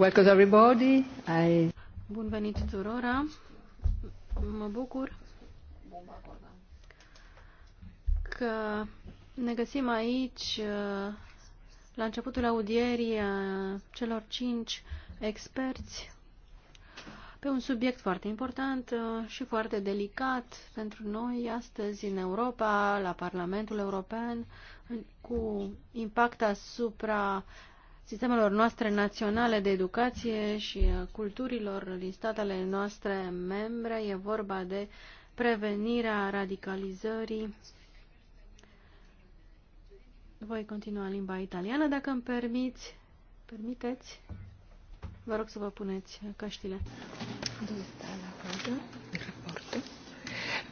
Welcome everybody. I... Bun venit tuturor. Mă bucur că ne găsim aici uh, la începutul audierii uh, celor cinci experți pe un subiect foarte important uh, și foarte delicat pentru noi astăzi în Europa, la Parlamentul European, cu impact asupra sistemelor noastre naționale de educație și culturilor din statele noastre membre. E vorba de prevenirea radicalizării. Voi continua limba italiană, dacă îmi permiți. Permiteți? Vă rog să vă puneți căștile.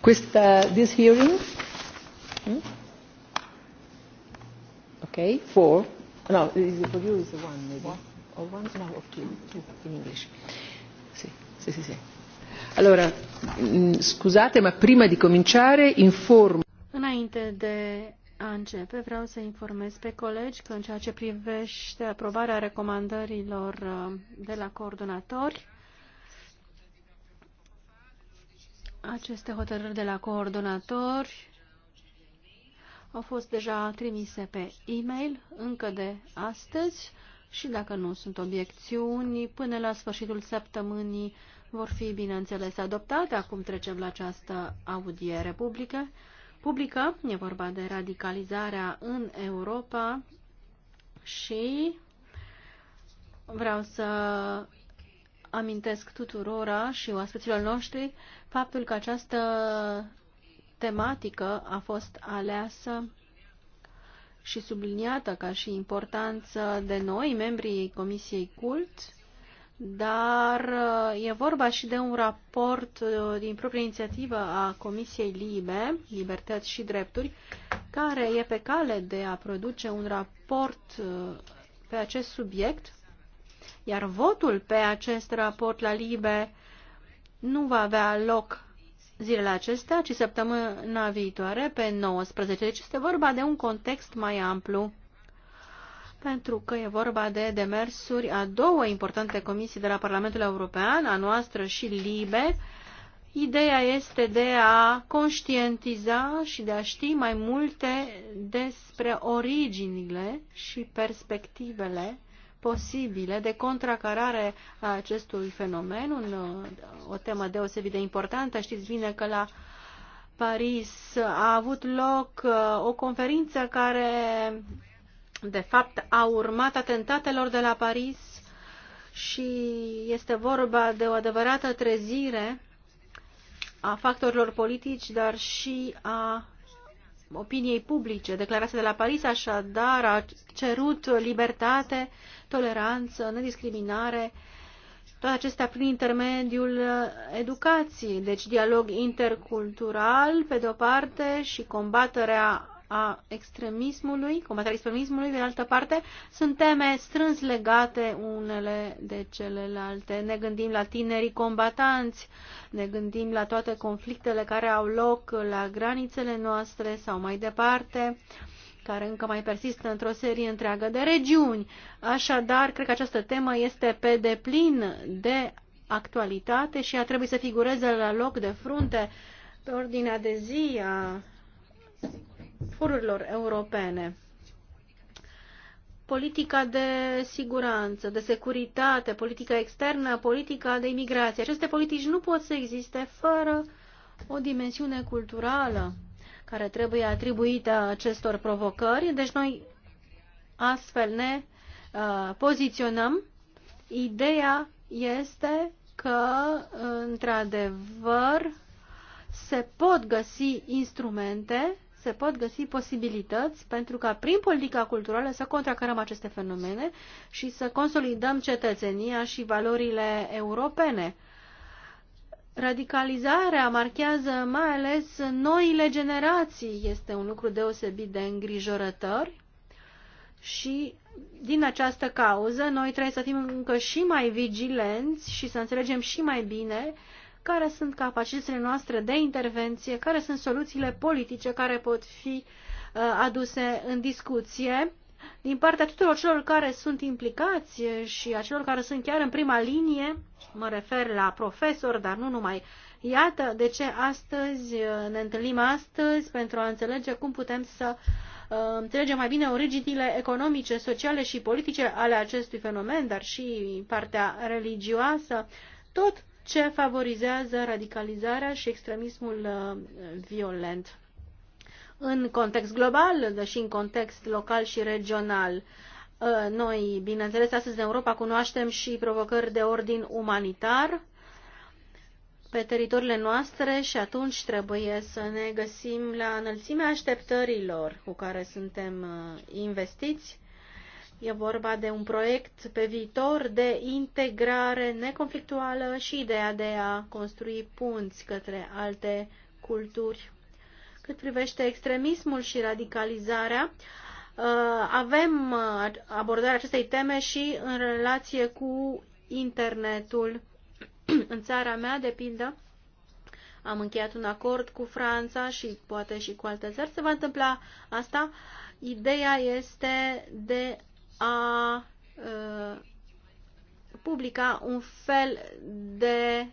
Questa, this hearing? Hmm? Ok, four. No, for you is the one, maybe. One? Or oh, one? No, or two. Two in English. Sì, sì, sì. sì. Allora, mm, scusate, ma prima di cominciare informo. Înainte de a începe, vreau să informez pe colegi că în ceea ce privește aprobarea recomandărilor uh, de la coordonatori, aceste hotărâri de la coordonatori au fost deja trimise pe e-mail încă de astăzi și dacă nu sunt obiecțiuni, până la sfârșitul săptămânii vor fi, bineînțeles, adoptate. Acum trecem la această audiere publică. Publică, e vorba de radicalizarea în Europa și vreau să amintesc tuturora și oaspeților noștri faptul că această tematică a fost aleasă și subliniată ca și importanță de noi, membrii Comisiei CULT, dar uh, e vorba și de un raport uh, din proprie inițiativă a Comisiei Libe, Libertăți și Drepturi, care e pe cale de a produce un raport uh, pe acest subiect, iar votul pe acest raport la Libe nu va avea loc zilele acestea, ci săptămâna viitoare, pe 19. Deci este vorba de un context mai amplu, pentru că e vorba de demersuri a două importante comisii de la Parlamentul European, a noastră și LIBE. Ideea este de a conștientiza și de a ști mai multe despre originile și perspectivele posibile de contracarare a acestui fenomen, un, o temă deosebit de importantă. Știți bine că la Paris a avut loc uh, o conferință care, de fapt, a urmat atentatelor de la Paris și este vorba de o adevărată trezire a factorilor politici, dar și a opiniei publice. Declarația de la Paris, așadar, a cerut libertate, toleranță, nediscriminare, toate acestea prin intermediul educației, deci dialog intercultural, pe de-o parte, și combaterea a extremismului, combaterea extremismului, de altă parte, sunt teme strâns legate unele de celelalte. Ne gândim la tinerii combatanți, ne gândim la toate conflictele care au loc la granițele noastre sau mai departe. Uh, care încă mai persistă într-o serie întreagă de regiuni. Așadar, cred că această temă este pe deplin de actualitate și a trebuit să figureze la loc de frunte pe ordinea de zi a forurilor europene. Politica de siguranță, de securitate, politica externă, politica de imigrație. Aceste politici nu pot să existe fără o dimensiune culturală care trebuie atribuită acestor provocări. Deci noi astfel ne uh, poziționăm. Ideea este că, într-adevăr, se pot găsi instrumente, se pot găsi posibilități pentru ca prin politica culturală să contracarăm aceste fenomene și să consolidăm cetățenia și valorile europene. Radicalizarea marchează mai ales noile generații. Este un lucru deosebit de îngrijorător și din această cauză noi trebuie să fim încă și mai vigilenți și să înțelegem și mai bine care sunt capacitățile noastre de intervenție, care sunt soluțiile politice care pot fi uh, aduse în discuție din partea tuturor celor care sunt implicați și a celor care sunt chiar în prima linie, mă refer la profesori, dar nu numai. Iată de ce astăzi uh, ne întâlnim astăzi pentru a înțelege cum putem să uh, înțelegem mai bine originile economice, sociale și politice ale acestui fenomen, dar și partea religioasă, tot ce favorizează radicalizarea și extremismul uh, violent în context global, dar și în context local și regional. Uh, noi, bineînțeles, astăzi în Europa cunoaștem și provocări de ordin umanitar pe teritoriile noastre și atunci trebuie să ne găsim la înălțimea așteptărilor cu care suntem uh, investiți. E vorba de un proiect pe viitor de integrare neconflictuală și ideea de a construi punți către alte culturi cât privește extremismul și radicalizarea, uh, avem uh, abordarea acestei teme și în relație cu internetul. în țara mea, de pildă, am încheiat un acord cu Franța și poate și cu alte țări. Se va întâmpla asta. Ideea este de a uh, publica un fel de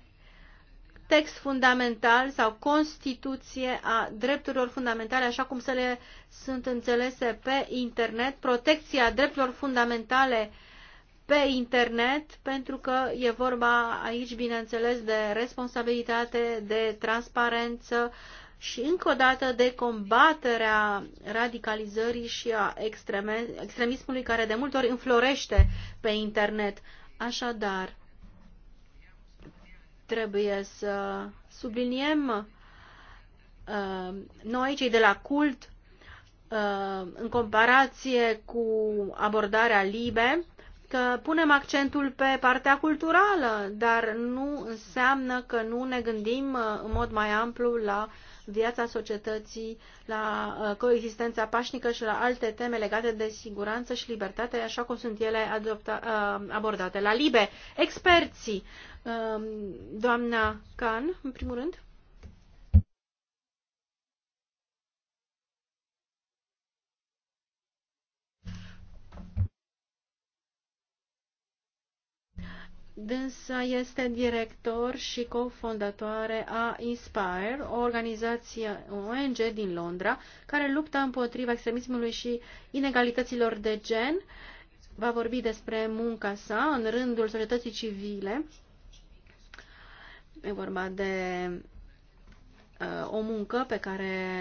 text fundamental sau Constituție a drepturilor fundamentale, așa cum se le sunt înțelese pe internet, protecția drepturilor fundamentale pe internet, pentru că e vorba aici, bineînțeles, de responsabilitate, de transparență și, încă o dată, de combaterea radicalizării și a extremismului care de multe ori înflorește pe internet. Așadar, trebuie să subliniem uh, noi, cei de la cult, uh, în comparație cu abordarea libe, că punem accentul pe partea culturală, dar nu înseamnă că nu ne gândim uh, în mod mai amplu la uh, viața societății, la uh, coexistența pașnică și la alte teme legate de siguranță și libertate, așa cum sunt ele adopta, uh, abordate la LIBE. Experții, um, doamna Can, în primul rând. Dânsa este director și cofondatoare a Inspire, o organizație ONG din Londra, care luptă împotriva extremismului și inegalităților de gen. Va vorbi despre munca sa în rândul societății civile. E vorba de o muncă pe care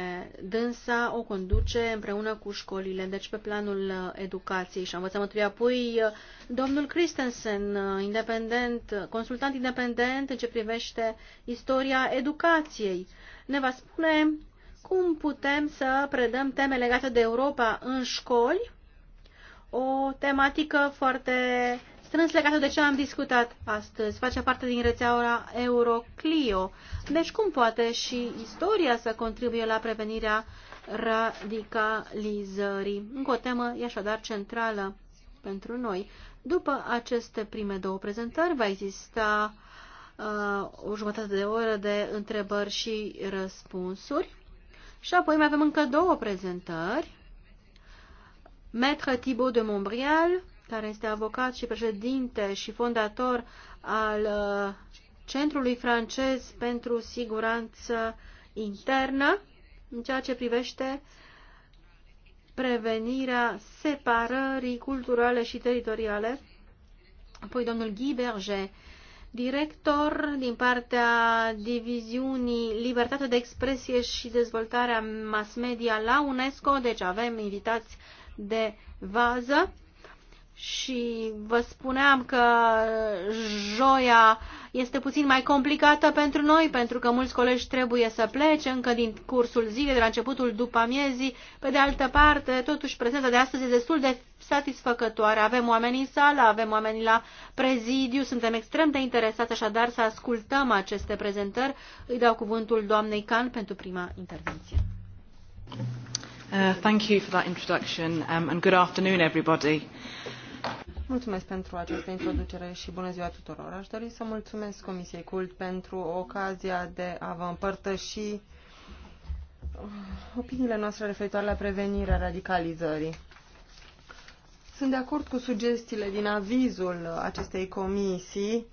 dânsa o conduce împreună cu școlile, deci pe planul uh, educației și învățământului. Apoi, uh, domnul Christensen, uh, independent, consultant independent în ce privește istoria educației, ne va spune cum putem să predăm teme legate de Europa în școli, o tematică foarte strâns legată de ce am discutat astăzi. Face parte din rețeaua Euroclio. Deci cum poate și istoria să contribuie la prevenirea radicalizării? Încă o temă e așadar centrală pentru noi. După aceste prime două prezentări va exista uh, o jumătate de oră de întrebări și răspunsuri. Și apoi mai avem încă două prezentări. Maître Thibaut de Montbrial care este avocat și președinte și fondator al uh, Centrului francez pentru siguranță internă în ceea ce privește prevenirea separării culturale și teritoriale. Apoi domnul Guy Berger, director din partea diviziunii Libertate de expresie și dezvoltarea mass media la UNESCO, deci avem invitați de vază și vă spuneam că joia este puțin mai complicată pentru noi, pentru că mulți colegi trebuie să plece încă din cursul zilei, de la începutul după amiezii. Pe de altă parte, totuși, prezența de astăzi este destul de satisfăcătoare. Avem oameni în sală, avem oameni la prezidiu, suntem extrem de interesați așadar să ascultăm aceste prezentări. Îi dau cuvântul doamnei Can pentru prima intervenție. Uh, thank you for that introduction um, and good afternoon everybody. Mulțumesc pentru această introducere și bună ziua tuturor. Aș dori să mulțumesc Comisiei Cult pentru ocazia de a vă împărtăși uh, opiniile noastre referitoare la prevenirea radicalizării. Sunt de acord cu sugestiile din avizul acestei comisii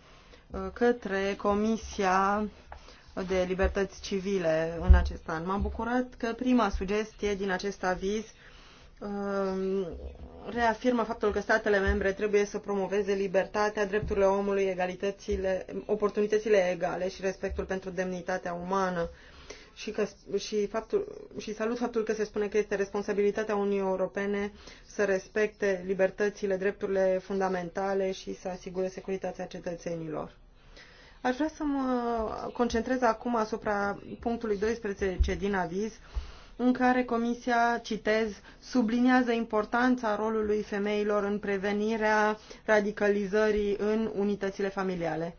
uh, către Comisia de Libertăți Civile în acest an. M-am bucurat că prima sugestie din acest aviz Um, reafirmă faptul că statele membre trebuie să promoveze libertatea, drepturile omului, egalitățile, oportunitățile egale și respectul pentru demnitatea umană. Și, că, și, faptul, și salut faptul că se spune că este responsabilitatea Uniunii Europene să respecte libertățile, drepturile fundamentale și să asigure securitatea cetățenilor. Aș vrea să mă concentrez acum asupra punctului 12 din aviz, uh, în care Comisia, citez, subliniază importanța rolului femeilor în prevenirea radicalizării în unitățile familiale.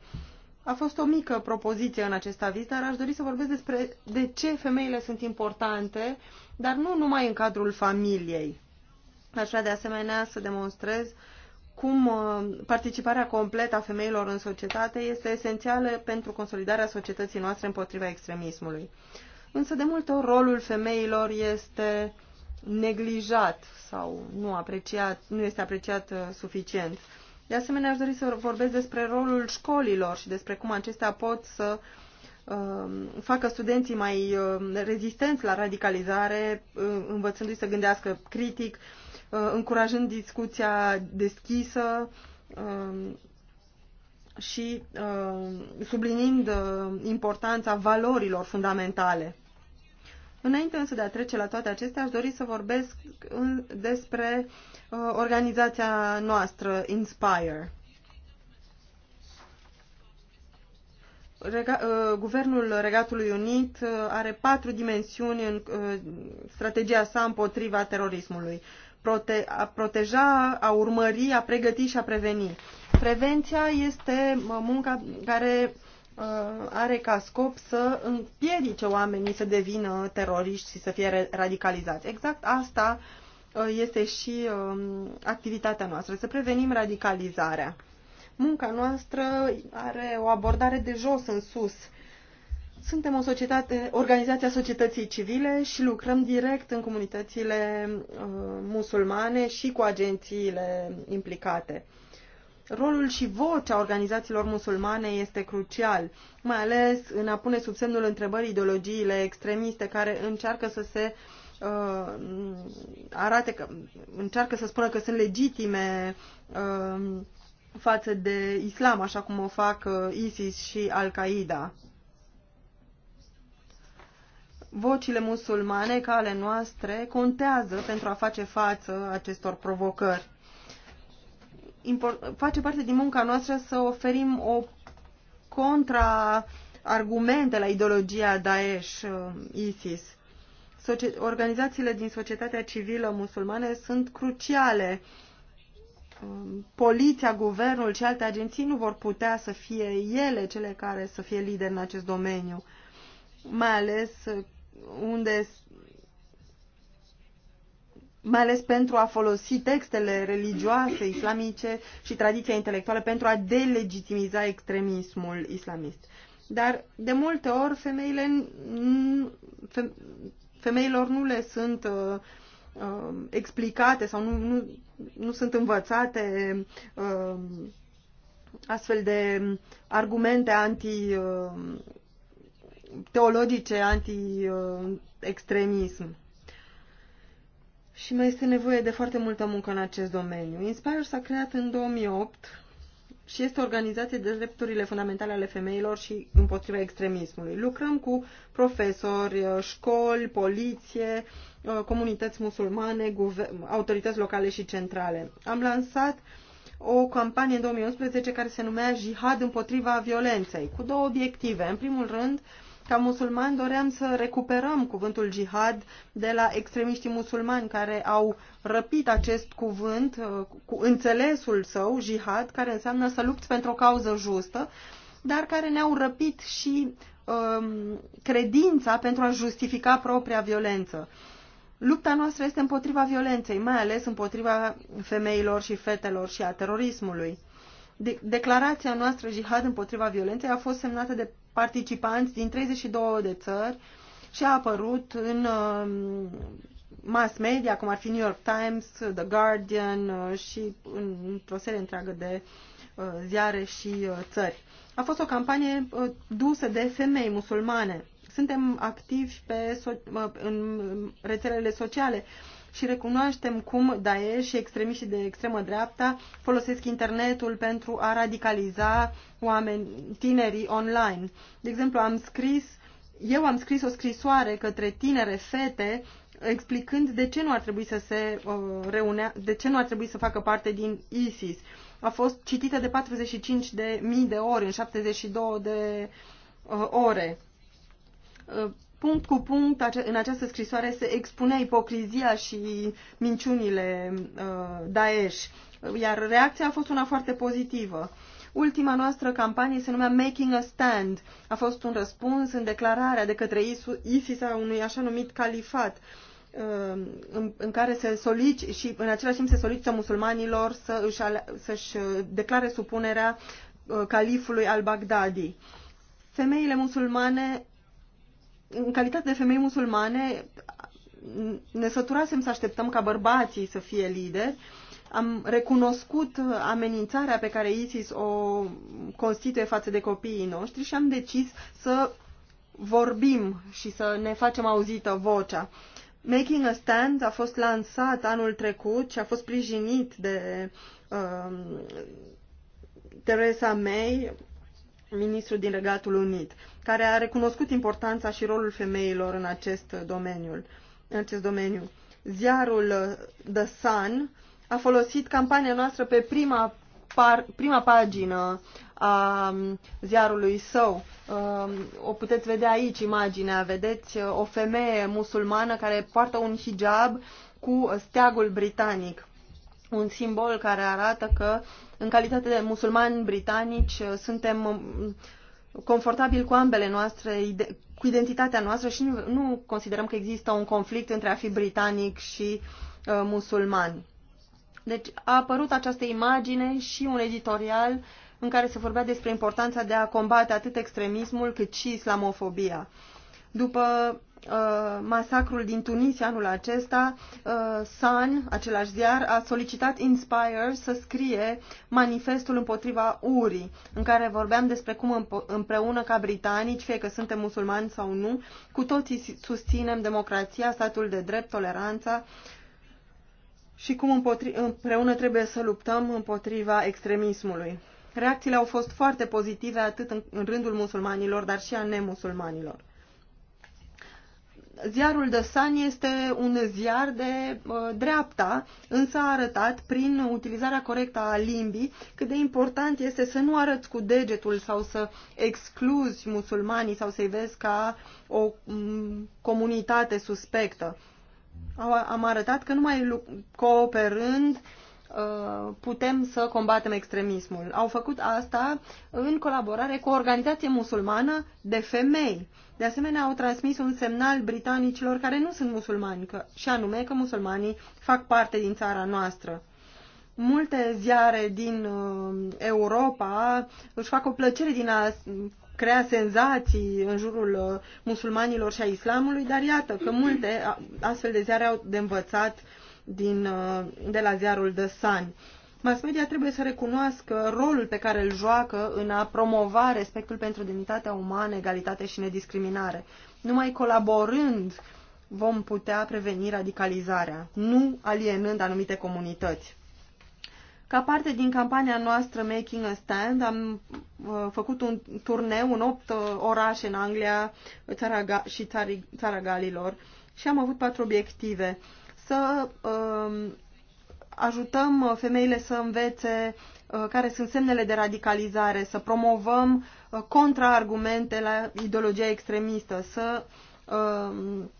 A fost o mică propoziție în acest aviz, dar aș dori să vorbesc despre de ce femeile sunt importante, dar nu numai în cadrul familiei. Aș vrea de asemenea să demonstrez cum uh, participarea completă a femeilor în societate este esențială pentru consolidarea societății noastre împotriva extremismului însă de multe ori rolul femeilor este neglijat sau nu, apreciat, nu este apreciat uh, suficient. De asemenea, aș dori să vorbesc despre rolul școlilor și despre cum acestea pot să uh, facă studenții mai uh, rezistenți la radicalizare, uh, învățându-i să gândească critic, uh, încurajând discuția deschisă, um, și uh, sublinind uh, importanța valorilor fundamentale. Înainte însă de a trece la toate acestea, aș dori să vorbesc despre uh, organizația noastră, Inspire. Guvernul Regatului Unit are patru dimensiuni în strategia sa împotriva terorismului. Prote, a proteja, a urmări, a pregăti și a preveni. Prevenția este munca care uh, are ca scop să împiedice oamenii să devină teroriști și să fie radicalizați. Exact asta uh, este și um, activitatea noastră, să prevenim radicalizarea. Munca noastră are o abordare de jos în sus. Suntem o societate, organizația societății civile și lucrăm direct în comunitățile uh, musulmane și cu agențiile implicate Rolul și vocea organizațiilor musulmane este crucial, mai ales în a pune sub semnul întrebării ideologiile extremiste care încearcă să se uh, arate că încearcă să spună că sunt legitime uh, față de islam, așa cum o fac uh, ISIS și Al-Qaeda. Vocile musulmane ca ale noastre contează pentru a face față acestor provocări face parte din munca noastră să oferim o contra argumente la ideologia Daesh, uh, ISIS. Organizațiile din societatea civilă musulmane sunt cruciale. Um, poliția, guvernul și alte agenții nu vor putea să fie ele cele care să fie lideri în acest domeniu, mai ales uh, unde mai ales pentru a folosi textele religioase, islamice și tradiția intelectuală pentru a delegitimiza extremismul islamist. Dar de multe ori femeile, femeilor nu le sunt uh, uh, explicate sau nu, nu, nu sunt învățate uh, astfel de argumente anti uh, teologice anti uh, extremism și mai este nevoie de foarte multă muncă în acest domeniu. Inspire s-a creat în 2008 și este o organizație de drepturile fundamentale ale femeilor și împotriva extremismului. Lucrăm cu profesori, uh, școli, poliție, uh, comunități musulmane, autorități locale și centrale. Am lansat o campanie în 2011 care se numea Jihad împotriva violenței, cu două obiective. În primul rând, uh, ca musulmani doream să recuperăm cuvântul jihad de la extremiștii musulmani care au răpit acest cuvânt uh, cu înțelesul său, jihad, care înseamnă să lupți pentru o cauză justă, dar care ne-au răpit și um, credința pentru a justifica propria violență. Lupta noastră este împotriva violenței, mai ales împotriva femeilor și fetelor și a terorismului. De- declarația noastră jihad împotriva violenței a fost semnată de participanți din 32 de țări și a apărut în um, mass media, cum ar fi New York Times, The Guardian uh, și într-o serie întreagă de uh, ziare și uh, țări. A fost o campanie dusă de femei musulmane. Suntem activi pe, în rețelele sociale și recunoaștem cum Daesh și extremiștii de extremă dreapta folosesc internetul pentru a radicaliza oameni, tinerii online. De exemplu, am scris, eu am scris o scrisoare către tinere fete explicând de ce nu ar trebui să se uh, reunea, de ce nu ar trebui să facă parte din ISIS. A fost citită de 45 de mii de ori în 72 de uh, ore uh, punct cu punct în această scrisoare se expunea ipocrizia și minciunile uh, Daesh, iar reacția a fost una foarte pozitivă. Ultima noastră campanie se numea Making a Stand. A fost un răspuns în declararea de către ISIS a unui așa numit califat, uh, în, în care se solici și în același timp se solicită musulmanilor să își, să uh, declare supunerea uh, califului al Baghdadi femeile musulmane în calitate de femei musulmane, ne săturasem să așteptăm ca bărbații să fie lideri. Am recunoscut amenințarea pe care ISIS o constituie față de copiii noștri și am decis să vorbim și să ne facem auzită vocea. Making a Stand a fost lansat anul trecut și a fost sprijinit de uh, Theresa May, ministru din Regatul Unit, care a recunoscut importanța și rolul femeilor în acest domeniu. În acest domeniu. Ziarul uh, The Sun a folosit campania noastră pe prima, par, prima pagină a um, ziarului său. Um, o puteți vedea aici imaginea, vedeți uh, o femeie musulmană care poartă un hijab cu steagul britanic, un simbol care arată că uh, în calitate de musulmani britanici, uh, suntem um, confortabil cu ambele noastre, cu identitatea noastră și nu considerăm că există un conflict între a fi britanic și uh, musulman. Deci a apărut această imagine și un editorial în care se vorbea despre importanța de a combate atât extremismul cât și islamofobia. După uh, masacrul din Tunisia anul acesta, uh, Sun, același ziar, a solicitat Inspire să scrie manifestul împotriva URI, în care vorbeam despre cum împreună ca britanici, fie că suntem musulmani sau nu, cu toții susținem democrația, statul de drept, toleranța și cum împreună trebuie să luptăm împotriva extremismului. Reacțiile au fost foarte pozitive atât în rândul musulmanilor, dar și a nemusulmanilor ziarul de Sun este un ziar de uh, dreapta, însă a arătat prin utilizarea corectă a limbii cât de important este să nu arăți cu degetul sau să excluzi musulmanii sau să-i vezi ca o um, comunitate suspectă. Am arătat că numai cooperând Uh, putem să combatem extremismul. Au făcut asta în colaborare cu o organizație musulmană de femei. De asemenea, au transmis un semnal britanicilor care nu sunt musulmani, că, și anume că musulmanii fac parte din țara noastră. Multe ziare din uh, Europa își fac o plăcere din a crea senzații în jurul uh, musulmanilor și a islamului, dar iată că multe astfel de ziare au de învățat uh, din, uh, de la ziarul The Sun. Mass media trebuie să recunoască rolul pe care îl joacă în a promova respectul pentru demnitatea umană, egalitate și nediscriminare. Numai colaborând vom putea preveni radicalizarea, nu alienând anumite comunități. Ca parte din campania noastră Making a Stand, am uh, făcut un turneu în opt uh, orașe în Anglia țara și țara Galilor și am avut patru obiective. Uh, să um, ajutăm femeile să învețe uh, care sunt semnele de radicalizare, să promovăm uh, contraargumente la ideologia extremistă, să um,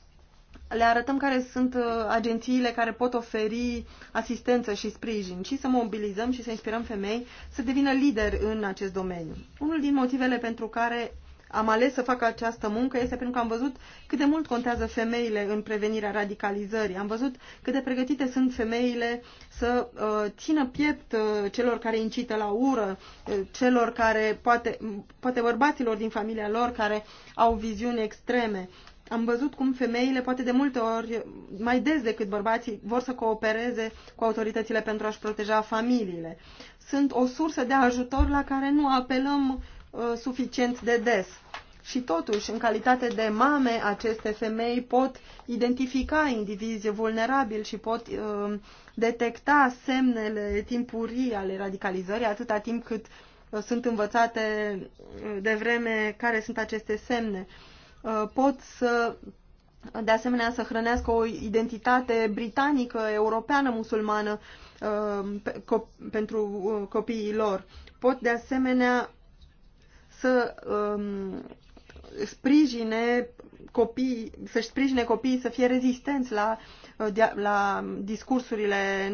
le arătăm care sunt uh, agențiile care pot oferi asistență și sprijin și să mobilizăm și să inspirăm femei să devină lideri în acest domeniu. Unul din motivele pentru care am ales să fac această muncă este pentru că am văzut cât de mult contează femeile în prevenirea radicalizării. Am văzut cât de pregătite sunt femeile să uh, țină piept uh, celor care incită la ură, uh, celor care, poate, poate bărbaților din familia lor care au viziuni extreme. Am văzut cum femeile, poate de multe ori, mai des decât bărbații, vor să coopereze cu autoritățile pentru a-și proteja familiile. Sunt o sursă de ajutor la care nu apelăm Uh, suficient de des. Și totuși, în calitate de mame, aceste femei pot identifica indivizi vulnerabili și pot uh, detecta semnele timpurii ale radicalizării, atâta timp cât uh, sunt învățate uh, de vreme care sunt aceste semne. Uh, pot să, de asemenea, să hrănească o identitate britanică, europeană, musulmană uh, pe, co pentru uh, copiii lor. Pot, de asemenea, să um, sprijine copiii, să-și sprijine copiii să fie rezistenți la, uh, la, discursurile,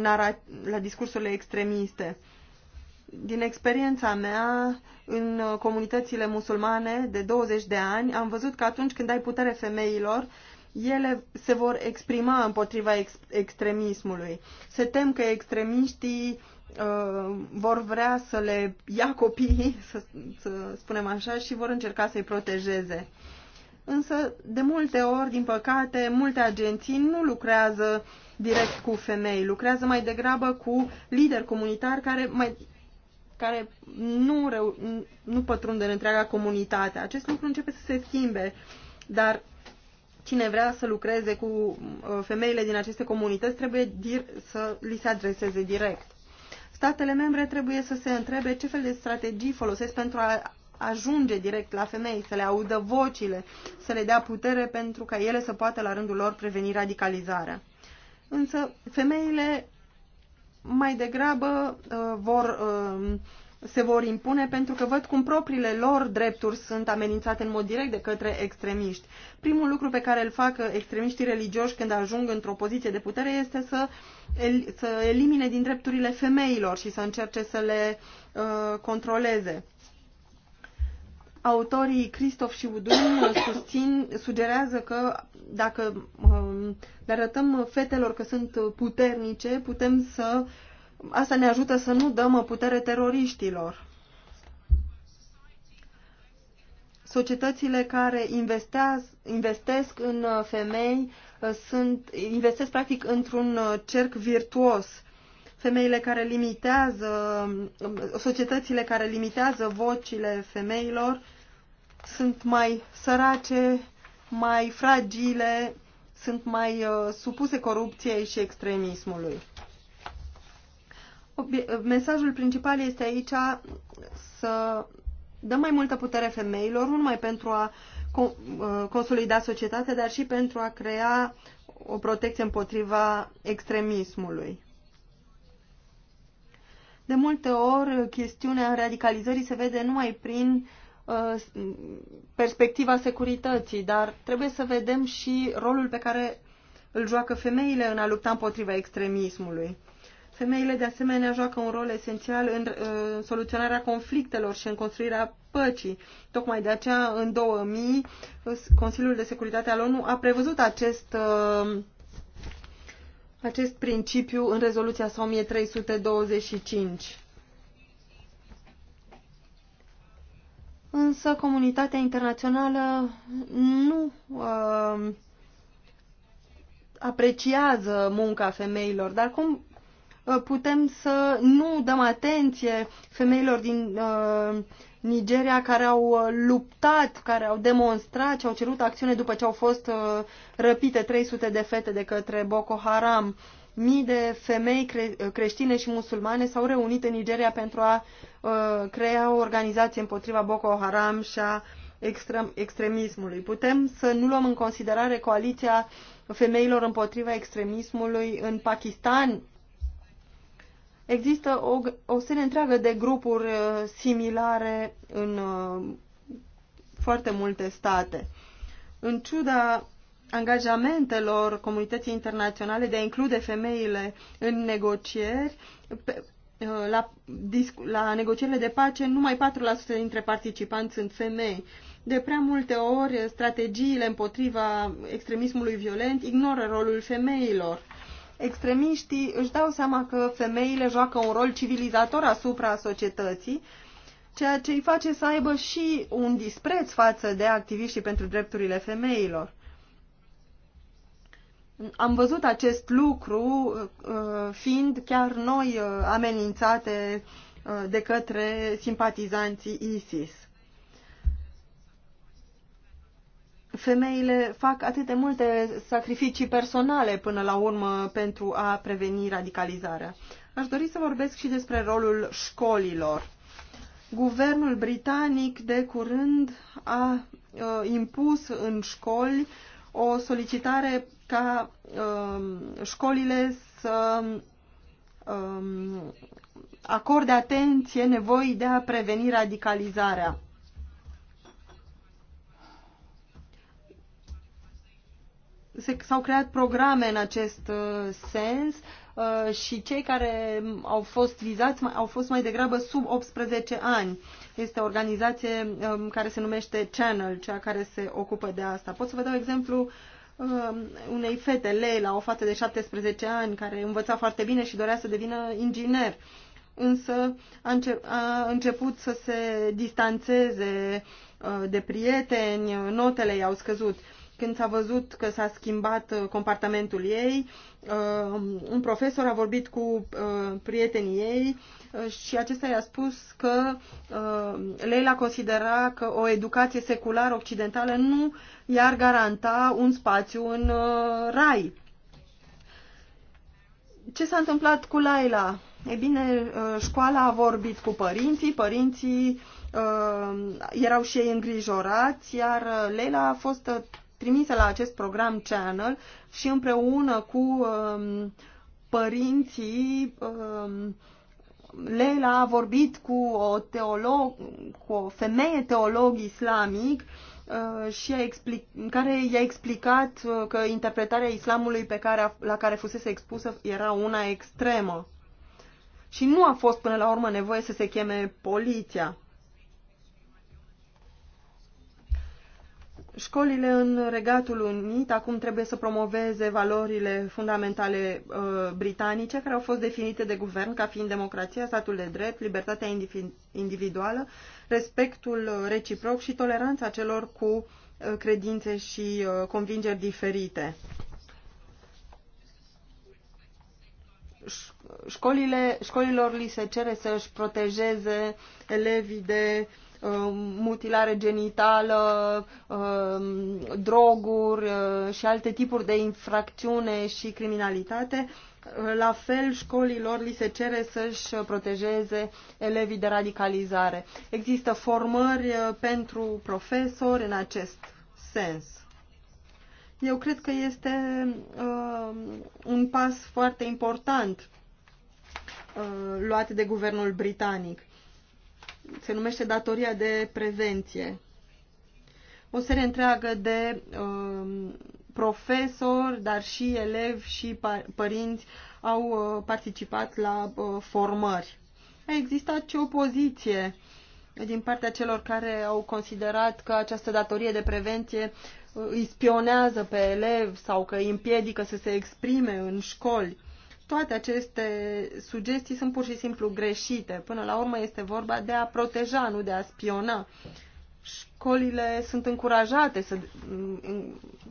la discursurile extremiste. Din experiența mea în comunitățile musulmane de 20 de ani, am văzut că atunci când ai putere femeilor, ele se vor exprima împotriva ex- extremismului. Se tem că extremiștii Uh, vor vrea să le ia copiii, să, să spunem așa, și vor încerca să-i protejeze. Însă, de multe ori, din păcate, multe agenții nu lucrează direct cu femei, lucrează mai degrabă cu lideri comunitari care, mai, care nu, reu, nu pătrund în întreaga comunitate. Acest lucru începe să se schimbe, dar cine vrea să lucreze cu uh, femeile din aceste comunități trebuie să li se adreseze direct. Statele membre trebuie să se întrebe ce fel de strategii folosesc pentru a ajunge direct la femei, să le audă vocile, să le dea putere pentru ca ele să poată la rândul lor preveni radicalizarea. Însă femeile mai degrabă uh, vor uh, se vor impune pentru că văd cum propriile lor drepturi sunt amenințate în mod direct de către extremiști. Primul lucru pe care îl fac extremiștii religioși când ajung într-o poziție de putere este să, el, să elimine din drepturile femeilor și să încerce să le uh, controleze. Autorii Cristof și Udun uh, susțin, sugerează că dacă uh, le arătăm fetelor că sunt puternice, putem să uh, Asta ne ajută să nu dăm putere teroriștilor. Societățile care investesc în uh, femei uh, sunt, investesc practic într-un uh, cerc virtuos. Femeile care limitează, um, societățile care limitează vocile femeilor sunt mai sărace, mai fragile, sunt mai supuse corupției și extremismului. Mesajul principal este aici să dăm mai multă putere femeilor, nu numai pentru a uh, consolida societatea, dar și pentru a crea o protecție împotriva extremismului. De multe ori, chestiunea radicalizării se vede numai prin uh, perspectiva securității, dar trebuie să vedem și rolul pe care îl joacă femeile în a lupta împotriva extremismului. Femeile, de asemenea, joacă un rol esențial în soluționarea conflictelor și în construirea păcii. Tocmai de aceea, în 2000, Consiliul de Securitate al ONU a prevăzut acest, uh, acest principiu în rezoluția sa 1325. Însă comunitatea internațională nu uh, apreciază munca femeilor, dar cum Uh, putem să nu dăm atenție femeilor din uh, Nigeria care au uh, luptat, care au demonstrat și au cerut acțiune după ce au fost uh, răpite 300 de fete de către Boko Haram. Mii de femei cre uh, creștine și musulmane s-au reunit în Nigeria pentru a uh, crea o organizație împotriva Boko Haram și a extrem extremismului. Putem să nu luăm în considerare coaliția femeilor împotriva extremismului în Pakistan, Există o, o serie întreagă de grupuri uh, similare în uh, foarte multe state. În ciuda angajamentelor comunității internaționale de a include femeile în negocieri, pe, uh, la, la negocierile de pace, numai 4% dintre participanți sunt femei. De prea multe ori, strategiile împotriva extremismului violent ignoră rolul femeilor extremiștii își dau seama că femeile joacă un rol civilizator asupra societății, ceea ce îi face să aibă și un dispreț față de activiștii pentru drepturile femeilor. Am văzut acest lucru uh, fiind chiar noi uh, amenințate uh, de către simpatizanții ISIS. femeile fac atât de multe sacrificii personale până la urmă pentru a preveni radicalizarea. Aș dori să vorbesc și despre rolul școlilor. Guvernul britanic de curând a uh, impus în școli o solicitare ca uh, școlile să uh, acorde atenție nevoii de a preveni radicalizarea s-au creat programe în acest uh, sens uh, și cei care au fost vizați au fost mai degrabă sub 18 ani. Este o organizație um, care se numește Channel, cea care se ocupă de asta. Pot să vă dau exemplu um, unei fete, Leila, o fată de 17 ani, care învăța foarte bine și dorea să devină inginer. Însă a început să se distanțeze uh, de prieteni, notele i-au scăzut când s-a văzut că s-a schimbat uh, compartamentul ei, uh, un profesor a vorbit cu uh, prietenii ei și acesta i-a spus că Leila considera că o educație seculară occidentală nu i-ar garanta un spațiu în rai. Ce s-a întâmplat cu Laila? E bine, școala a vorbit cu părinții, părinții erau și ei îngrijorați, iar Leila a fost trimise la acest program Channel și împreună cu um, părinții um, Leila a vorbit cu o, teolog, cu o femeie teolog islamic uh, și a explic, care i-a explicat uh, că interpretarea islamului pe care, la care fusese expusă era una extremă. Și nu a fost până la urmă nevoie să se cheme poliția. Școlile în Regatul Unit acum trebuie să promoveze valorile fundamentale uh, britanice care au fost definite de guvern ca fiind democrația, statul de drept, libertatea individuală, respectul uh, reciproc și toleranța celor cu uh, credințe și uh, convingeri diferite. Școlile, școlilor li se cere să își protejeze elevii de uh, Uh, mutilare genitală, uh, droguri uh, și alte tipuri de infracțiune și criminalitate, la fel școlilor li se cere să-și protejeze elevii de radicalizare. Există formări pentru profesori în acest sens. Eu cred că este uh, un pas foarte important uh, luat de guvernul britanic se numește datoria de prevenție. O serie întreagă de uh, profesori, dar și elevi și părinți au uh, participat la uh, formări. A existat și opoziție din partea celor care au considerat că această datorie de prevenție uh, îi spionează pe elevi sau că îi împiedică să se exprime în școli. Toate aceste sugestii sunt pur și simplu greșite. Până la urmă este vorba de a proteja, nu de a spiona. Școlile sunt încurajate să,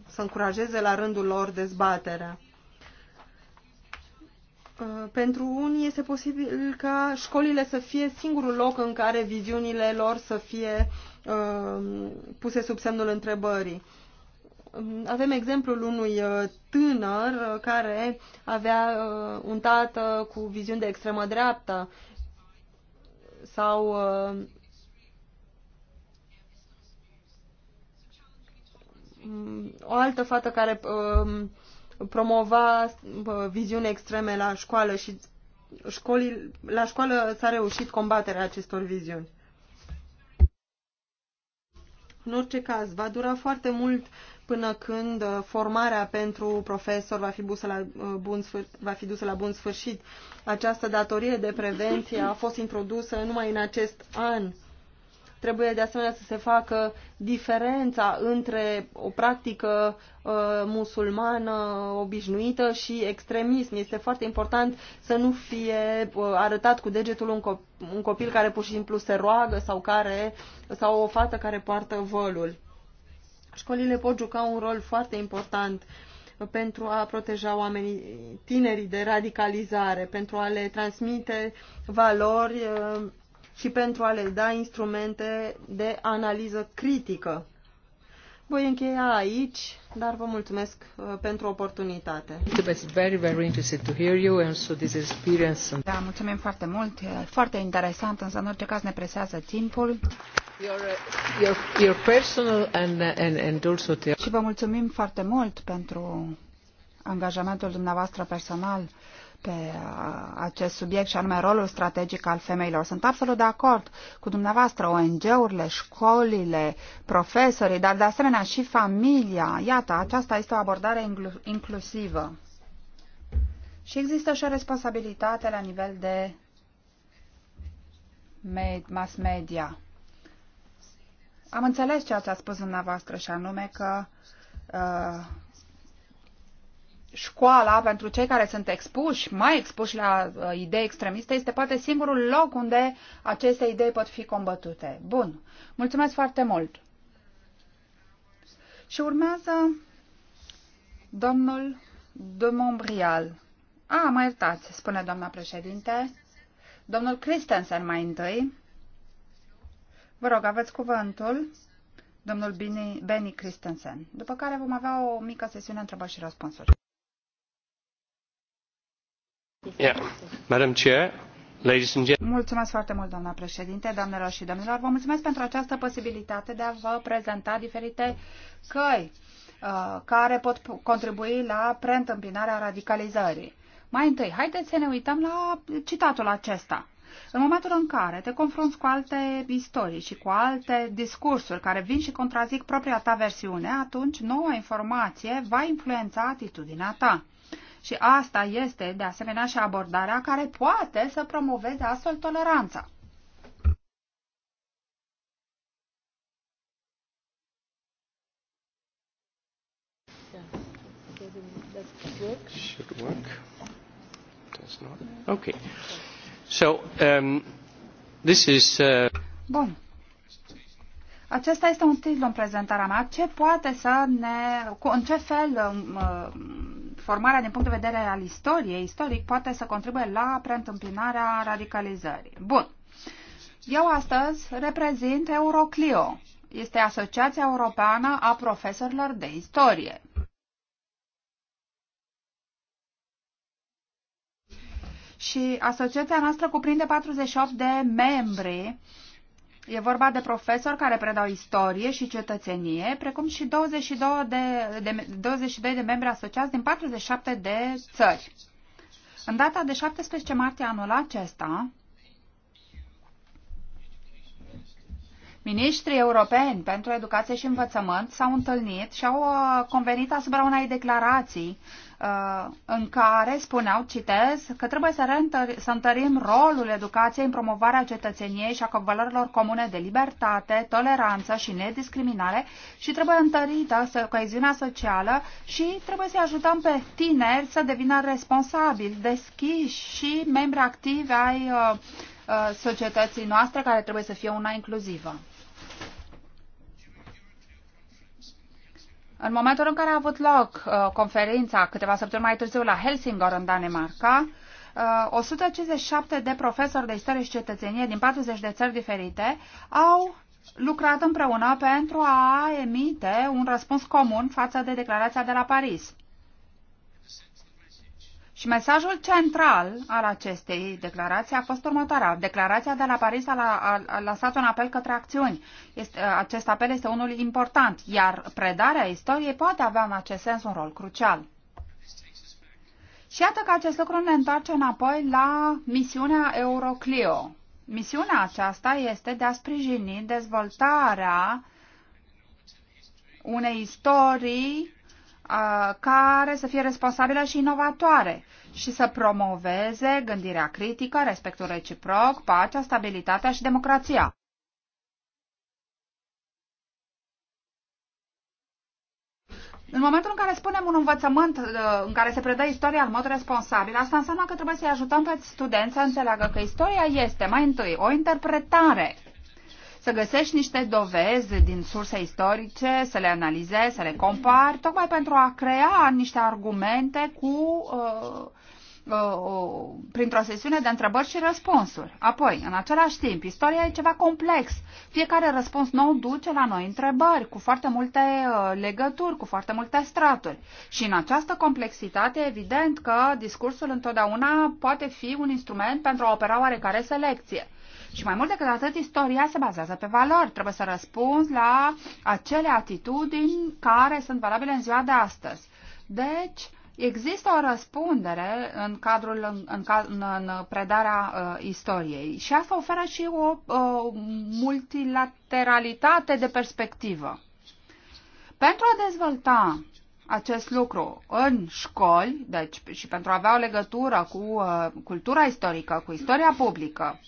să încurajeze la rândul lor dezbaterea. Uh, pentru unii este posibil ca școlile să fie singurul loc în care viziunile lor să fie uh, puse sub semnul întrebării. Uh, avem exemplul unui uh, tânăr uh, care avea uh, un tată cu viziuni de extremă dreaptă sau o altă fată care um, promova viziuni extreme la școală și școlii, la școală s-a reușit combaterea acestor viziuni. În orice caz, va dura foarte mult până când uh, formarea pentru profesor va fi, busă la uh, bun va fi dusă la bun sfârșit. Această datorie de prevenție a fost introdusă numai în acest an. Trebuie de asemenea să se facă diferența între o practică uh, musulmană obișnuită și extremism. Este foarte important să nu fie uh, arătat cu degetul un, cop- un copil care pur și simplu se roagă sau, care, sau o fată care poartă vălul Școlile pot juca un rol foarte important pentru a proteja oamenii tinerii de radicalizare, pentru a le transmite valori uh, și pentru a le da instrumente de analiză critică. Voi încheia aici, dar vă mulțumesc uh, pentru oportunitate. Very, very to hear you and so this experience. Da, mulțumim foarte mult. E foarte interesant, însă în orice caz ne presează timpul. Your, uh, your, your personal and, uh, and, and also the... Și vă mulțumim foarte mult pentru angajamentul dumneavoastră personal pe uh, acest subiect și anume rolul strategic al femeilor. Sunt absolut de acord cu dumneavoastră, ONG-urile, școlile, profesorii, dar de asemenea și familia. Iată, aceasta este o abordare inclusivă. Și există și o responsabilitate la nivel de mass media. Am înțeles ceea ce a spus dumneavoastră și anume că uh, școala, pentru cei care sunt expuși, mai expuși la uh, idei extremiste, este poate singurul loc unde aceste idei pot fi combătute. Bun. Mulțumesc foarte mult. Și urmează domnul de Montbrial. A, mă iertați, spune doamna președinte. Domnul Christensen mai întâi. Vă rog, aveți cuvântul. Domnul Benny Christensen. După care vom avea o mică sesiune întrebări și răspunsuri. Mulțumesc foarte mult, doamna președinte, doamnelor și domnilor. Vă mulțumesc pentru această posibilitate de a vă prezenta diferite căi uh, care pot contribui la preîntâmpinarea radicalizării. Mai întâi, haideți să ne uităm la citatul acesta. În momentul în care te confrunți cu alte istorii și cu alte discursuri care vin și contrazic propria ta versiune, atunci noua informație va influența atitudinea ta. Și asta este, de asemenea, și abordarea care poate să promoveze astfel toleranța. Should work. Does not. Okay. So um, this is. Uh... Bun. Acesta este un titlu în prezentarea mea. Ce poate să ne, în ce fel um, uh, formarea din punct de vedere al istoriei, istoric, poate să contribuie la preîntâmpinarea radicalizării. Bun. Eu astăzi reprezint Euroclio. Este Asociația Europeană a Profesorilor de Istorie. Și asociația noastră cuprinde 48 de membri E vorba de profesori care predau istorie și cetățenie, precum și 22 de, de, 22 de membri asociați din 47 de țări. În data de 17 martie anul acesta, Ministrii europeni pentru educație și învățământ s-au întâlnit și au uh, convenit asupra unei declarații uh, în care spuneau, citez, că trebuie să, reîntări, să întărim rolul educației în promovarea cetățeniei și a valorilor comune de libertate, toleranță și nediscriminare și trebuie întărită coeziunea socială și trebuie să ajutăm pe tineri să devină responsabili, deschiși și membri activi ai uh, societății noastre care trebuie să fie una inclusivă. În momentul în care a avut loc uh, conferința câteva săptămâni mai târziu la Helsingor, în Danemarca, uh, 157 de profesori de istorie și cetățenie din 40 de țări diferite au lucrat împreună pentru a emite un răspuns comun față de declarația de la Paris. Și mesajul central al acestei declarații a fost următoarea. Declarația de la Paris a, la, a, a lăsat un apel către acțiuni. Este, acest apel este unul important, iar predarea istoriei poate avea în acest sens un rol crucial. Și iată că acest lucru ne întoarce înapoi la misiunea Euroclio. Misiunea aceasta este de a sprijini dezvoltarea unei istorii care să fie responsabilă și inovatoare și să promoveze gândirea critică, respectul reciproc, pacea, stabilitatea și democrația. În momentul în care spunem un învățământ uh, în care se predă istoria în mod responsabil, asta înseamnă că trebuie să-i ajutăm pe studenți să înțeleagă că istoria este mai întâi o interpretare să găsești niște dovezi din surse istorice, să le analizezi, să le compari, tocmai pentru a crea niște argumente cu uh, uh printr-o sesiune de întrebări și răspunsuri. Apoi, în același timp, istoria e ceva complex. Fiecare răspuns nou duce la noi întrebări, cu foarte multe uh, legături, cu foarte multe straturi. Și în această complexitate, evident că discursul întotdeauna poate fi un instrument pentru a opera oarecare selecție. Și mai mult decât atât, istoria se bazează pe valori. Trebuie să răspunzi la acele atitudini care sunt valabile în ziua de astăzi. Deci, Există o răspundere în cadrul în, în, în predarea uh, istoriei și asta oferă și o uh, multilateralitate de perspectivă. Pentru a dezvolta acest lucru în școli, deci și pentru a avea o legătură cu uh, cultura istorică, cu istoria publică,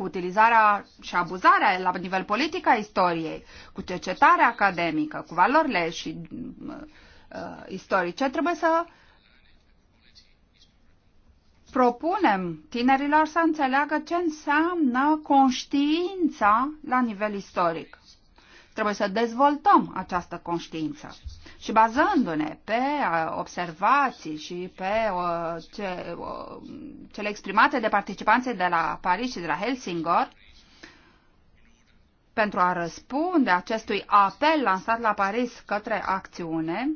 cu utilizarea și abuzarea la nivel politic a istoriei, cu cercetarea academică, cu valorile și uh, uh, istorice, trebuie să propunem tinerilor să înțeleagă ce înseamnă conștiința la nivel istoric. Trebuie să dezvoltăm această conștiință. Și bazându-ne pe observații și pe ce, cele exprimate de participanții de la Paris și de la Helsingor, pentru a răspunde acestui apel lansat la Paris către acțiune,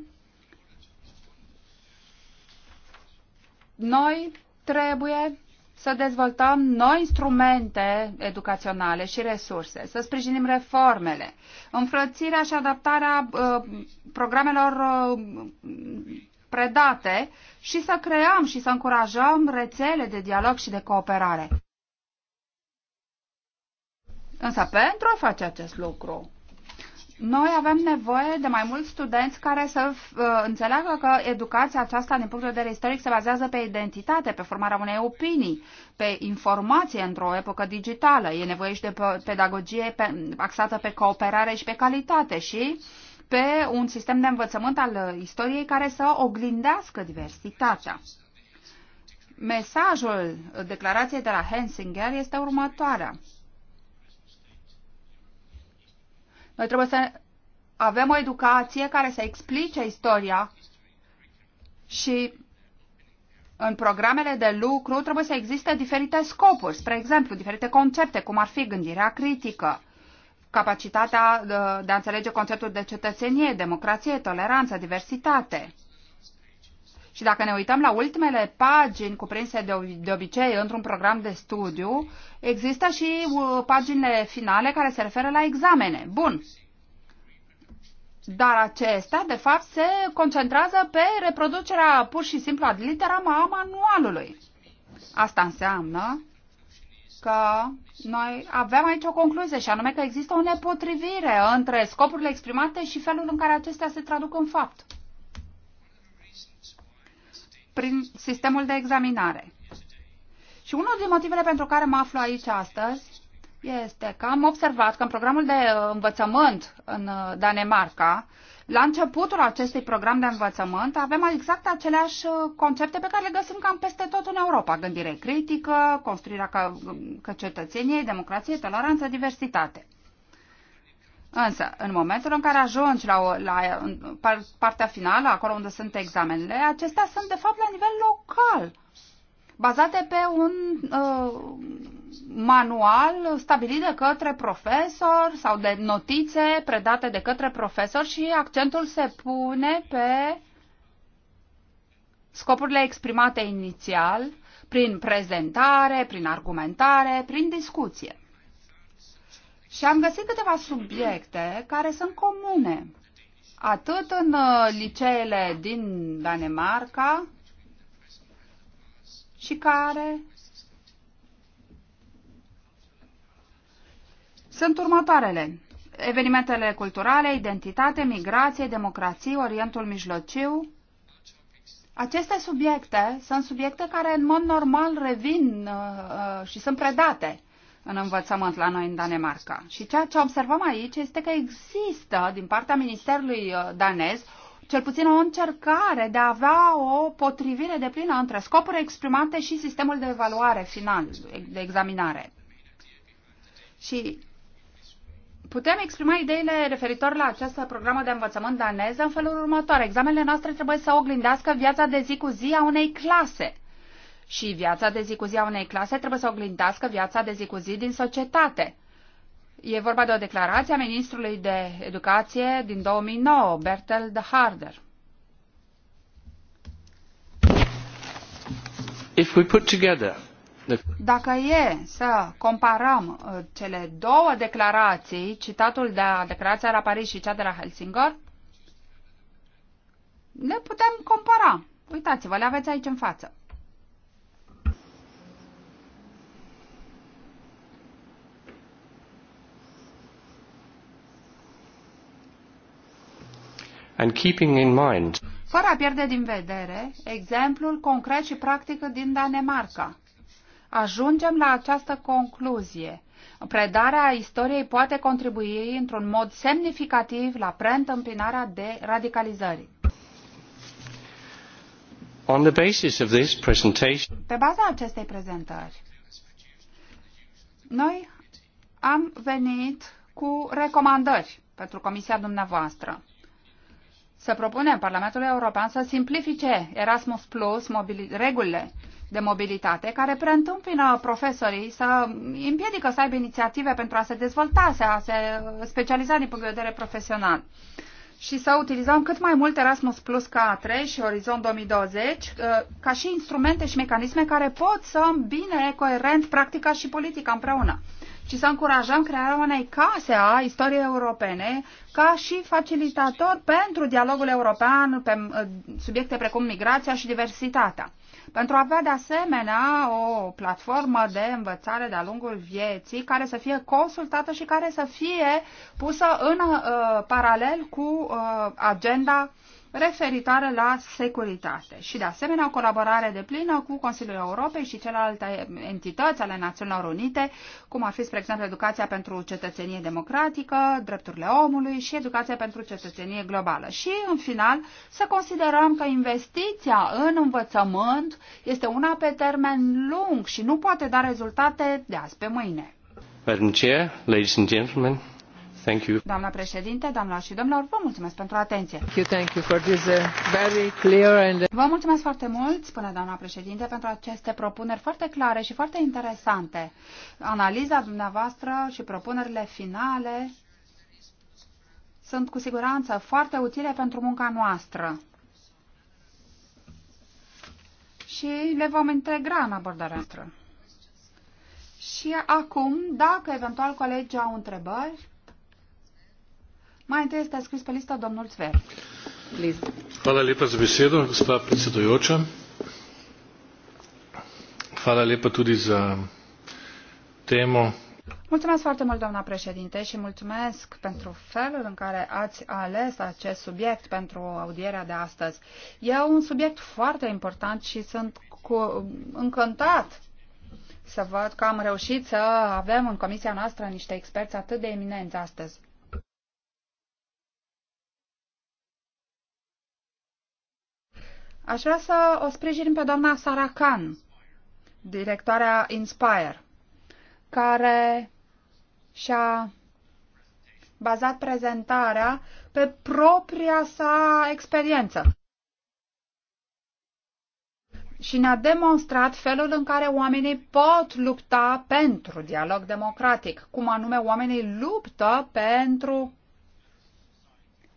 noi trebuie să dezvoltăm noi instrumente educaționale și resurse, să sprijinim reformele, înfrățirea și adaptarea uh, programelor uh, predate și să creăm și să încurajăm rețele de dialog și de cooperare. Însă pentru a face acest lucru, noi avem nevoie de mai mulți studenți care să uh, înțeleagă că educația aceasta, din punct de vedere istoric, se bazează pe identitate, pe formarea unei opinii, pe informație într-o epocă digitală. E nevoie și de pedagogie axată pe cooperare și pe calitate și pe un sistem de învățământ al istoriei care să oglindească diversitatea. Mesajul declarației de la Hensinger este următoarea. Noi trebuie să avem o educație care să explice istoria și în programele de lucru trebuie să existe diferite scopuri, spre exemplu, diferite concepte, cum ar fi gândirea critică, capacitatea uh, de a înțelege conceptul de cetățenie, democrație, toleranță, diversitate. Și dacă ne uităm la ultimele pagini cuprinse de, de obicei într-un program de studiu, există și uh, paginile finale care se referă la examene. Bun. Dar acestea, de fapt, se concentrează pe reproducerea pur și simplu ad literam a manualului. Asta înseamnă că noi avem aici o concluzie și anume că există o nepotrivire între scopurile exprimate și felul în care acestea se traduc în fapt prin sistemul de examinare. Și unul din motivele pentru care mă aflu aici astăzi este că am observat că în programul de uh, învățământ în uh, Danemarca, la începutul acestui program de învățământ, avem exact aceleași uh, concepte pe care le găsim cam peste tot în Europa. Gândire critică, construirea că, că cetățeniei, democrație, toleranță, diversitate. Însă, în momentul în care ajungi la, o, la partea finală, acolo unde sunt examenele, acestea sunt, de fapt, la nivel local, bazate pe un uh, manual stabilit de către profesor sau de notițe predate de către profesor și accentul se pune pe scopurile exprimate inițial, prin prezentare, prin argumentare, prin discuție. Și am găsit câteva subiecte care sunt comune, atât în uh, liceele din Danemarca și care sunt următoarele. Evenimentele culturale, identitate, migrație, democrație, Orientul Mijlociu. Aceste subiecte sunt subiecte care în mod normal revin uh, uh și sunt predate în învățământ la noi în Danemarca. Și ceea ce observăm aici este că există din partea Ministerului uh, danez cel puțin o încercare de a avea o potrivire de plină între scopuri exprimate și sistemul de evaluare final, de examinare. Și putem exprima ideile referitor la această programă de învățământ daneză în felul următor. Examenele noastre trebuie să oglindească viața de zi cu zi a unei clase – și viața de zi cu zi a unei clase trebuie să oglindească viața de zi cu zi din societate. E vorba de o declarație a ministrului de educație din 2009, Bertel de Harder. If we put together dacă e să comparăm uh, cele două declarații, citatul de la declarația de la Paris și cea de la Helsingor, ne putem compara. Uitați-vă, le aveți aici în față. and keeping in mind fără a pierde din vedere exemplul concret și practic din Danemarca. Ajungem la această concluzie. Predarea istoriei poate contribui într-un mod semnificativ la preîntâmpinarea de radicalizări. On the basis of this presentation, Pe baza acestei prezentări, noi am venit cu recomandări pentru comisia dumneavoastră se propune Parlamentului European să simplifice Erasmus Plus regulile de mobilitate care preîntâmpină profesorii să împiedică să aibă inițiative pentru a se dezvolta, să a se specializa din punct de vedere profesional și să utilizăm cât mai mult Erasmus Plus ca 3 și Orizont 2020 uh, ca și instrumente și mecanisme care pot să îmbine coerent practica și politica împreună ci să încurajăm crearea unei case a istoriei europene ca și facilitator pentru dialogul european pe ă, subiecte precum migrația și diversitatea. Pentru a avea de asemenea o platformă de învățare de-a lungul vieții care să fie consultată și care să fie pusă în uh, paralel cu uh, agenda uh, referitoare la securitate și, de asemenea, o colaborare de plină cu Consiliul Europei și celelalte entități ale Națiunilor Unite, cum ar fi, spre exemplu, educația pentru cetățenie democratică, drepturile omului și educația pentru cetățenie globală. Și, în final, să considerăm că investiția în învățământ este una pe termen lung și nu poate da rezultate de azi pe mâine. Madam Chair, ladies and gentlemen. Doamna președinte, doamnelor și domnilor, vă mulțumesc pentru atenție. Uh, uh, vă mulțumesc foarte mult, spune doamna președinte, pentru aceste propuneri foarte clare și foarte interesante. Analiza dumneavoastră și propunerile finale sunt cu siguranță foarte utile pentru munca noastră. Și le vom integra în abordarea noastră. Și acum, dacă eventual colegii au întrebări, mai întâi este scris pe listă domnul Zver. Hvala lepa za besedo, gospa predsedujoča. Hvala lepa tudi za temo. Mulțumesc foarte mult, doamna președinte, și mulțumesc pentru felul în care ați ales acest subiect pentru audierea de astăzi. E un subiect foarte important și sunt cu... încântat să văd că am reușit să avem în comisia noastră niște experți atât de eminenți astăzi. Aș vrea să o sprijin pe doamna Khan, directoarea Inspire, care și-a bazat prezentarea pe propria sa experiență și ne-a demonstrat felul în care oamenii pot lupta pentru dialog democratic, cum anume oamenii luptă pentru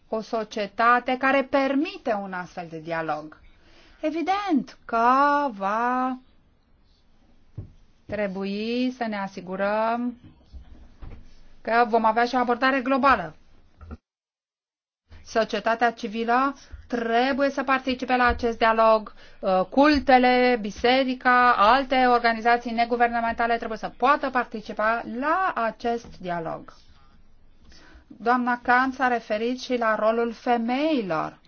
o societate care permite un astfel de dialog. Evident că va trebui să ne asigurăm că vom avea și o abordare globală. Societatea civilă trebuie să participe la acest dialog. Uh, cultele, biserica, alte organizații neguvernamentale trebuie să poată participa la acest dialog. Doamna Kant s-a referit și la rolul femeilor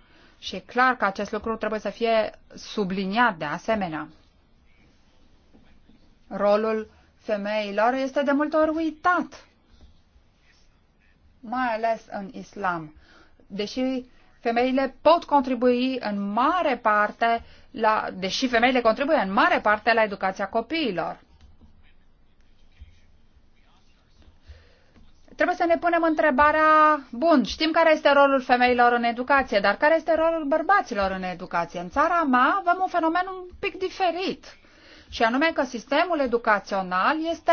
și e clar că acest lucru trebuie să fie subliniat de asemenea. Rolul femeilor este de multe ori uitat, mai ales în islam. Deși femeile pot contribui în mare parte la, deși femeile contribuie în mare parte la educația copiilor. Trebuie să ne punem întrebarea, bun, știm care este rolul femeilor în educație, dar care este rolul bărbaților în educație? În țara mea avem un fenomen un pic diferit, și anume că sistemul educațional este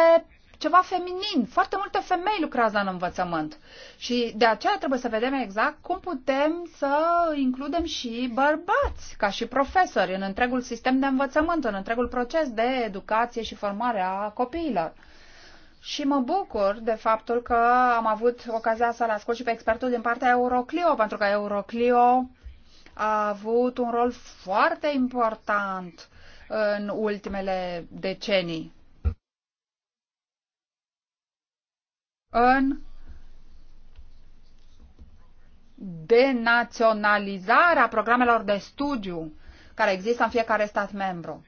ceva feminin. Foarte multe femei lucrează în învățământ. Și de aceea trebuie să vedem exact cum putem să includem și bărbați ca și profesori în întregul sistem de învățământ, în întregul proces de educație și formare a copiilor. Și mă bucur de faptul că am avut ocazia să-l ascult și pe expertul din partea Euroclio, pentru că Euroclio a avut un rol foarte important în ultimele decenii. În denaționalizarea programelor de studiu care există în fiecare stat membru.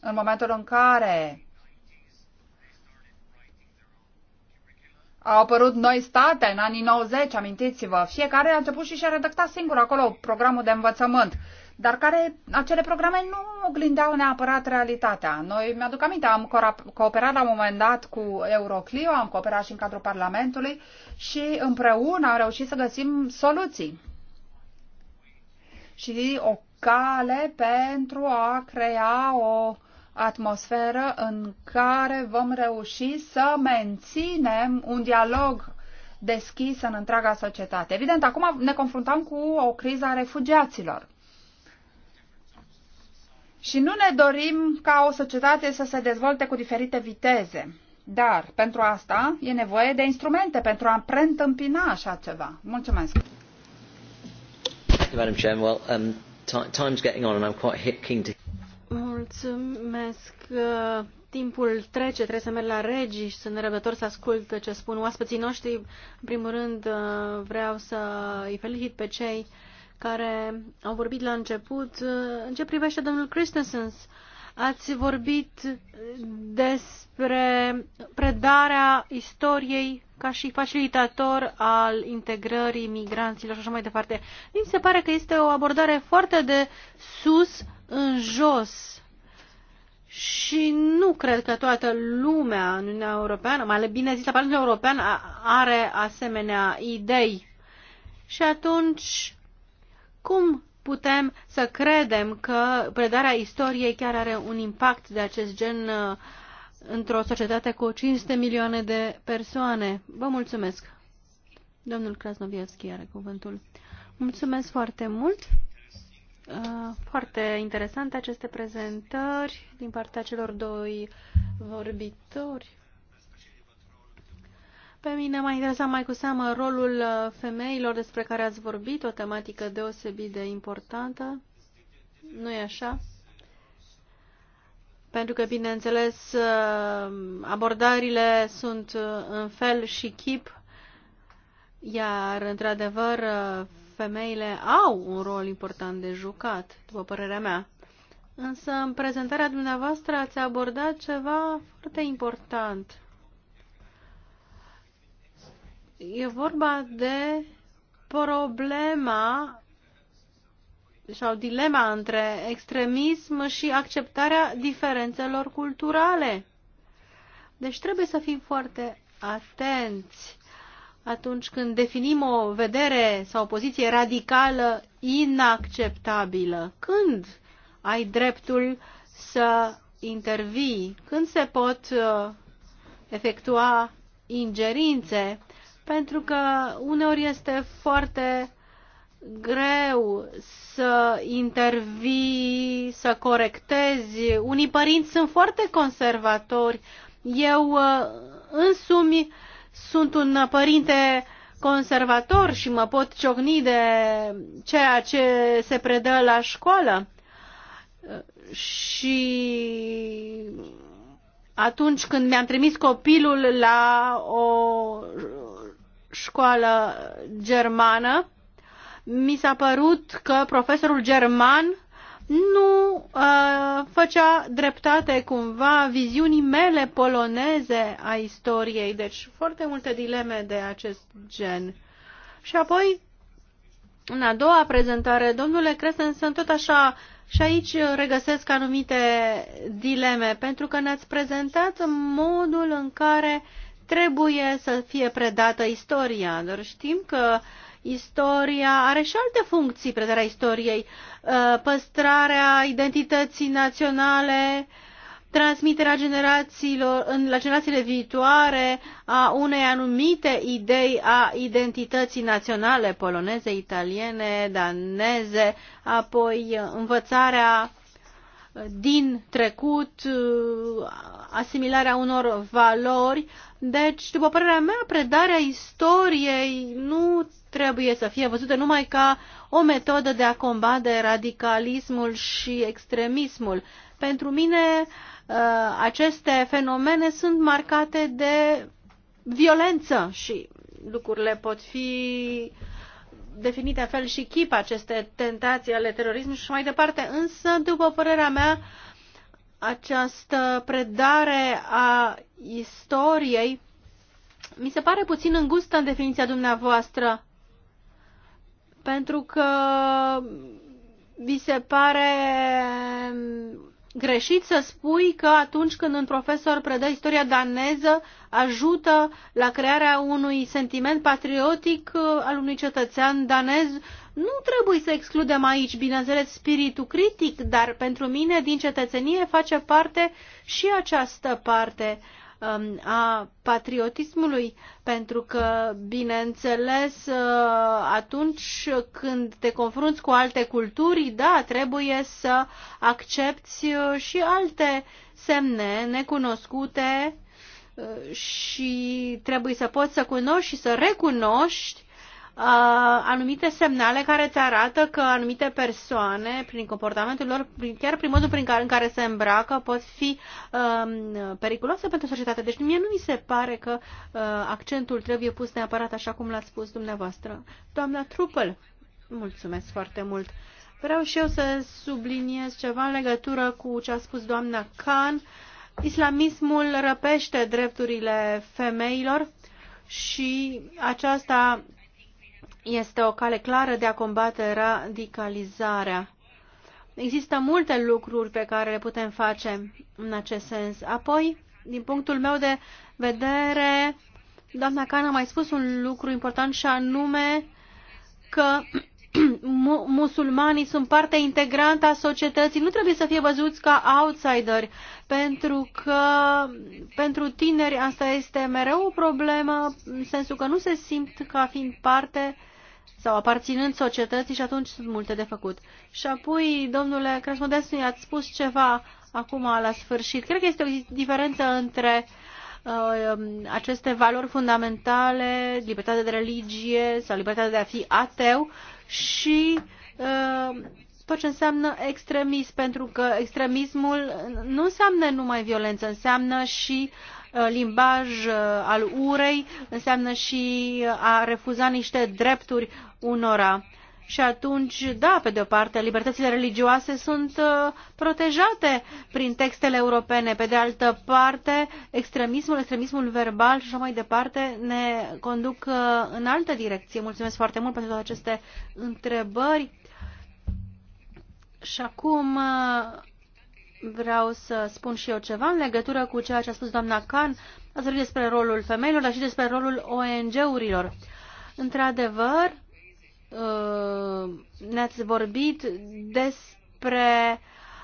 În momentul în care Au apărut noi state în anii 90, amintiți-vă. Fiecare a început și și-a redactat singur acolo programul de învățământ. Dar care, acele programe nu oglindeau neapărat realitatea. Noi, mi-aduc aminte, am cooperat la un moment dat cu Euroclio, am cooperat și în cadrul Parlamentului și împreună am reușit să găsim soluții. Și o cale pentru a crea o uh, atmosferă în care vom reuși să menținem un dialog deschis în întreaga societate. Evident, acum ne confruntăm cu o criză a refugiaților. Și nu ne dorim ca o societate să se dezvolte cu diferite viteze. Dar pentru asta e nevoie de instrumente pentru a preîntâmpina așa ceva. Mulțumesc. Madam Chair, well, um, time's getting on and I'm quite keen to... Mulțumesc. Uh, timpul trece, trebuie să merg la regi și sunt nerăbdător să ascult ce spun oaspeții noștri. În primul rând uh, vreau să îi felicit pe cei care au vorbit la început. Uh, în ce privește domnul Christensen, ați vorbit despre predarea istoriei ca și facilitator al integrării migranților și așa mai departe. Mi se pare că este o abordare foarte de sus în jos și nu cred că toată lumea în Uniunea Europeană, mai bine zis, Parlamentul European are asemenea idei. Și atunci, cum putem să credem că predarea istoriei chiar are un impact de acest gen uh, într-o societate cu 500 milioane de persoane? Vă mulțumesc! Domnul Krasnovievski are cuvântul. Mulțumesc foarte mult! Uh, foarte interesante aceste prezentări din partea celor doi vorbitori. Pe mine m-a interesat mai cu seamă rolul uh, femeilor despre care ați vorbit, o tematică deosebit de importantă. nu e așa? Pentru că, bineînțeles, uh, abordările sunt în fel și chip, iar, într-adevăr, femeile au un rol important de jucat, după părerea mea. Însă, în prezentarea dumneavoastră ați abordat ceva foarte important. E vorba de problema sau dilema între extremism și acceptarea diferențelor culturale. Deci trebuie să fim foarte atenți atunci când definim o vedere sau o poziție radicală inacceptabilă? Când ai dreptul să intervii? Când se pot uh, efectua ingerințe? Pentru că uneori este foarte greu să intervii, să corectezi. Unii părinți sunt foarte conservatori. Eu uh, însumi sunt un părinte conservator și mă pot ciocni de ceea ce se predă la școală. Și atunci când mi-am trimis copilul la o școală germană, mi s-a părut că profesorul german nu uh, făcea dreptate cumva viziunii mele poloneze a istoriei. Deci foarte multe dileme de acest gen. Și apoi, în a doua prezentare, domnule Cresen, sunt tot așa și aici regăsesc anumite dileme, pentru că ne-ați prezentat modul în care trebuie să fie predată istoria, dar știm că uh, Istoria are și alte funcții, predarea istoriei, uh, păstrarea identității naționale, transmiterea generațiilor, în, la generațiile viitoare a unei anumite idei a identității naționale poloneze, italiene, daneze, apoi învățarea din trecut, uh, asimilarea unor valori deci, după părerea mea, predarea istoriei nu trebuie să fie văzută numai ca o metodă de a combate radicalismul și extremismul. Pentru mine, uh, aceste fenomene sunt marcate de violență și lucrurile pot fi definite în fel și chip aceste tentații ale terorismului și mai departe. Însă, după părerea mea, această predare a istoriei mi se pare puțin îngustă în definiția dumneavoastră, pentru că vi se pare greșit să spui că atunci când un profesor predă istoria daneză, ajută la crearea unui sentiment patriotic al unui cetățean danez nu trebuie să excludem aici, bineînțeles, spiritul critic, dar pentru mine din cetățenie face parte și această parte um, a patriotismului, pentru că, bineînțeles, uh, atunci când te confrunți cu alte culturi, da, trebuie să accepti uh, și alte semne necunoscute uh, și trebuie să poți să cunoști și să recunoști Uh, anumite semnale care îți arată că anumite persoane, prin comportamentul lor, chiar prin modul prin care, în care se îmbracă, pot fi uh, periculoase pentru societate. Deci mie nu mi se pare că uh, accentul trebuie pus neapărat așa cum l-ați spus dumneavoastră. Doamna Trupel, mulțumesc foarte mult. Vreau și eu să subliniez ceva în legătură cu ce a spus doamna Khan. Islamismul răpește drepturile femeilor și aceasta este o cale clară de a combate radicalizarea. Există multe lucruri pe care le putem face în acest sens. Apoi, din punctul meu de vedere, doamna Can a mai spus un lucru important și anume că musulmanii sunt parte integrantă a societății, nu trebuie să fie văzuți ca outsideri, pentru că pentru tineri asta este mereu o problemă, în sensul că nu se simt ca fiind parte uh, sau aparținând societății și atunci sunt multe de făcut. Și apoi, domnule Crasmodescu, i-ați spus ceva acum la sfârșit. Cred că este o diferență între uh, aceste valori fundamentale, libertatea de religie sau libertatea de a fi ateu și uh, tot ce înseamnă extremism, pentru că extremismul nu înseamnă numai violență, înseamnă și uh, Uh, limbaj uh, al urei, înseamnă și uh, a refuza niște drepturi unora. Și atunci, da, pe de-o parte, libertățile religioase sunt protejate prin textele europene. Pe de altă parte, extremismul, extremismul verbal și așa mai departe ne conduc în altă direcție. Mulțumesc foarte mult pentru toate aceste întrebări. Și acum vreau să spun și eu ceva în legătură cu ceea ce a spus doamna Khan. Ați vorbit despre rolul femeilor, dar și despre rolul ONG-urilor. Într-adevăr, uh, ne-ați vorbit despre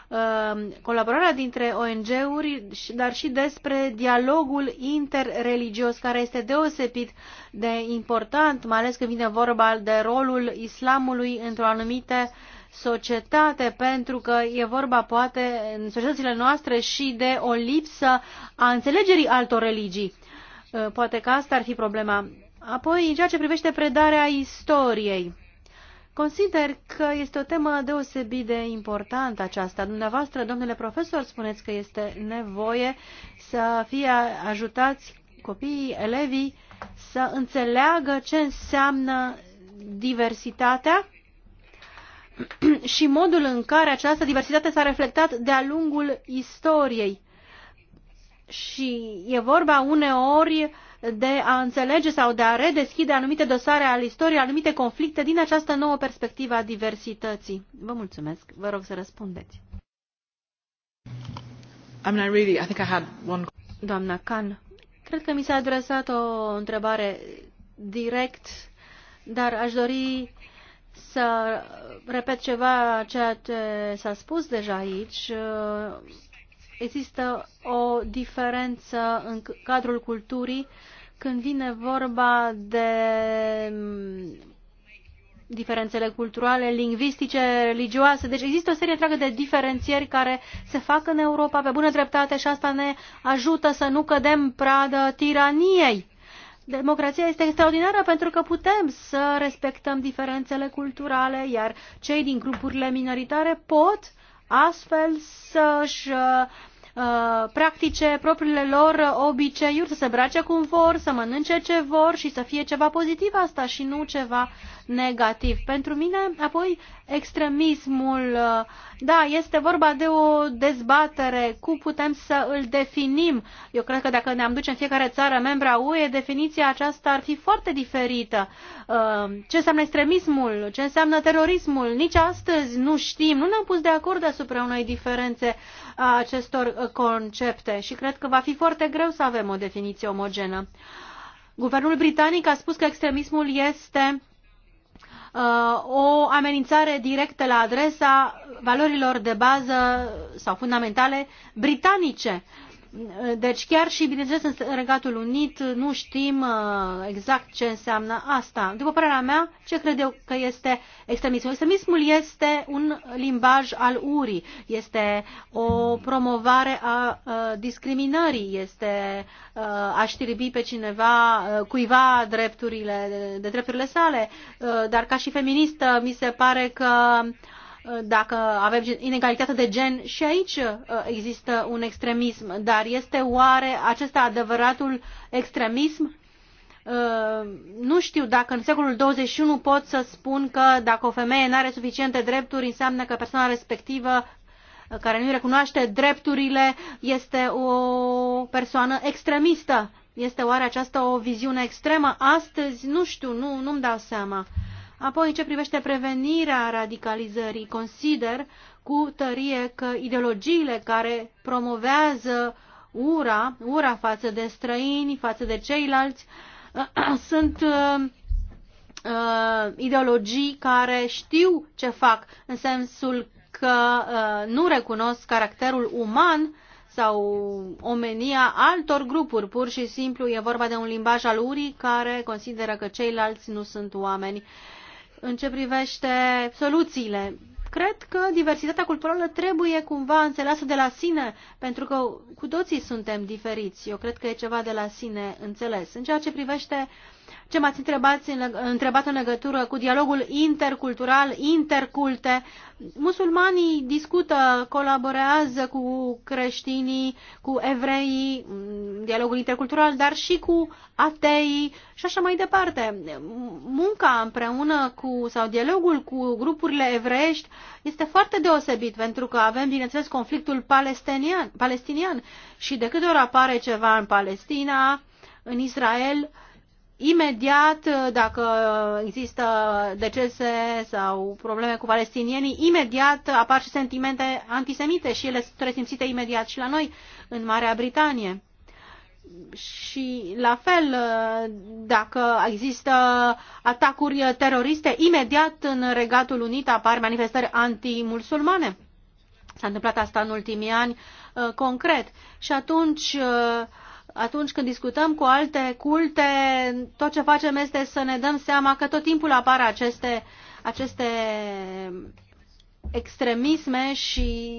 uh, colaborarea dintre ONG-uri, dar și despre dialogul interreligios, care este deosebit de important, mai ales când vine vorba de rolul islamului într-o anumită uh, societate, pentru că e vorba poate în societățile noastre și de o lipsă a înțelegerii altor religii. Uh, poate că asta ar fi problema. Apoi, în ceea ce privește predarea istoriei, consider că este o temă deosebit de importantă aceasta. Dumneavoastră, domnule profesor, spuneți că este nevoie să fie ajutați copiii, elevii, să înțeleagă ce înseamnă diversitatea și modul în care această diversitate s-a reflectat de-a lungul istoriei. Și e vorba uneori de a înțelege sau de a redeschide anumite dosare al istoriei, anumite conflicte din această nouă perspectivă a diversității. Vă mulțumesc. Vă rog să răspundeți. I mean, I really, I think I had one... Doamna Can, cred că mi s-a adresat o întrebare direct, dar aș dori să repet ceva ceea ce s-a spus deja aici. Există o diferență în cadrul culturii când vine vorba de diferențele culturale, lingvistice, religioase. Deci există o serie întreagă de diferențieri care se fac în Europa pe bună dreptate și asta ne ajută să nu cădem pradă tiraniei Democrația este extraordinară pentru că putem să respectăm diferențele culturale, iar cei din grupurile minoritare pot astfel să-și uh, practice propriile lor obiceiuri, să se brace cum vor, să mănânce ce vor și să fie ceva pozitiv asta și nu ceva negativ. Pentru mine, apoi, extremismul. Uh, da, este vorba de o dezbatere. Cum putem să îl definim? Eu cred că dacă ne-am duce în fiecare țară membra UE, definiția aceasta ar fi foarte diferită. Uh, ce înseamnă extremismul? Ce înseamnă terorismul? Nici astăzi nu știm. Nu ne-am pus de acord asupra unei diferențe a acestor uh, concepte și cred că va fi foarte greu să avem o definiție omogenă. Guvernul britanic a spus că extremismul este Uh, o amenințare directă la adresa valorilor de bază sau fundamentale britanice. Deci chiar și, bineînțeles, în Regatul Unit nu știm uh, exact ce înseamnă asta. După părerea mea, ce cred eu că este extremismul? Extremismul este un limbaj al urii, este o promovare a uh, discriminării, este uh, a știribi pe cineva, cuiva drepturile, de drepturile sale, dar ca și feministă mi se pare că dacă avem inegalitate de gen și aici uh, există un extremism, dar este oare acesta adevăratul extremism? Uh, nu știu dacă în secolul 21 pot să spun că dacă o femeie nu are suficiente drepturi, înseamnă că persoana respectivă uh, care nu recunoaște drepturile este o persoană extremistă. Este oare aceasta o viziune extremă? Astăzi, nu știu, nu, nu-mi dau seama. Apoi, în ce privește prevenirea radicalizării, consider cu tărie că ideologiile care promovează ura, ura față de străini, față de ceilalți, sunt uh, uh, ideologii care știu ce fac, în sensul că uh, nu recunosc caracterul uman sau omenia altor grupuri. Pur și simplu e vorba de un limbaj al urii care consideră că ceilalți nu sunt oameni. Uh, în ce privește soluțiile. Cred că diversitatea culturală trebuie cumva înțeleasă de la sine, pentru că cu toții suntem diferiți. Eu cred că e ceva de la sine înțeles. În ceea ce privește uh, ce m-ați întrebat, întrebat în legătură cu dialogul intercultural, interculte. Musulmanii discută, colaborează cu creștinii, cu evreii, mm, dialogul intercultural, dar și cu ateii și așa mai departe. Munca împreună cu, sau dialogul cu grupurile evreiești este foarte deosebit, pentru că avem, bineînțeles, conflictul palestinian, palestinian și de câte ori apare ceva în Palestina, în Israel, uh, imediat, uh, dacă există decese sau probleme cu palestinienii, imediat apar și sentimente antisemite și ele sunt resimțite imediat și la noi, în Marea Britanie. Și la fel, uh, dacă există atacuri teroriste, imediat în Regatul Unit apar manifestări antimusulmane. S-a întâmplat asta în ultimii ani uh, concret. Și atunci atunci când discutăm cu alte culte, tot ce facem este să ne dăm seama că tot timpul apar aceste, aceste extremisme și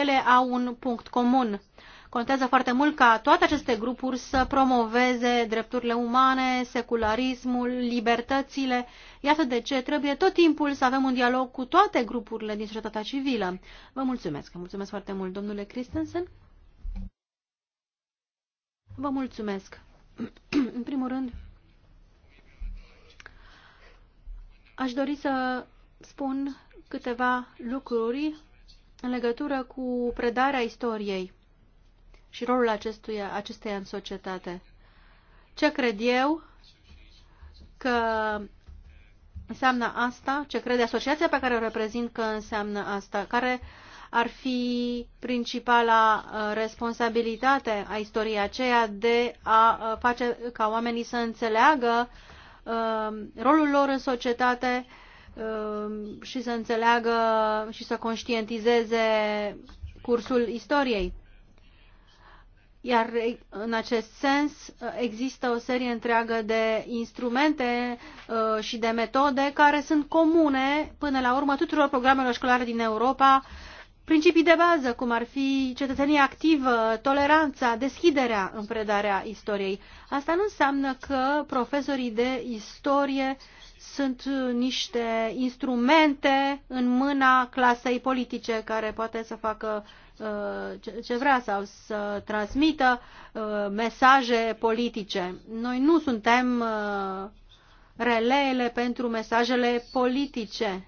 ele au un punct comun. Contează foarte mult ca toate aceste grupuri să promoveze drepturile umane, secularismul, libertățile. Iată de ce trebuie tot timpul să avem un dialog cu toate grupurile din societatea civilă. Vă mulțumesc. Mulțumesc foarte mult, domnule Christensen. Vă mulțumesc. În primul rând, aș dori să spun câteva lucruri în legătură cu predarea istoriei și rolul acestuia, acesteia în societate. Ce cred eu că înseamnă asta, ce crede asociația pe care o reprezint că înseamnă asta, care uh, ar fi principala uh, responsabilitate a istoriei aceea de a uh, face ca oamenii să înțeleagă uh, rolul lor în societate și să înțeleagă și să conștientizeze cursul istoriei. Iar în acest sens există o serie întreagă de instrumente și de metode care sunt comune până la urmă tuturor programelor școlare din Europa principii de bază, cum ar fi cetățenia activă, toleranța, deschiderea în predarea istoriei. Asta nu înseamnă că profesorii de istorie sunt niște instrumente în mâna clasei politice care poate să facă uh, ce vrea sau să transmită uh, mesaje politice. Noi nu suntem uh, releele pentru mesajele politice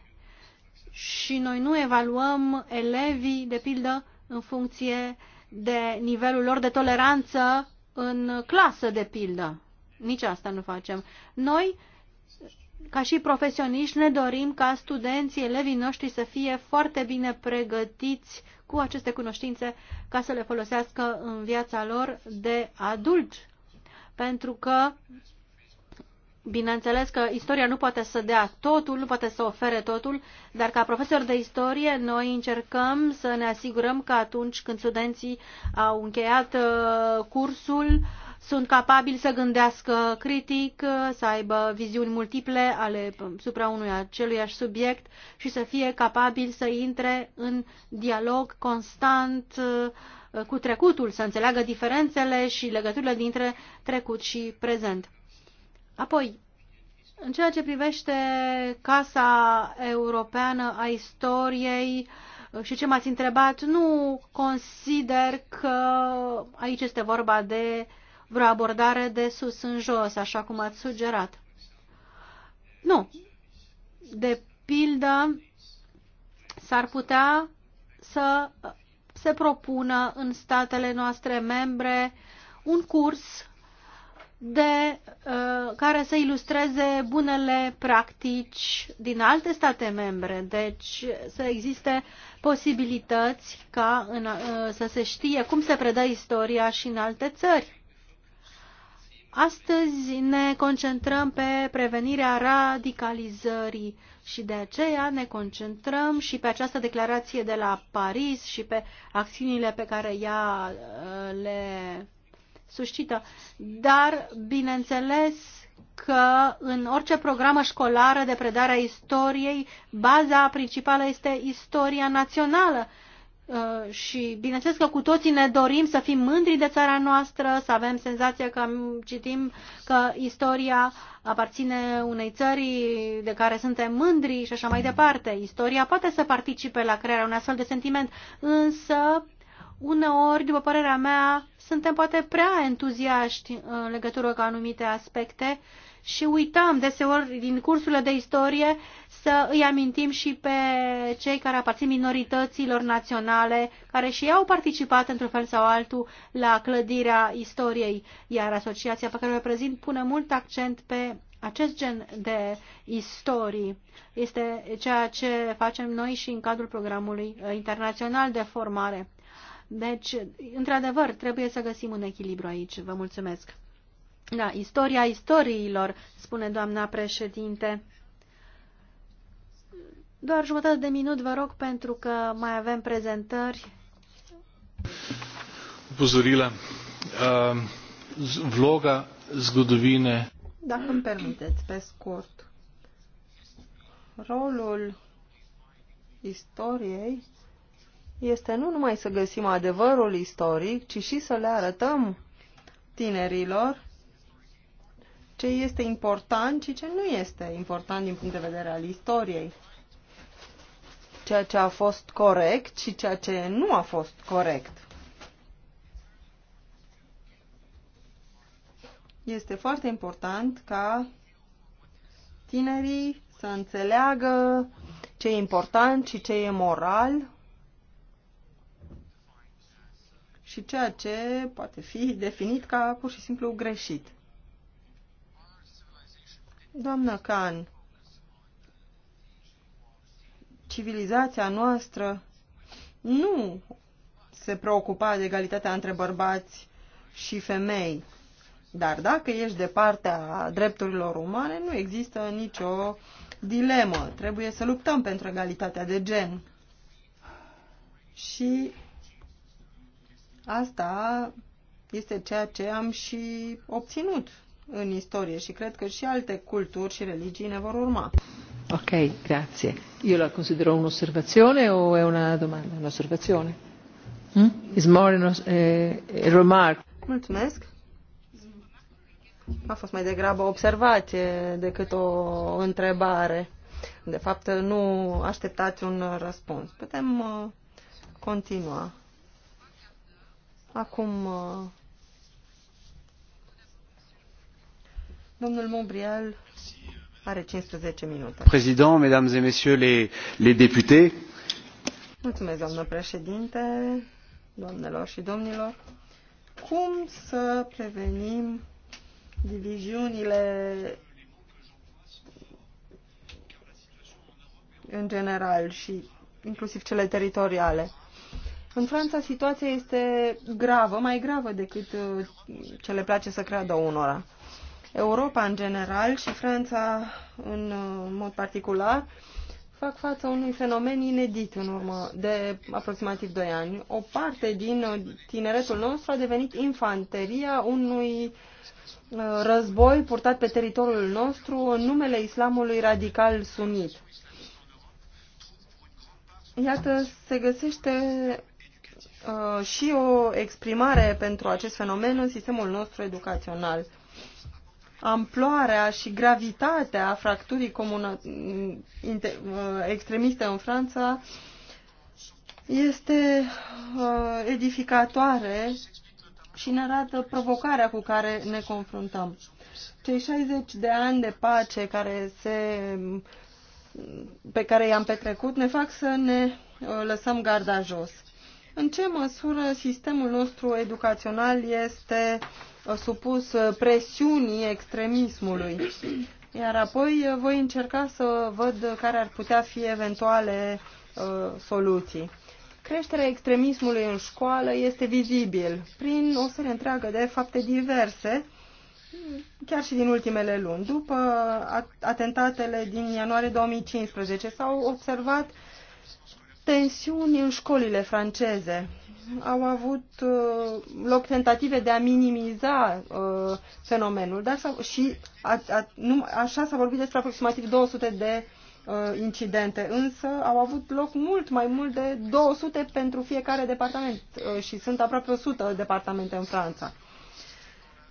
și noi nu evaluăm elevii, de pildă, în funcție de nivelul lor de toleranță în clasă, de pildă. Nici asta nu facem. Noi, ca și profesioniști, ne dorim ca studenții, elevii noștri să fie foarte bine pregătiți cu aceste cunoștințe ca să le folosească în viața lor de adult. Pentru că Bineînțeles că istoria nu poate să dea totul, nu poate să ofere totul, dar ca profesor de istorie noi încercăm să ne asigurăm că atunci când studenții au încheiat uh, cursul, sunt capabili să gândească critic, uh, să aibă viziuni multiple ale um, supra unui aceluiași subiect și să fie capabili să intre în dialog constant uh, cu trecutul, să înțeleagă diferențele și legăturile dintre trecut și prezent. Apoi, în ceea ce privește Casa Europeană a Istoriei uh, și ce m-ați întrebat, nu consider că aici este vorba de vreo abordare de sus în jos, așa cum ați sugerat. Nu. De pildă, s-ar putea să se propună în statele noastre membre un curs de, uh, care să ilustreze bunele practici din alte state membre. Deci să existe posibilități ca în, uh, să se știe cum se predă istoria și în alte țări. Astăzi ne concentrăm pe prevenirea radicalizării și de aceea ne concentrăm și pe această declarație de la Paris și pe acțiunile pe care ea uh, le suscită. Dar, bineînțeles, că în orice programă școlară de predare a istoriei, baza principală este istoria națională. Uh, și bineînțeles că cu toții ne dorim să fim mândri de țara noastră, să avem senzația că citim că istoria aparține unei țări de care suntem mândri și așa mai departe. Istoria poate să participe la crearea unui astfel de sentiment, însă uneori, după părerea mea, suntem poate prea entuziaști în legătură cu anumite aspecte și uităm deseori din cursurile de istorie să îi amintim și pe cei care aparțin minorităților naționale, care și ei au participat într-un fel sau altul la clădirea istoriei, iar asociația pe care o reprezint pune mult accent pe acest gen de istorii. Este ceea ce facem noi și în cadrul programului internațional de formare. Deci, într-adevăr, trebuie să găsim un echilibru aici. Vă mulțumesc. Da, istoria istoriilor, spune doamna președinte. Doar jumătate de minut, vă rog, pentru că mai avem prezentări. Buzurile. Uh, vloga zgodovine. Dacă îmi permiteți, pe scurt, rolul istoriei este nu numai să găsim adevărul istoric, ci și să le arătăm tinerilor ce este important și ce nu este important din punct de vedere al istoriei. Ceea ce a fost corect și ceea ce nu a fost corect. Este foarte important ca tinerii să înțeleagă ce e important și ce e moral și ceea ce poate fi definit ca pur și simplu greșit. Doamnă Khan, civilizația noastră nu se preocupa de egalitatea între bărbați și femei. Dar dacă ești de partea drepturilor umane, nu există nicio dilemă. Trebuie să luptăm pentru egalitatea de gen. Și Asta este ceea ce am și obținut în istorie și cred că și alte culturi și religii ne vor urma. Ok, grazie. Io la considero un'osservazione o è una domanda? Un'osservazione? Hmm? Is more eh, a remark. Mulțumesc. A fost mai degrabă o observație decât o întrebare. De fapt, nu așteptați un răspuns. Putem uh, continua. Acum, uh, domnul Montbrial are 15 minute. Président, mesdames et messieurs les, les députés. Mulțumesc, doamnă președinte, doamnelor și domnilor. Cum să prevenim diviziunile în general și inclusiv cele teritoriale? În Franța situația este gravă, mai gravă decât uh, ce le place să creadă unora. Europa în general și Franța în uh, mod particular fac față unui fenomen inedit în urmă de aproximativ 2 ani. O parte din uh, tineretul nostru a devenit infanteria unui război purtat pe teritoriul nostru în numele islamului radical sunit. Iată, se găsește uh, și o exprimare pentru acest fenomen în sistemul nostru educațional. Amploarea și gravitatea fracturii uh, extremiste în Franța este uh, edificatoare și ne arată provocarea cu care ne confruntăm. Cei 60 de ani de pace care se, pe care i-am petrecut ne fac să ne uh, lăsăm garda jos. În ce măsură sistemul nostru educațional este uh, supus uh, presiunii extremismului? Iar apoi uh, voi încerca să văd care ar putea fi eventuale uh, soluții. Creșterea extremismului în școală este vizibil prin o serie întreagă de fapte diverse, chiar și din ultimele luni. După atentatele din ianuarie 2015 s-au observat uh, tensiuni în școlile franceze. Au avut uh, loc tentative de a minimiza uh, fenomenul dar și a, a, nu, așa s-a vorbit despre aproximativ 200 de uh, incidente, însă au avut loc mult mai mult de 200 pentru fiecare departament uh, și sunt aproape 100 departamente în Franța.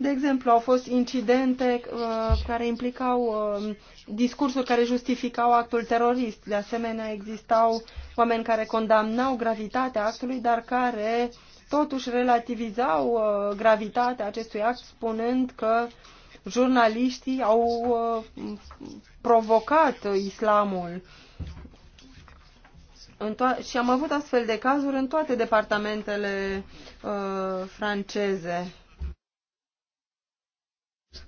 De exemplu, au fost incidente uh, care implicau uh, discursuri care justificau actul terorist. De asemenea, existau oameni care condamnau gravitatea actului, dar care totuși relativizau uh, gravitatea acestui act, spunând că jurnaliștii au uh, provocat islamul. În și am avut astfel de cazuri în toate departamentele uh, franceze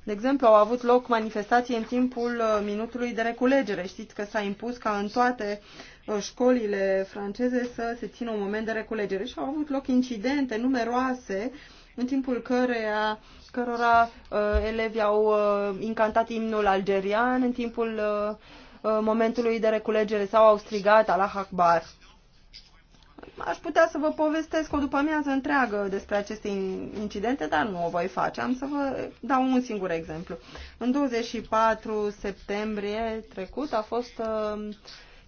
de exemplu, au avut loc manifestații în timpul uh, minutului de reculegere. Știți că s-a impus ca în toate uh, școlile franceze să se țină un moment de reculegere și au avut loc incidente numeroase în timpul căreia, cărora uh, elevii au uh, incantat imnul algerian, în timpul uh, uh momentului de reculegere sau au strigat Allah Akbar. Aș putea să vă povestesc o după-amiază întreagă despre aceste incidente, dar nu o voi face. Am să vă dau un singur exemplu. În 24 septembrie trecut a fost, uh,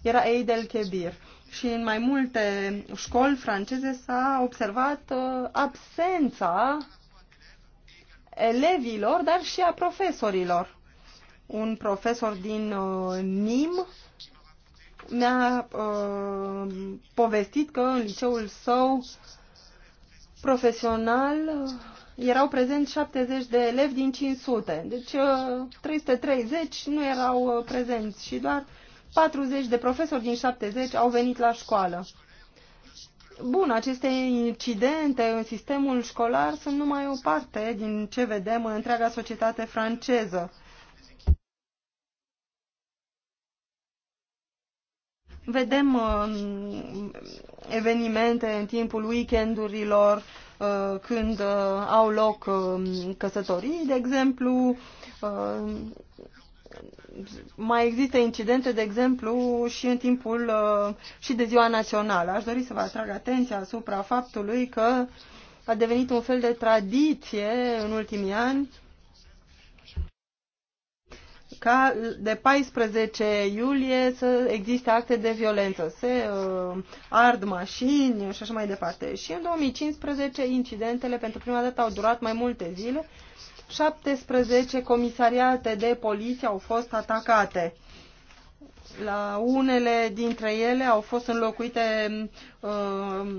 era Eid el Kebir și în mai multe școli franceze s-a observat uh, absența elevilor, dar și a profesorilor. Un profesor din uh, Nîmes mi-a uh, povestit că în liceul său profesional uh, erau prezenți 70 de elevi din 500. Deci uh, 330 nu erau uh, prezenți și doar 40 de profesori din 70 au venit la școală. Bun, aceste incidente în sistemul școlar sunt numai o parte din ce vedem în întreaga societate franceză Vedem uh, evenimente în timpul weekendurilor uh, când uh, au loc căsătorii, de exemplu, mai există incidente, de exemplu, și în timpul și de ziua națională. Aș dori să vă atrag atenția asupra faptului că a devenit un fel de tradiție în ultimii ani ca de 14 iulie să existe acte de violență, se uh, ard mașini și așa mai departe. Și în 2015 incidentele pentru prima dată au durat mai multe zile. 17 comisariate de poliție au fost atacate. La unele dintre ele au fost înlocuite uh,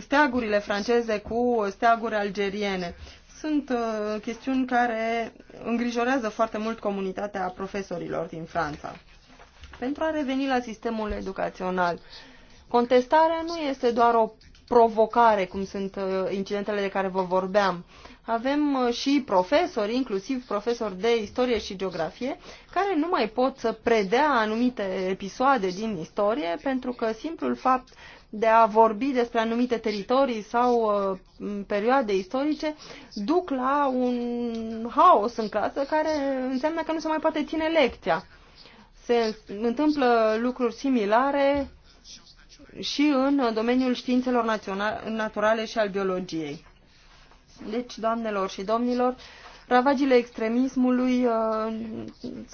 steagurile franceze cu steaguri algeriene. Sunt uh, chestiuni care îngrijorează foarte mult comunitatea profesorilor din Franța. Pentru a reveni la sistemul educațional, contestarea nu este doar o provocare, cum sunt uh, incidentele de care vă vorbeam. Avem uh, și profesori, inclusiv profesori de istorie și geografie, care nu mai pot să predea anumite episoade din istorie pentru că simplul fapt de a vorbi despre anumite teritorii sau uh, perioade istorice duc la un haos în clasă care înseamnă că nu se mai poate ține lecția. Se întâmplă lucruri similare și în domeniul științelor naturale și al biologiei. Deci, doamnelor și domnilor, ravagile extremismului uh,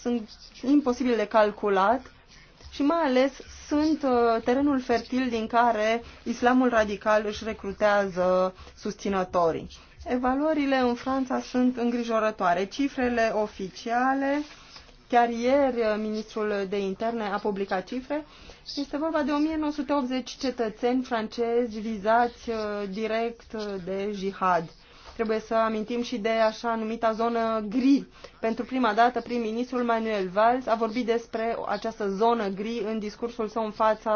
sunt imposibil de calculat și mai ales sunt uh, terenul fertil din care islamul radical își recrutează susținătorii. Evaluările în Franța sunt îngrijorătoare. Cifrele oficiale, chiar ieri uh, ministrul de interne a publicat cifre, este vorba de 1980 cetățeni francezi vizați uh, direct de jihad. Trebuie să amintim și de așa numita zonă gri. Pentru prima dată, prim-ministrul Manuel Valls a vorbit despre această zonă gri în discursul său în fața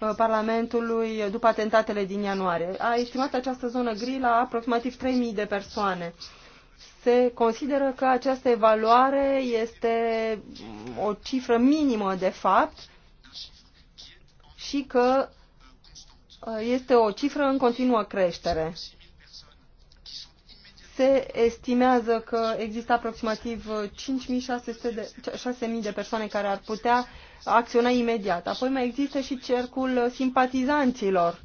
uh, Parlamentului după atentatele din ianuarie. A estimat această zonă gri la aproximativ 3.000 de persoane. Se consideră că această evaluare este mm, o cifră minimă, de fapt, și că uh, este o cifră în continuă creștere se estimează că există aproximativ 5.600 de, 6.000 de persoane care ar putea acționa imediat. Apoi mai există și cercul simpatizanților.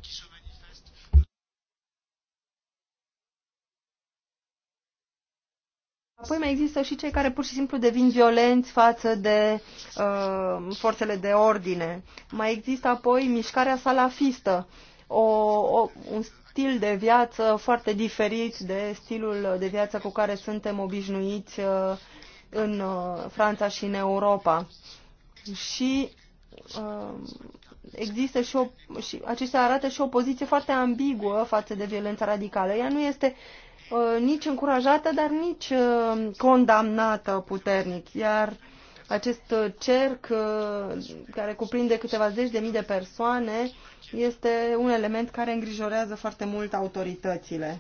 Apoi mai există și cei care pur și simplu devin violenți față de uh, forțele de ordine. Mai există apoi mișcarea salafistă, o, o, un stil de viață foarte diferit de stilul de viață cu care suntem obișnuiți uh, în uh, Franța și în Europa. Și uh, există și, o, și acestea arată și o poziție foarte ambiguă față de violența radicală. Ea nu este nici încurajată, dar nici condamnată puternic. Iar acest cerc care cuprinde câteva zeci de mii de persoane este un element care îngrijorează foarte mult autoritățile.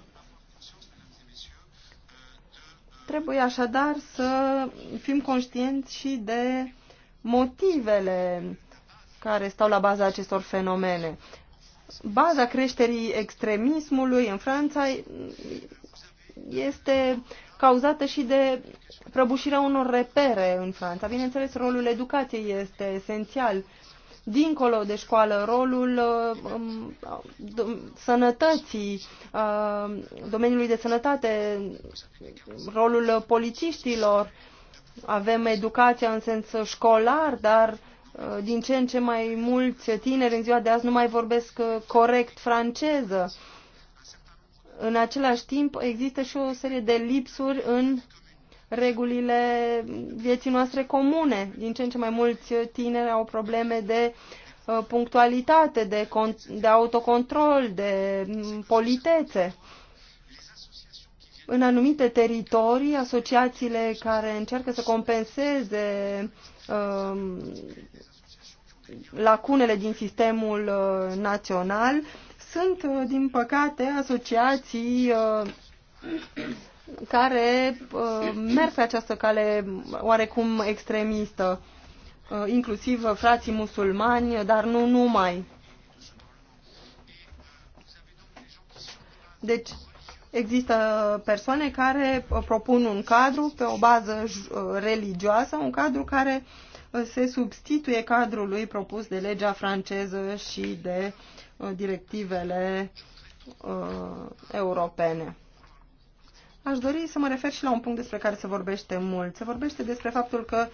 Trebuie așadar să fim conștienți și de motivele care stau la baza acestor fenomene. Baza creșterii extremismului în Franța este cauzată și de prăbușirea unor repere în Franța. Bineînțeles, rolul educației este esențial dincolo de școală, rolul uh, um, sănătății, uh, domeniului de sănătate, rolul polițiștilor. Avem educația în sens școlar, dar uh, din ce în ce mai mulți tineri în ziua de azi nu mai vorbesc corect franceză. În același timp există și o serie de lipsuri în regulile vieții noastre comune. Din ce în ce mai mulți tineri au probleme de uh, punctualitate, de, de autocontrol, de mm, politețe. În anumite teritorii, asociațiile care încearcă să compenseze um, lacunele din sistemul uh, național sunt, uh, din păcate, asociații uh, care uh, merg pe această cale oarecum extremistă, uh, inclusiv frații musulmani, dar nu numai. Deci, există persoane care uh, propun un cadru pe o bază uh, religioasă, un cadru care uh, se substituie cadrului propus de legea franceză și de directivele uh, europene. Aș dori să mă refer și la un punct despre care se vorbește mult. Se vorbește despre faptul că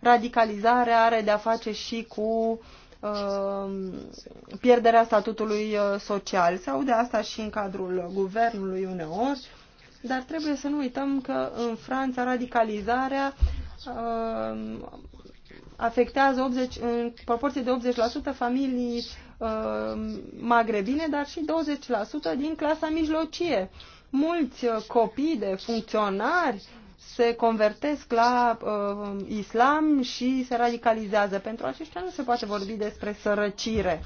radicalizarea are de-a face și cu uh, pierderea statutului uh, social. Se aude asta și în cadrul guvernului uneori, dar trebuie să nu uităm că în Franța radicalizarea uh, afectează 80, în proporție de 80% familii uh, magrebine, dar și 20% din clasa mijlocie. Uh, mulți uh, copii de funcționari se convertesc la uh, islam și se radicalizează. Pentru aceștia nu se poate vorbi despre sărăcire.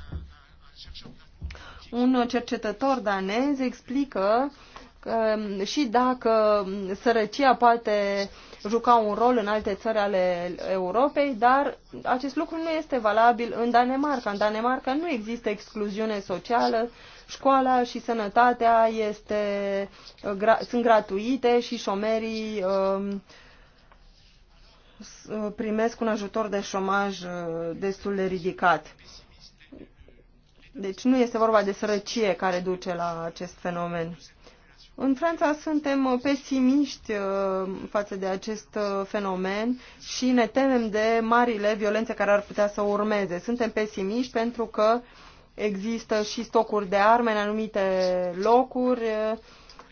Un cercetător danez explică că um, și dacă sărăcia poate juca un rol în alte țări ale Europei, dar acest lucru nu este valabil în Danemarca. În Danemarca nu există excluziune socială Școala și sănătatea este, uh, gra, sunt gratuite și șomerii um, uh, primesc un ajutor de șomaj uh, destul de ridicat. Deci nu este vorba de sărăcie care duce la acest fenomen. În Franța suntem pesimiști față de acest fenomen și ne temem de marile violențe care ar putea să urmeze. Suntem pesimiști pentru că uh, există și stocuri de arme în anumite locuri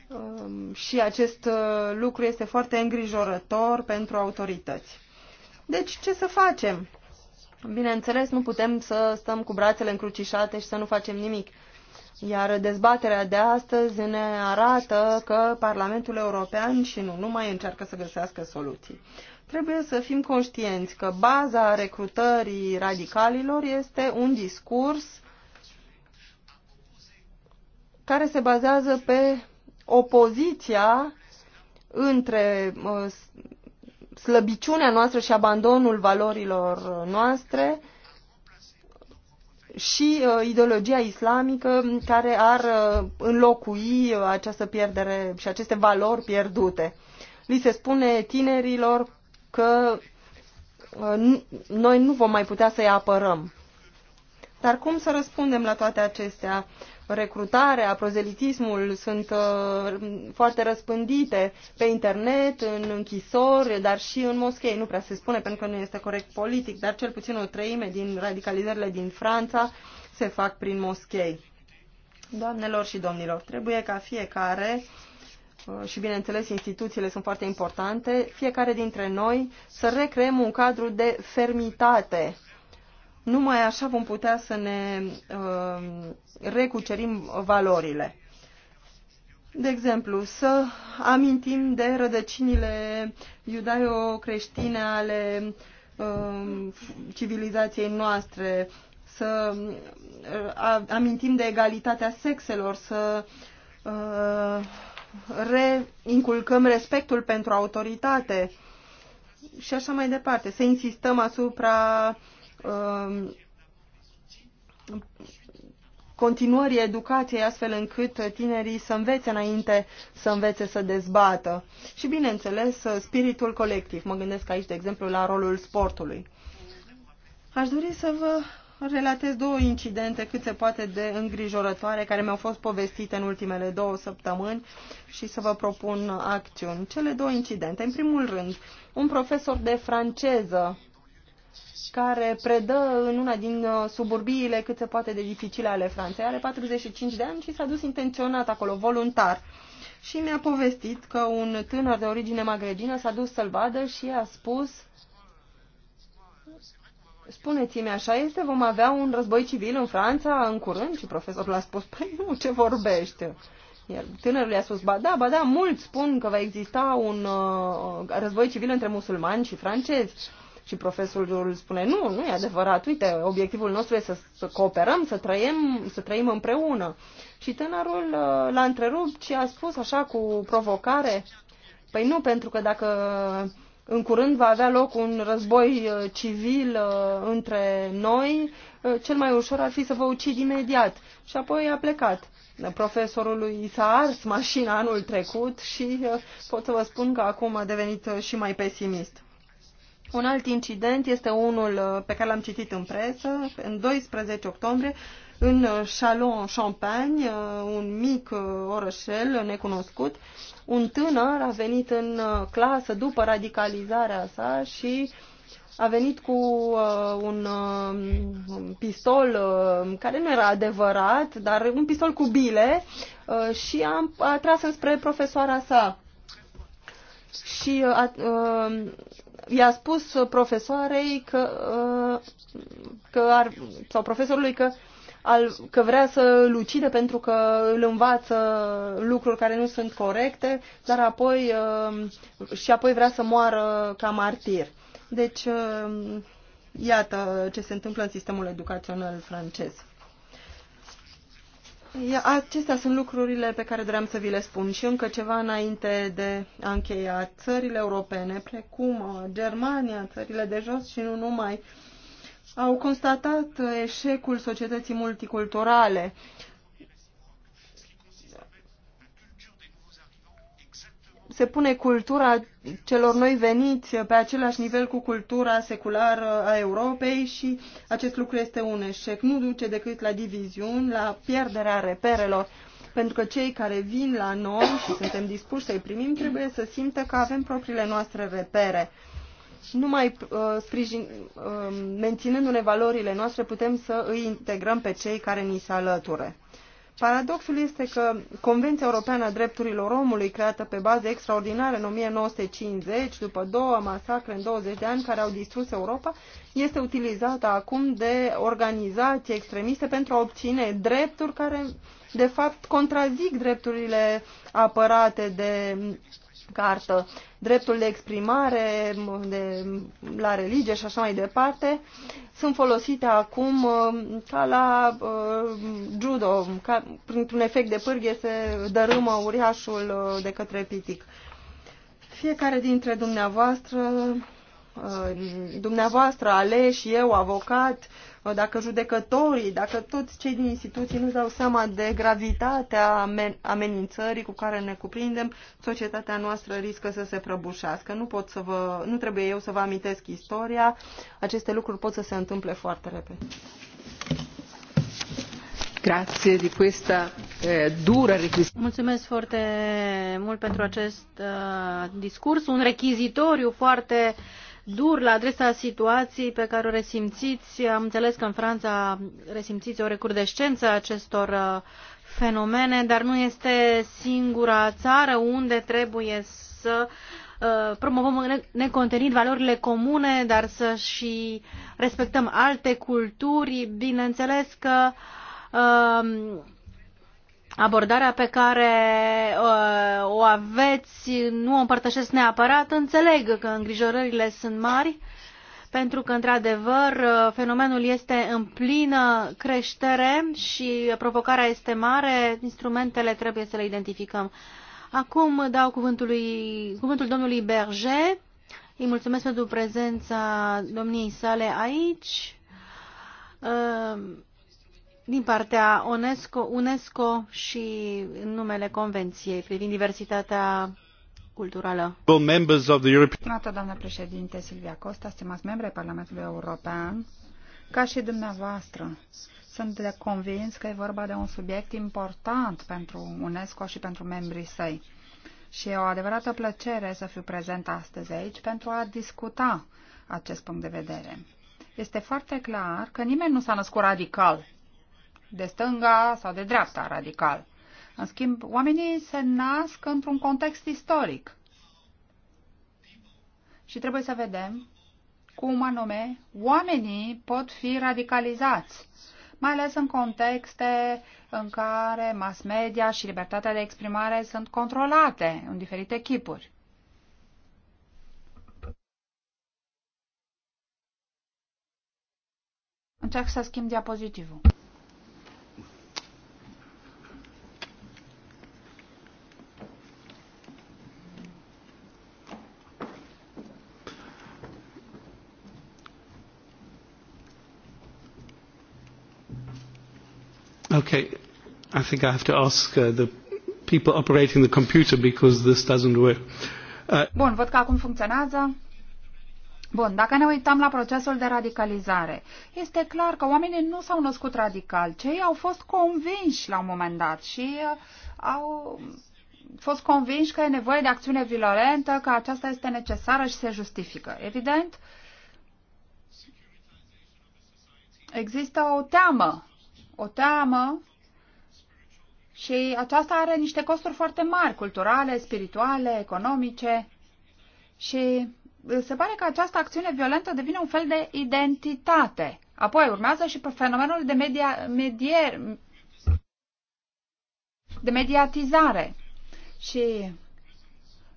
um, și acest uh, lucru este foarte îngrijorător pentru autorități. Deci, ce să facem? Bineînțeles, nu putem să stăm cu brațele încrucișate și să nu facem nimic. Iar dezbaterea de astăzi ne arată că Parlamentul European și nu numai încearcă să găsească soluții. Trebuie să fim conștienți că baza recrutării radicalilor este un discurs care se bazează pe opoziția între uh, slăbiciunea noastră și abandonul valorilor noastre și uh, ideologia islamică care ar uh, înlocui această pierdere și aceste valori pierdute. Li se spune tinerilor că noi nu vom mai putea să-i apărăm. Dar cum să răspundem la toate acestea? Recrutarea, prozelitismul sunt uh, foarte răspândite pe internet, în închisori, dar și în moschei. Nu prea se spune pentru că nu este corect politic, dar cel puțin o treime din radicalizările din Franța se fac prin moschei. Doamnelor și domnilor, trebuie ca fiecare uh, și bineînțeles instituțiile sunt foarte importante, fiecare dintre noi să recreăm un cadru de fermitate numai așa vom putea să ne uh, recucerim valorile. De exemplu, să amintim de rădăcinile iudaio-creștine ale uh, civilizației noastre, să uh, amintim de egalitatea sexelor, să uh, reinculcăm respectul pentru autoritate și așa mai departe, să insistăm asupra uh, Um, continuării educației astfel încât tinerii să învețe înainte să învețe să dezbată. Și bineînțeles, spiritul colectiv. Mă gândesc aici, de exemplu, la rolul sportului. Aș dori să vă relatez două incidente cât se poate de îngrijorătoare care mi-au fost povestite în ultimele două săptămâni și să vă propun acțiuni. Cele două incidente. În primul rând, un profesor de franceză care predă în una din uh, suburbiile cât se poate de dificile ale Franței. Are 45 de ani și s-a dus intenționat acolo, voluntar. Și mi-a povestit că un tânăr de origine magrebină s-a dus să-l vadă și a spus Spuneți-mi așa este, vom avea un război civil în Franța în curând? Și profesorul a spus, păi nu, ce vorbește? Iar tânărul i-a spus, ba da, ba da, mulți spun că va exista un uh, război civil între musulmani și francezi. Și profesorul spune, nu, nu e adevărat, uite, obiectivul nostru este să, să cooperăm, să trăim, să trăim împreună. Și tânărul uh, l-a întrerupt și a spus așa cu provocare, păi nu, pentru că dacă în curând va avea loc un război uh, civil uh, între noi, cel mai ușor ar fi să vă ucid imediat. Și apoi a plecat. Profesorului s-a ars mașina anul trecut și pot să vă spun că acum a devenit și mai pesimist. Un alt incident este unul uh, pe care l-am citit în presă, în 12 octombrie, în uh, Chalon-Champagne, uh, un mic orășel necunoscut, un tânăr a venit în clasă după radicalizarea sa și a venit cu uh, un uh, pistol uh, care nu era adevărat, dar un pistol cu bile uh, și a, a tras înspre profesoara sa. Și uh, uh, i-a spus profesoarei că, uh, că ar, sau profesorului că, al, că vrea să ucide pentru că îl învață lucruri care nu sunt corecte, dar apoi uh, și apoi vrea să moară ca martir. Deci, uh, iată ce se întâmplă în sistemul educațional francez. Acestea sunt lucrurile pe care doream să vi le spun și încă ceva înainte de a încheia. Țările europene, precum uh, Germania, țările de jos și nu numai, au constatat uh, eșecul societății multiculturale se pune cultura celor noi veniți pe același nivel cu cultura seculară a Europei și acest lucru este un eșec. Nu duce decât la diviziuni, la pierderea reperelor, pentru că cei care vin la noi și suntem dispuși să-i primim trebuie să simtă că avem propriile noastre repere. Numai uh, sprijin, uh, menținându-ne valorile noastre putem să îi integrăm pe cei care ni se alăture. Paradoxul este că Convenția Europeană a Drepturilor Omului, creată pe bază extraordinară în 1950, după două masacre în 20 de ani care au distrus Europa, este utilizată acum de organizații extremiste pentru a obține drepturi care, de fapt, contrazic drepturile apărate de cartă, dreptul de exprimare, de, la religie și așa mai departe, sunt folosite acum uh, ca la uh, judo, ca, printr-un efect de pârghie se dărâmă uriașul uh, de către pitic. Fiecare dintre dumneavoastră, uh, dumneavoastră, aleși, eu, avocat, uh, dacă judecătorii, dacă toți cei din instituții nu dau seama de gravitatea amenințării cu care ne cuprindem, societatea noastră riscă să se prăbușească. Nu, pot să vă, nu trebuie eu să vă amintesc istoria. Aceste lucruri pot să se întâmple foarte repede. Grazie di questa eh, dura Mulțumesc foarte mult pentru acest uh, discurs, un rechizitoriu foarte uh, dur la adresa situației pe care o resimțiți. Am înțeles că în Franța resimțiți o recurdescență a acestor uh, fenomene, dar nu este singura țară unde trebuie să uh, promovăm necontenit valorile comune, dar să și respectăm alte culturi. Bineînțeles că uh, abordarea pe care uh, o aveți, nu o împărtășesc neapărat, înțeleg că îngrijorările sunt mari, pentru că, într-adevăr, uh, fenomenul este în plină creștere și provocarea este mare, instrumentele trebuie să le identificăm. Acum dau cuvântul, lui, cuvântul domnului Berger. Îi mulțumesc pentru prezența domniei sale aici. Uh, din partea UNESCO, UNESCO și în numele Convenției privind diversitatea culturală. Stimată doamnă președinte Silvia Costa, stimați membri ai Parlamentului European, ca și dumneavoastră, sunt de convins că e vorba de un subiect important pentru UNESCO și pentru membrii săi. Și e o adevărată plăcere să fiu prezent astăzi aici pentru a discuta acest punct de vedere. Este foarte clar că nimeni nu s-a născut radical de stânga sau de dreapta radical. În schimb, oamenii se nasc într-un context istoric. Și trebuie să vedem cum anume oamenii pot fi radicalizați, mai ales în contexte în care mass media și libertatea de exprimare sunt controlate în diferite chipuri. Încerc să schimb diapozitivul. Okay, I think I have to ask uh, the people operating the computer because this doesn't work. Uh... Bun, văd că acum funcționează. Bun, dacă ne uităm la procesul de radicalizare, este clar că oamenii nu s-au născut radical, cei au fost convinși la un moment dat și uh, au fost convinși că e nevoie de acțiune violentă, că aceasta este necesară și se justifică. Evident, există o teamă o teamă și aceasta are niște costuri foarte mari, culturale, spirituale, economice și uh, se pare că această acțiune violentă devine un fel de identitate. Apoi urmează și fenomenul de, media, medier, de mediatizare. Și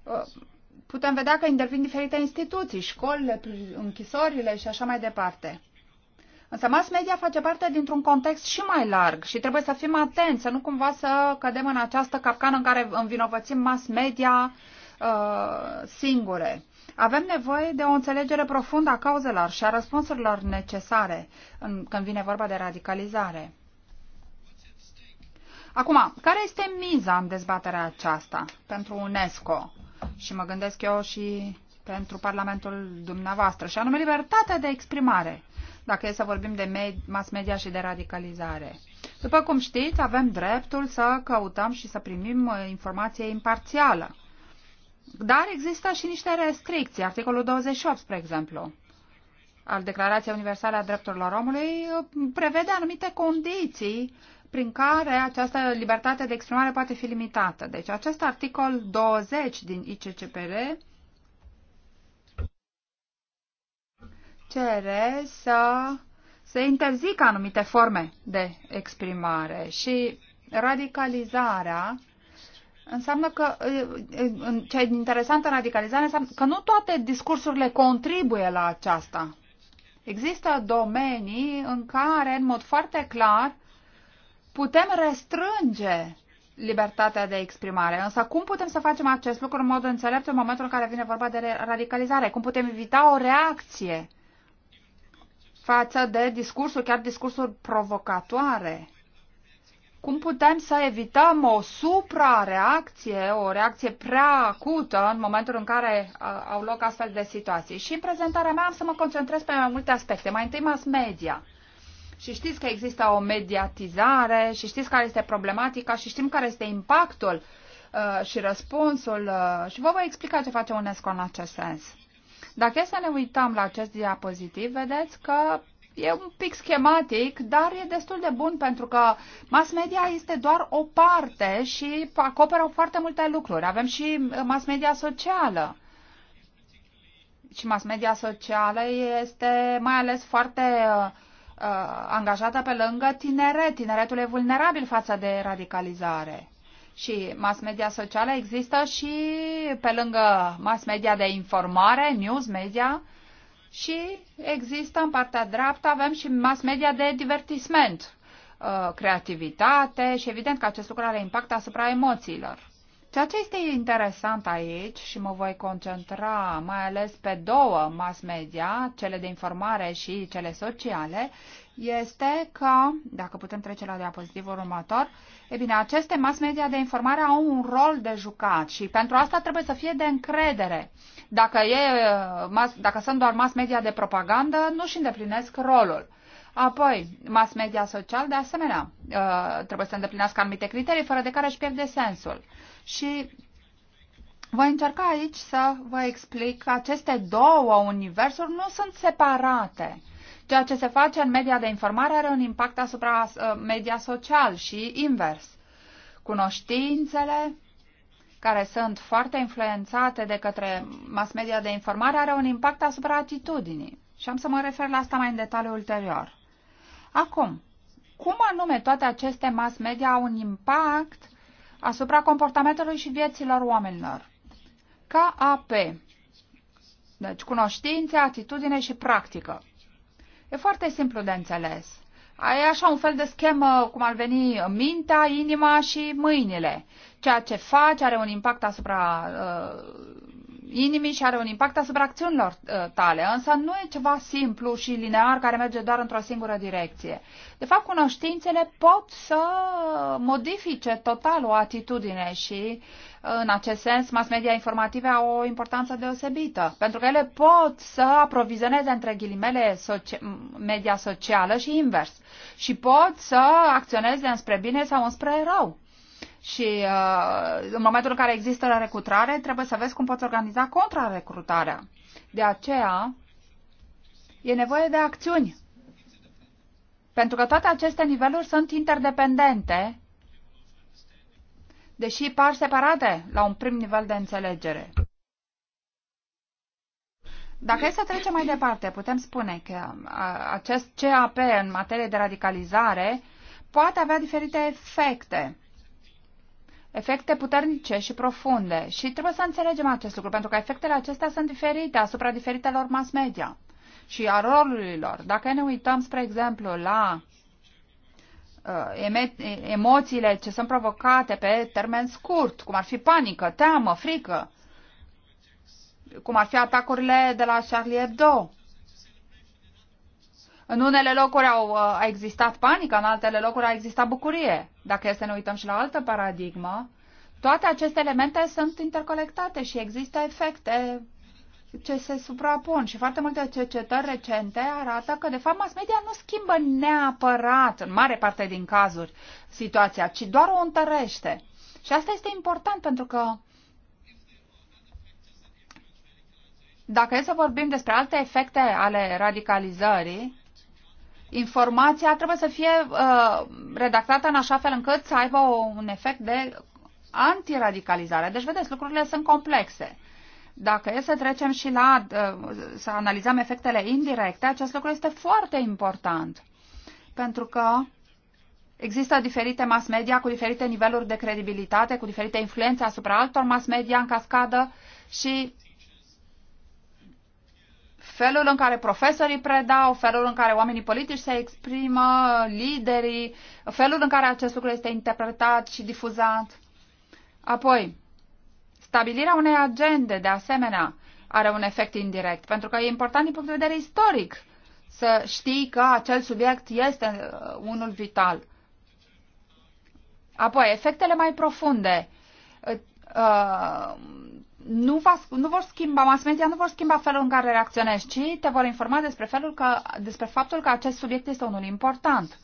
uh, putem vedea că intervin diferite instituții, școlile, închisorile și așa mai departe. Însă mass media face parte dintr-un context și mai larg și trebuie să fim atenți, să nu cumva să cădem în această capcană în care învinovățim mass media uh, singure. Avem nevoie de o înțelegere profundă a cauzelor și a răspunsurilor necesare în, când vine vorba de radicalizare. Acum, care este miza în dezbaterea aceasta pentru UNESCO? Și mă gândesc eu și pentru Parlamentul dumneavoastră, și anume libertatea de exprimare dacă e să vorbim de mass media și de radicalizare. După cum știți, avem dreptul să căutăm și să primim uh, informație imparțială. Dar există și niște restricții. Articolul 28, spre exemplu, al Declarației Universale a Drepturilor Omului uh, prevede anumite condiții prin care această libertate de exprimare poate fi limitată. Deci acest articol 20 din ICCPR cere să se interzică anumite forme de exprimare și radicalizarea înseamnă că ce e interesant în radicalizare înseamnă că nu toate discursurile contribuie la aceasta. Există domenii în care, în mod foarte clar, putem restrânge libertatea de exprimare. Însă cum putem să facem acest lucru în mod înțelept în momentul în care vine vorba de radicalizare? Cum putem evita o reacție? față de discursuri, chiar discursuri provocatoare. Cum putem să evităm o suprareacție, o reacție prea acută în momentul în care au loc astfel de situații? Și în prezentarea mea am să mă concentrez pe mai multe aspecte. Mai întâi mass media. Și știți că există o mediatizare și știți care este problematica și știm care este impactul uh, și răspunsul uh, și vă voi explica ce face UNESCO în acest sens. Dacă e să ne uităm la acest diapozitiv, vedeți că e un pic schematic, dar e destul de bun pentru că mass media este doar o parte și acoperă foarte multe lucruri. Avem și uh, mass media socială. Și mass media socială este mai ales foarte uh, angajată pe lângă tineret. Tineretul e vulnerabil față de radicalizare și mass media socială, există și pe lângă mass media de informare, news media, și există în partea dreaptă, avem și mass media de divertisment, uh, creativitate și evident că acest lucru are impact asupra emoțiilor. Ceea ce este interesant aici și mă voi concentra mai ales pe două mass media, cele de informare și cele sociale, este că, dacă putem trece la diapozitivul următor, e bine, aceste mass media de informare au un rol de jucat și pentru asta trebuie să fie de încredere. Dacă, e, uh, dacă sunt doar mass media de propagandă, nu și îndeplinesc rolul. Apoi, mass media social, de asemenea, uh, trebuie să îndeplinească anumite criterii, fără de care își pierde sensul. Și voi încerca aici să vă explic că aceste două universuri nu sunt separate. Ceea ce se face în media de informare are un impact asupra uh, media social și invers. Cunoștințele care sunt foarte influențate de către mass media de informare are un impact asupra atitudinii. Și am să mă refer la asta mai în detaliu ulterior. Acum, cum anume toate aceste mass media au un impact asupra comportamentului și vieților oamenilor? KAP. Deci, cunoștințe, atitudine și practică. E foarte simplu de înțeles. Ai așa un fel de schemă cum ar veni mintea, inima și mâinile. Ceea ce faci are un impact asupra uh, inimii și are un impact asupra acțiunilor uh, tale, însă nu e ceva simplu și linear care merge doar într-o singură direcție. De fapt, cunoștințele pot să modifice total o atitudine și în acest sens, mass media informative au o importanță deosebită, pentru că ele pot să aprovizioneze între ghilimele socia- media socială și invers și pot să acționeze înspre bine sau înspre rău. Și uh, în momentul în care există recrutare, trebuie să vezi cum poți organiza contrarecrutarea. De aceea, e nevoie de acțiuni. Pentru că toate aceste niveluri sunt interdependente deși par separate la un prim nivel de înțelegere. Dacă e să trecem mai departe, putem spune că acest CAP în materie de radicalizare poate avea diferite efecte. Efecte puternice și profunde. Și trebuie să înțelegem acest lucru, pentru că efectele acestea sunt diferite asupra diferitelor mass media și a rolurilor. Dacă ne uităm, spre exemplu, la Uh, emoțiile ce sunt provocate pe termen scurt, cum ar fi panică, teamă, frică, cum ar fi atacurile de la Charlie Hebdo. În unele locuri au, uh, a existat panică, în altele locuri a existat bucurie. Dacă este să ne uităm și la altă paradigmă, toate aceste elemente sunt interconectate și există efecte ce se suprapun și foarte multe cercetări recente arată că, de fapt, mass media nu schimbă neapărat, în mare parte din cazuri, situația, ci doar o întărește. Și asta este important pentru că dacă e să vorbim despre alte efecte ale radicalizării, informația trebuie să fie uh, redactată în așa fel încât să aibă un efect de antiradicalizare. Deci, vedeți, lucrurile sunt complexe. Dacă e să trecem și la, uh, să analizăm efectele indirecte, acest lucru este foarte important. Pentru că Există diferite mass media cu diferite niveluri de credibilitate, cu diferite influențe asupra altor mass media în cascadă și felul în care profesorii predau, felul în care oamenii politici se exprimă, liderii, felul în care acest lucru este interpretat și difuzat. Apoi, Stabilirea unei agende, de asemenea, are un efect indirect, pentru că e important din punct de vedere istoric să știi că acel subiect este uh, unul vital. Apoi, efectele mai profunde. Uh, uh, nu, va, nu vor schimba, mass media nu vor schimba felul în care reacționezi, ci te vor informa despre, felul că, despre faptul că acest subiect este unul important.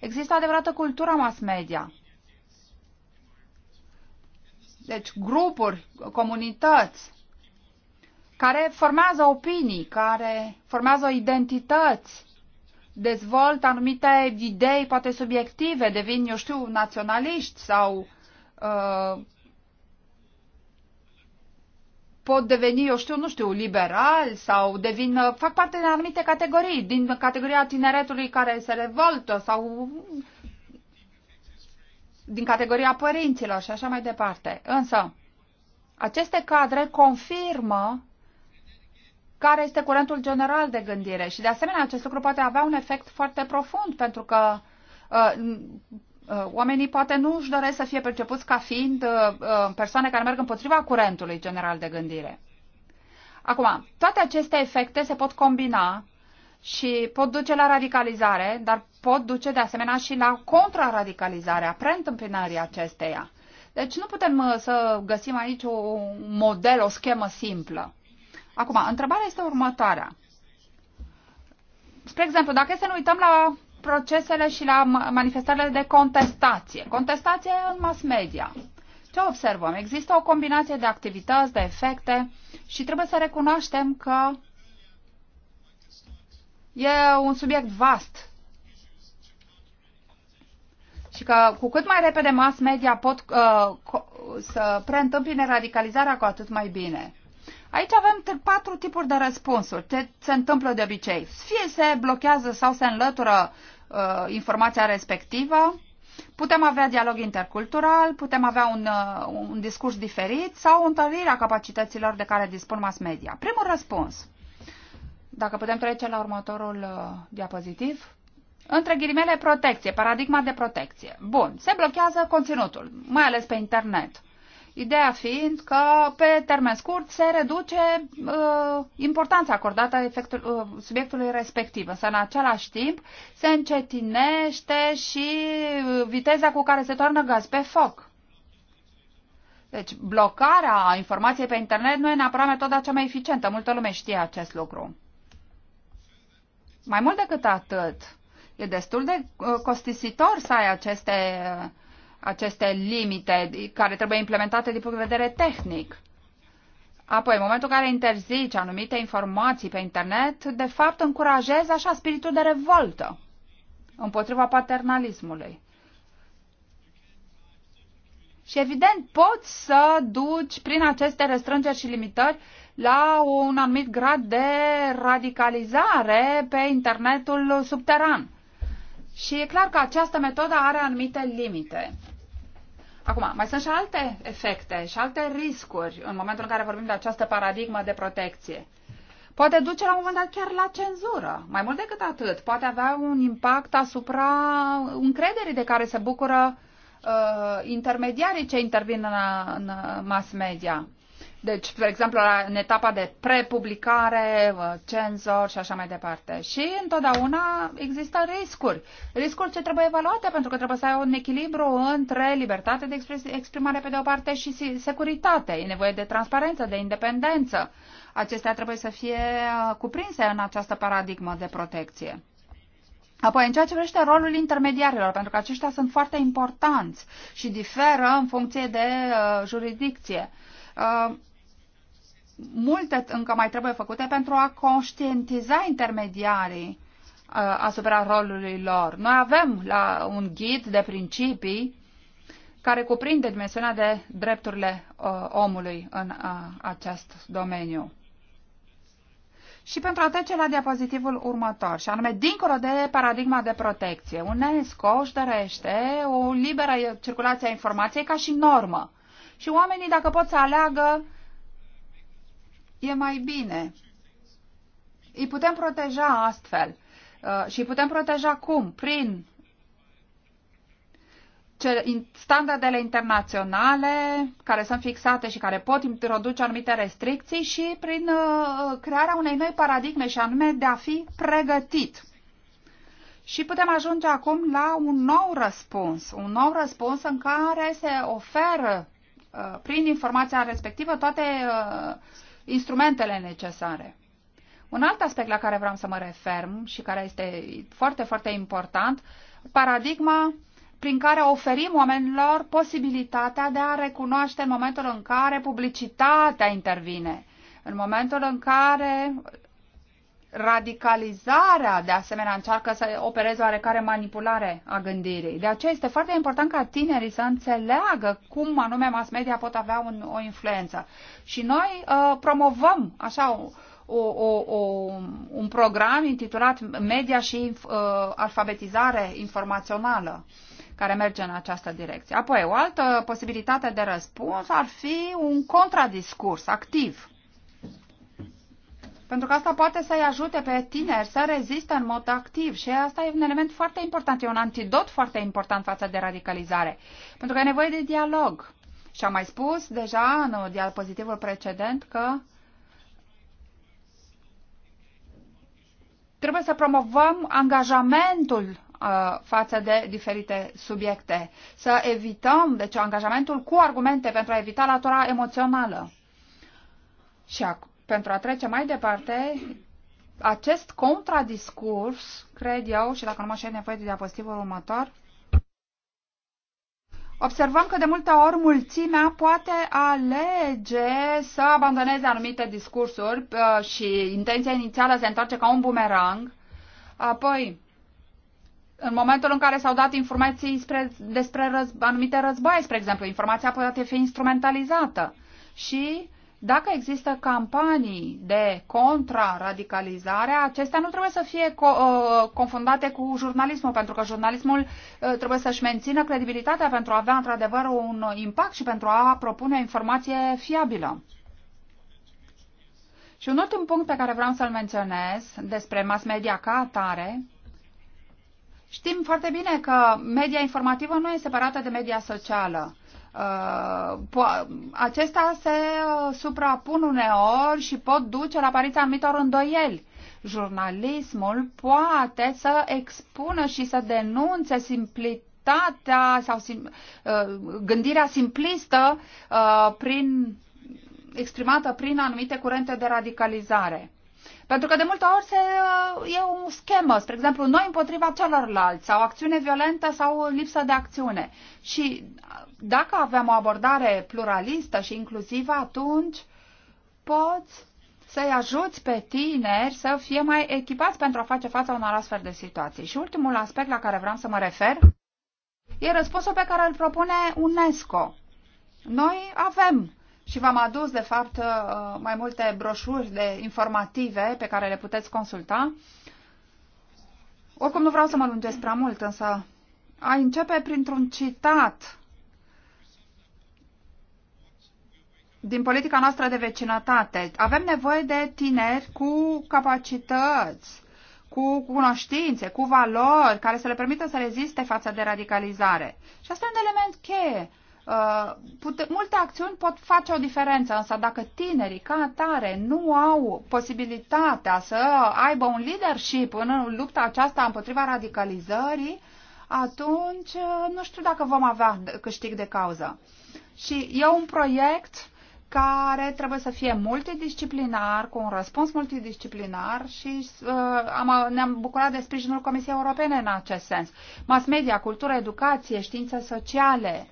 Există o adevărată cultură mass media. Deci grupuri, comunități care formează opinii, care formează identități, dezvoltă anumite idei, poate subiective, devin, eu știu, naționaliști sau uh, pot deveni, eu știu, nu știu, liberali sau devin, uh, fac parte din anumite categorii, din categoria tineretului care se revoltă sau din categoria părinților și așa mai departe. Însă, aceste cadre confirmă care este curentul general de gândire și, de asemenea, acest lucru poate avea un efect foarte profund, pentru că uh, uh, oamenii poate nu își doresc să fie percepuți ca fiind uh, uh, persoane care merg împotriva curentului general de gândire. Acum, toate aceste efecte se pot combina și pot duce la radicalizare, dar pot duce de asemenea și la contraradicalizarea, preîntâmpinării acesteia. Deci nu putem uh, să găsim aici un model, o schemă simplă. Acum, întrebarea este următoarea. Spre exemplu, dacă să ne uităm la procesele și la manifestările de contestație, contestație în mass media, ce observăm? Există o combinație de activități, de efecte și trebuie să recunoaștem că E un subiect vast. Și că cu cât mai repede mass media pot uh, să preîntâmpine radicalizarea, cu atât mai bine. Aici avem patru tipuri de răspunsuri. Ce se întâmplă de obicei? Fie se blochează sau se înlătură uh, informația respectivă, putem avea dialog intercultural, putem avea un, uh, un discurs diferit sau întărirea capacităților de care dispun mass media. Primul răspuns. Dacă putem trece la următorul uh, diapozitiv. Între ghilimele protecție, paradigma de protecție. Bun, se blochează conținutul, mai ales pe internet. Ideea fiind că pe termen scurt se reduce uh, importanța acordată efectul, uh, subiectului respectiv, însă în același timp se încetinește și uh, viteza cu care se toarnă gaz pe foc. Deci blocarea informației pe internet nu e neapărat metoda cea mai eficientă, multă lume știe acest lucru. Mai mult decât atât, e destul de uh, costisitor să ai aceste, uh, aceste limite care trebuie implementate din punct de vedere tehnic. Apoi, în momentul în care interzici anumite informații pe internet, de fapt încurajezi așa spiritul de revoltă împotriva paternalismului. Și evident, poți să duci prin aceste restrângeri și limitări la un anumit grad de radicalizare pe internetul subteran. Și e clar că această metodă are anumite limite. Acum, mai sunt și alte efecte și alte riscuri în momentul în care vorbim de această paradigmă de protecție. Poate duce la un moment dat chiar la cenzură. Mai mult decât atât, poate avea un impact asupra încrederii de care se bucură uh, intermediarii ce intervin în, în mass media. Deci, de exemplu, în etapa de prepublicare, uh, cenzor și așa mai departe. Și întotdeauna există riscuri. Riscuri ce trebuie evaluate, pentru că trebuie să ai un echilibru între libertate de exprimare pe de o parte și securitate. E nevoie de transparență, de independență. Acestea trebuie să fie uh, cuprinse în această paradigmă de protecție. Apoi, în ceea ce privește rolul intermediarilor, pentru că aceștia sunt foarte importanți și diferă în funcție de uh, juridicție. Uh, multe încă mai trebuie făcute pentru a conștientiza intermediarii uh, asupra rolului lor. Noi avem la un ghid de principii care cuprinde dimensiunea de drepturile uh, omului în uh, acest domeniu. Și pentru a trece la diapozitivul următor, și anume, dincolo de paradigma de protecție, UNESCO își dorește o liberă circulație a informației ca și normă. Și oamenii, dacă pot să aleagă e mai bine. Îi putem proteja astfel. Uh, și îi putem proteja cum? Prin standardele internaționale care sunt fixate și care pot introduce anumite restricții și prin uh, crearea unei noi paradigme și anume de a fi pregătit. Și putem ajunge acum la un nou răspuns, un nou răspuns în care se oferă uh, prin informația respectivă toate uh, instrumentele necesare. Un alt aspect la care vreau să mă referm și care este foarte, foarte important, paradigma prin care oferim oamenilor posibilitatea de a recunoaște în momentul în care publicitatea intervine, în momentul în care radicalizarea, de asemenea, încearcă să opereze oarecare manipulare a gândirii. De aceea este foarte important ca tinerii să înțeleagă cum anume mass media pot avea un, o influență. Și noi uh, promovăm așa o, o, o, un program intitulat Media și uh, alfabetizare informațională care merge în această direcție. Apoi, o altă posibilitate de răspuns ar fi un contradiscurs activ pentru că asta poate să-i ajute pe tineri să reziste în mod activ și asta e un element foarte important, e un antidot foarte important față de radicalizare. Pentru că e nevoie de dialog. Și am mai spus deja în diapozitivul precedent că trebuie să promovăm angajamentul uh, față de diferite subiecte. Să evităm, deci, angajamentul cu argumente pentru a evita latura emoțională. Și acum pentru a trece mai departe, acest contradiscurs, cred eu, și dacă nu mă șer nevoie de diapozitivul următor, observăm că de multe ori mulțimea poate alege să abandoneze anumite discursuri uh, și intenția inițială se întoarce ca un bumerang. Apoi, în momentul în care s-au dat informații spre, despre răz, anumite războaie, spre exemplu, informația poate fi instrumentalizată. Și dacă există campanii de contraradicalizare, acestea nu trebuie să fie co uh, confundate cu jurnalismul, pentru că jurnalismul uh, trebuie să-și mențină credibilitatea pentru a avea într-adevăr un impact și pentru a propune informație fiabilă. Și un ultim punct pe care vreau să-l menționez despre mass media ca atare, știm foarte bine că media informativă nu e separată de media socială acestea se uh, suprapun uneori și pot duce la apariția anumitor îndoieli. Jurnalismul poate să expună și să denunțe simplitatea sau sim, uh, gândirea simplistă uh, prin, exprimată prin anumite curente de radicalizare. Pentru că de multe ori se, e o schemă, spre exemplu, noi împotriva celorlalți, sau acțiune violentă sau lipsă de acțiune. Și dacă avem o abordare pluralistă și inclusivă, atunci poți să-i ajuți pe tineri să fie mai echipați pentru a face față unor astfel de situații. Și ultimul aspect la care vreau să mă refer e răspunsul pe care îl propune UNESCO. Noi avem și v-am adus, de fapt, uh, mai multe broșuri de informative pe care le puteți consulta. Oricum nu vreau să mă lungesc prea mult, însă a începe printr-un citat din politica noastră de vecinătate. Avem nevoie de tineri cu capacități, cu cunoștințe, cu valori care să le permită să reziste față de radicalizare. Și asta e un element cheie. Uh, pute, multe acțiuni pot face o diferență, însă dacă tinerii ca atare nu au posibilitatea să aibă un leadership în lupta aceasta împotriva radicalizării, atunci uh, nu știu dacă vom avea câștig de cauză. Și e un proiect care trebuie să fie multidisciplinar, cu un răspuns multidisciplinar și uh, am, ne-am bucurat de sprijinul Comisiei Europene în acest sens. Mass media, cultură, educație, științe sociale.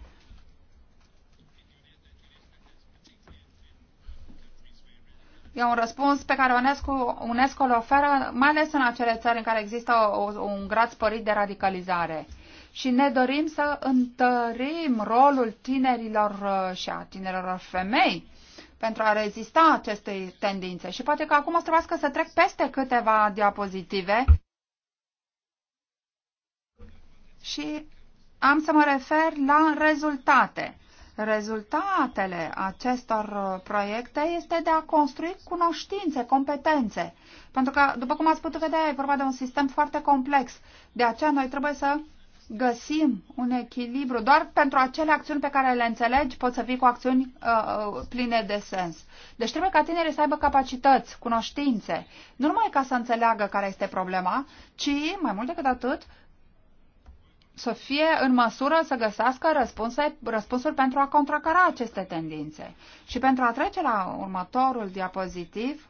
E un răspuns pe care UNESCO, UNESCO îl oferă, mai ales în acele țări în care există o, un grad sporit de radicalizare. Uh, și ne dorim să întărim rolul tinerilor uh, și a tinerilor femei pentru a rezista acestei tendințe. Și poate că acum o să trebuiască să trec peste câteva diapozitive și am să mă refer la rezultate. Rezultatele acestor uh, proiecte este de a construi cunoștințe, competențe. Pentru că, după cum ați putut vedea, e vorba de un sistem foarte complex. De aceea noi trebuie să găsim un echilibru. Doar pentru acele acțiuni pe care le înțelegi poți să vii cu acțiuni uh, uh, pline de sens. Deci trebuie ca tinerii să aibă capacități, cunoștințe, nu numai ca să înțeleagă care este problema, ci, mai mult decât atât, să fie în măsură să găsească răspunsul răspunsuri pentru a contracara aceste tendințe. Și pentru a trece la următorul diapozitiv,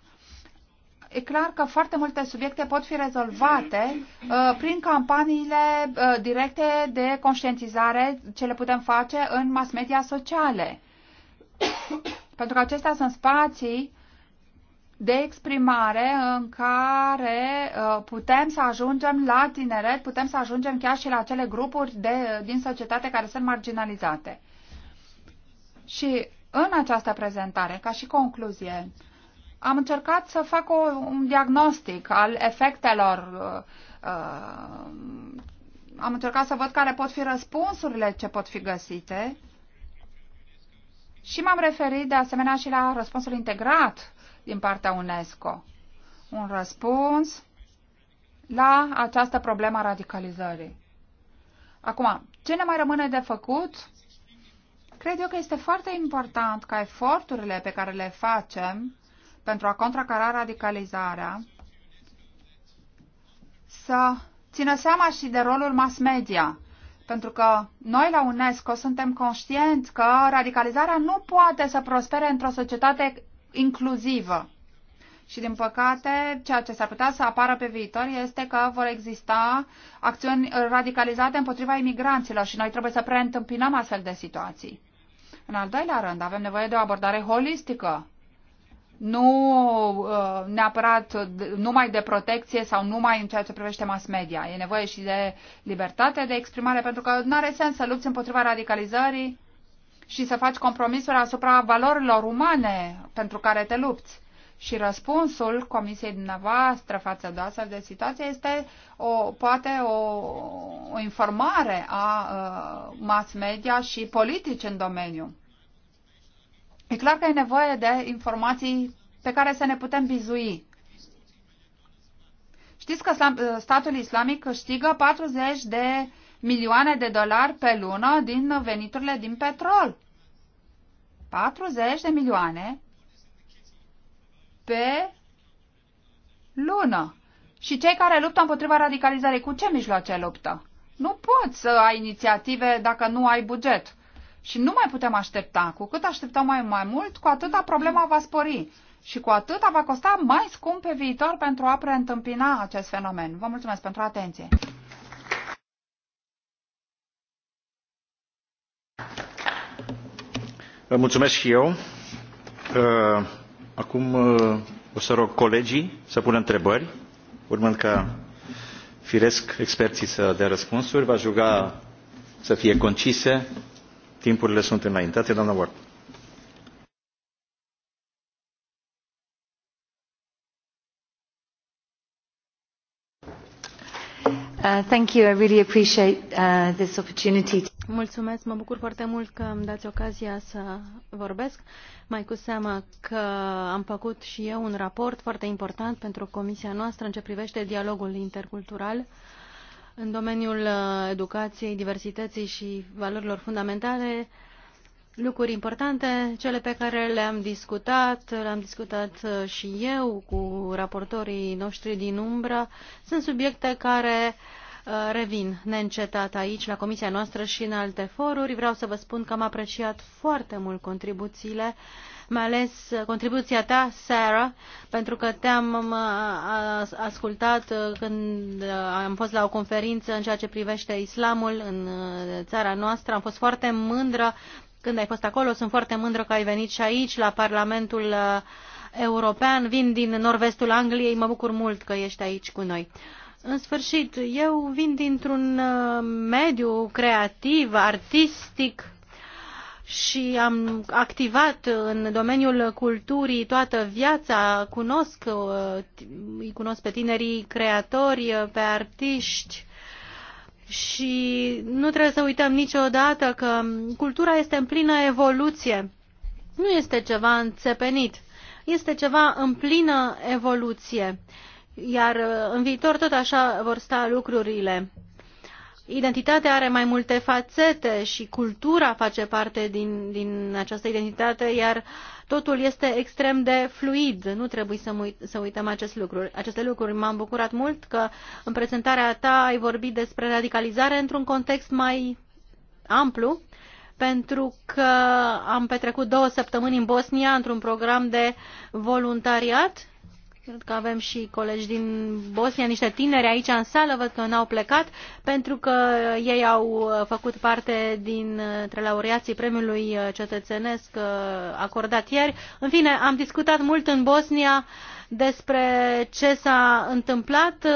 e clar că foarte multe subiecte pot fi rezolvate uh, prin campaniile uh, directe de conștientizare ce le putem face în mass media sociale. Pentru că acestea sunt spații de exprimare în care uh, putem să ajungem la tineret, putem să ajungem chiar și la acele grupuri de, din societate care sunt marginalizate. Și în această prezentare, ca și concluzie, am încercat să fac o, un diagnostic al efectelor, uh, uh, am încercat să văd care pot fi răspunsurile ce pot fi găsite și m-am referit de asemenea și la răspunsul integrat din partea UNESCO. Un răspuns la această problemă a radicalizării. Acum, ce ne mai rămâne de făcut? Cred eu că este foarte important ca eforturile pe care le facem pentru a contracara radicalizarea să țină seama și de rolul mass media, pentru că noi la UNESCO suntem conștienți că radicalizarea nu poate să prospere într-o societate inclusivă. Și din păcate, ceea ce s-ar putea să apară pe viitor este că vor exista acțiuni radicalizate împotriva imigranților și noi trebuie să preîntâmpinăm astfel de situații. În al doilea rând, avem nevoie de o abordare holistică nu uh, neapărat numai de protecție sau numai în ceea ce privește mass media. E nevoie și de libertate de exprimare, pentru că nu are sens să lupți împotriva radicalizării și să faci compromisuri asupra valorilor umane pentru care te lupți. Și răspunsul comisiei dumneavoastră față de astfel de situație este o, poate o, o informare a uh, mass media și politici în domeniu. E clar că e nevoie de informații pe care să ne putem bizui. Știți că statul islamic câștigă 40 de milioane de dolari pe lună din veniturile din petrol. 40 de milioane pe lună. Și cei care luptă împotriva radicalizării, cu ce mijloace luptă? Nu poți să ai inițiative dacă nu ai buget. Și nu mai putem aștepta. Cu cât așteptăm mai, mai mult, cu atâta problema va spori. Și cu atâta va costa mai scump pe viitor pentru a preîntâmpina acest fenomen. Vă mulțumesc pentru atenție. Mulțumesc și eu. Uh, acum uh, o să rog colegii să pună întrebări, urmând ca firesc experții să dea răspunsuri. Va juga să fie concise, timpurile sunt înaintate. Doamna Ward. Uh, thank you. I really appreciate uh, this opportunity. Mulțumesc, mă bucur foarte mult că îmi dați ocazia să vorbesc, mai cu seama că am făcut și eu un raport foarte important pentru comisia noastră în ce privește dialogul intercultural. Uh, în domeniul uh, educației, diversității și valorilor fundamentale, lucruri importante, cele pe care le-am discutat, le-am discutat uh, și eu cu raportorii noștri din umbră, sunt subiecte care uh, revin neîncetat aici, la comisia noastră și în alte foruri. Vreau să vă spun că am apreciat foarte mult contribuțiile mai ales contribuția ta, Sarah, pentru că te-am ascultat uh, când uh, am fost la o conferință în ceea ce privește islamul în uh, țara noastră. Am fost foarte mândră când ai fost acolo. Sunt foarte mândră că ai venit și aici, la Parlamentul European. Vin din nord-vestul Angliei. Mă bucur mult că ești aici cu noi. În sfârșit, eu vin dintr-un mediu creativ, artistic, și am activat în domeniul culturii toată viața, cunosc, uh, îi cunosc pe tinerii creatori, uh, pe artiști și nu trebuie să uităm niciodată că cultura este în plină evoluție. Nu este ceva înțepenit, este ceva în plină evoluție. Iar uh, în viitor tot așa vor sta lucrurile identitatea are mai multe fațete și cultura face parte din, din această identitate, iar totul este extrem de fluid. Nu trebuie să, uit, să uităm acest lucru, aceste lucruri. M-am bucurat mult că în prezentarea ta ai vorbit despre radicalizare într-un context mai amplu, pentru că am petrecut două săptămâni în Bosnia într-un program de voluntariat Cred că avem și colegi din Bosnia, niște tineri aici în sală, văd că n-au plecat, pentru că ei au uh, făcut parte dintre uh, laureații premiului uh, cetățenesc acordat ieri. În fine, am discutat mult în Bosnia despre ce s-a întâmplat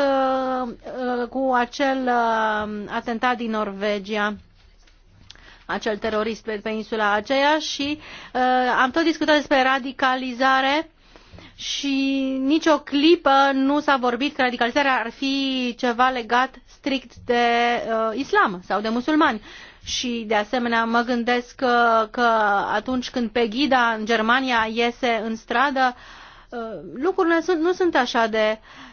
cu acel atentat din Norvegia acel terorist pe, pe insula aceea și uh, am tot discutat despre radicalizare și nicio clipă nu s-a vorbit că radicalizarea ar fi ceva legat strict de uh, islam sau de musulmani. Și de asemenea mă gândesc că, uh, că atunci când Pegida în Germania iese în stradă, uh, Uh, lucrurile sunt, nu sunt așa de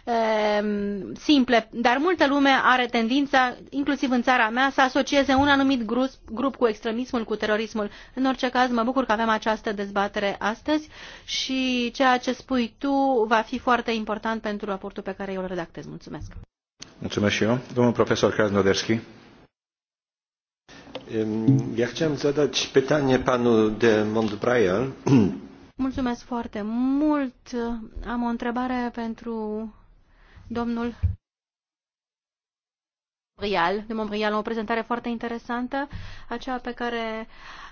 e, um, simple, dar multă lume are tendința, inclusiv în țara mea, să asocieze un anumit grup, grup cu extremismul, cu terorismul. În orice caz, mă bucur că avem această dezbatere astăzi și ceea ce spui tu va fi foarte important pentru raportul pe care eu îl redactez. Mulțumesc! Mulțumesc și eu. Domnul profesor Krasnoderski. Ja chciałem zadać pytanie panu de Montbrayal. Mulțumesc foarte mult. Am o întrebare pentru domnul Brial. Domnul Brial, o prezentare foarte interesantă, aceea pe care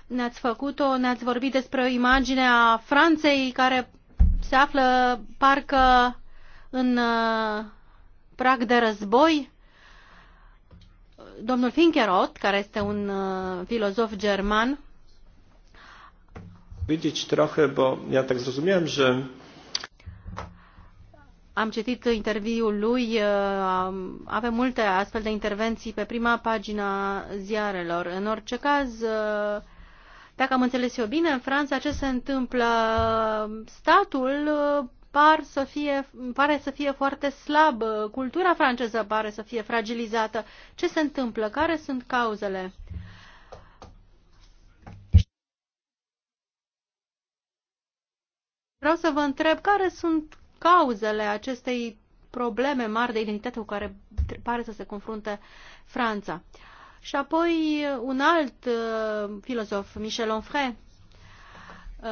ne-ați făcut-o. Ne-ați vorbit despre o imagine a Franței care se află parcă în uh, prag de război. Domnul Finkerot, care este un uh, filozof german, Powiedzieć trochę, bo ja tak zrozumiałem, że am citit interviul lui, Avem multe astfel de intervenții pe prima pagina ziarelor. În orice caz, dacă am înțeles eu bine, în Franța ce se întâmplă? Statul par să fie, pare să fie foarte slab, cultura franceză pare să fie fragilizată. Ce se întâmplă? Care sunt cauzele? Vreau să vă întreb care sunt cauzele acestei probleme mari de identitate cu care pare să se confrunte Franța. Și apoi un alt uh, filozof, Michel Onfray, uh,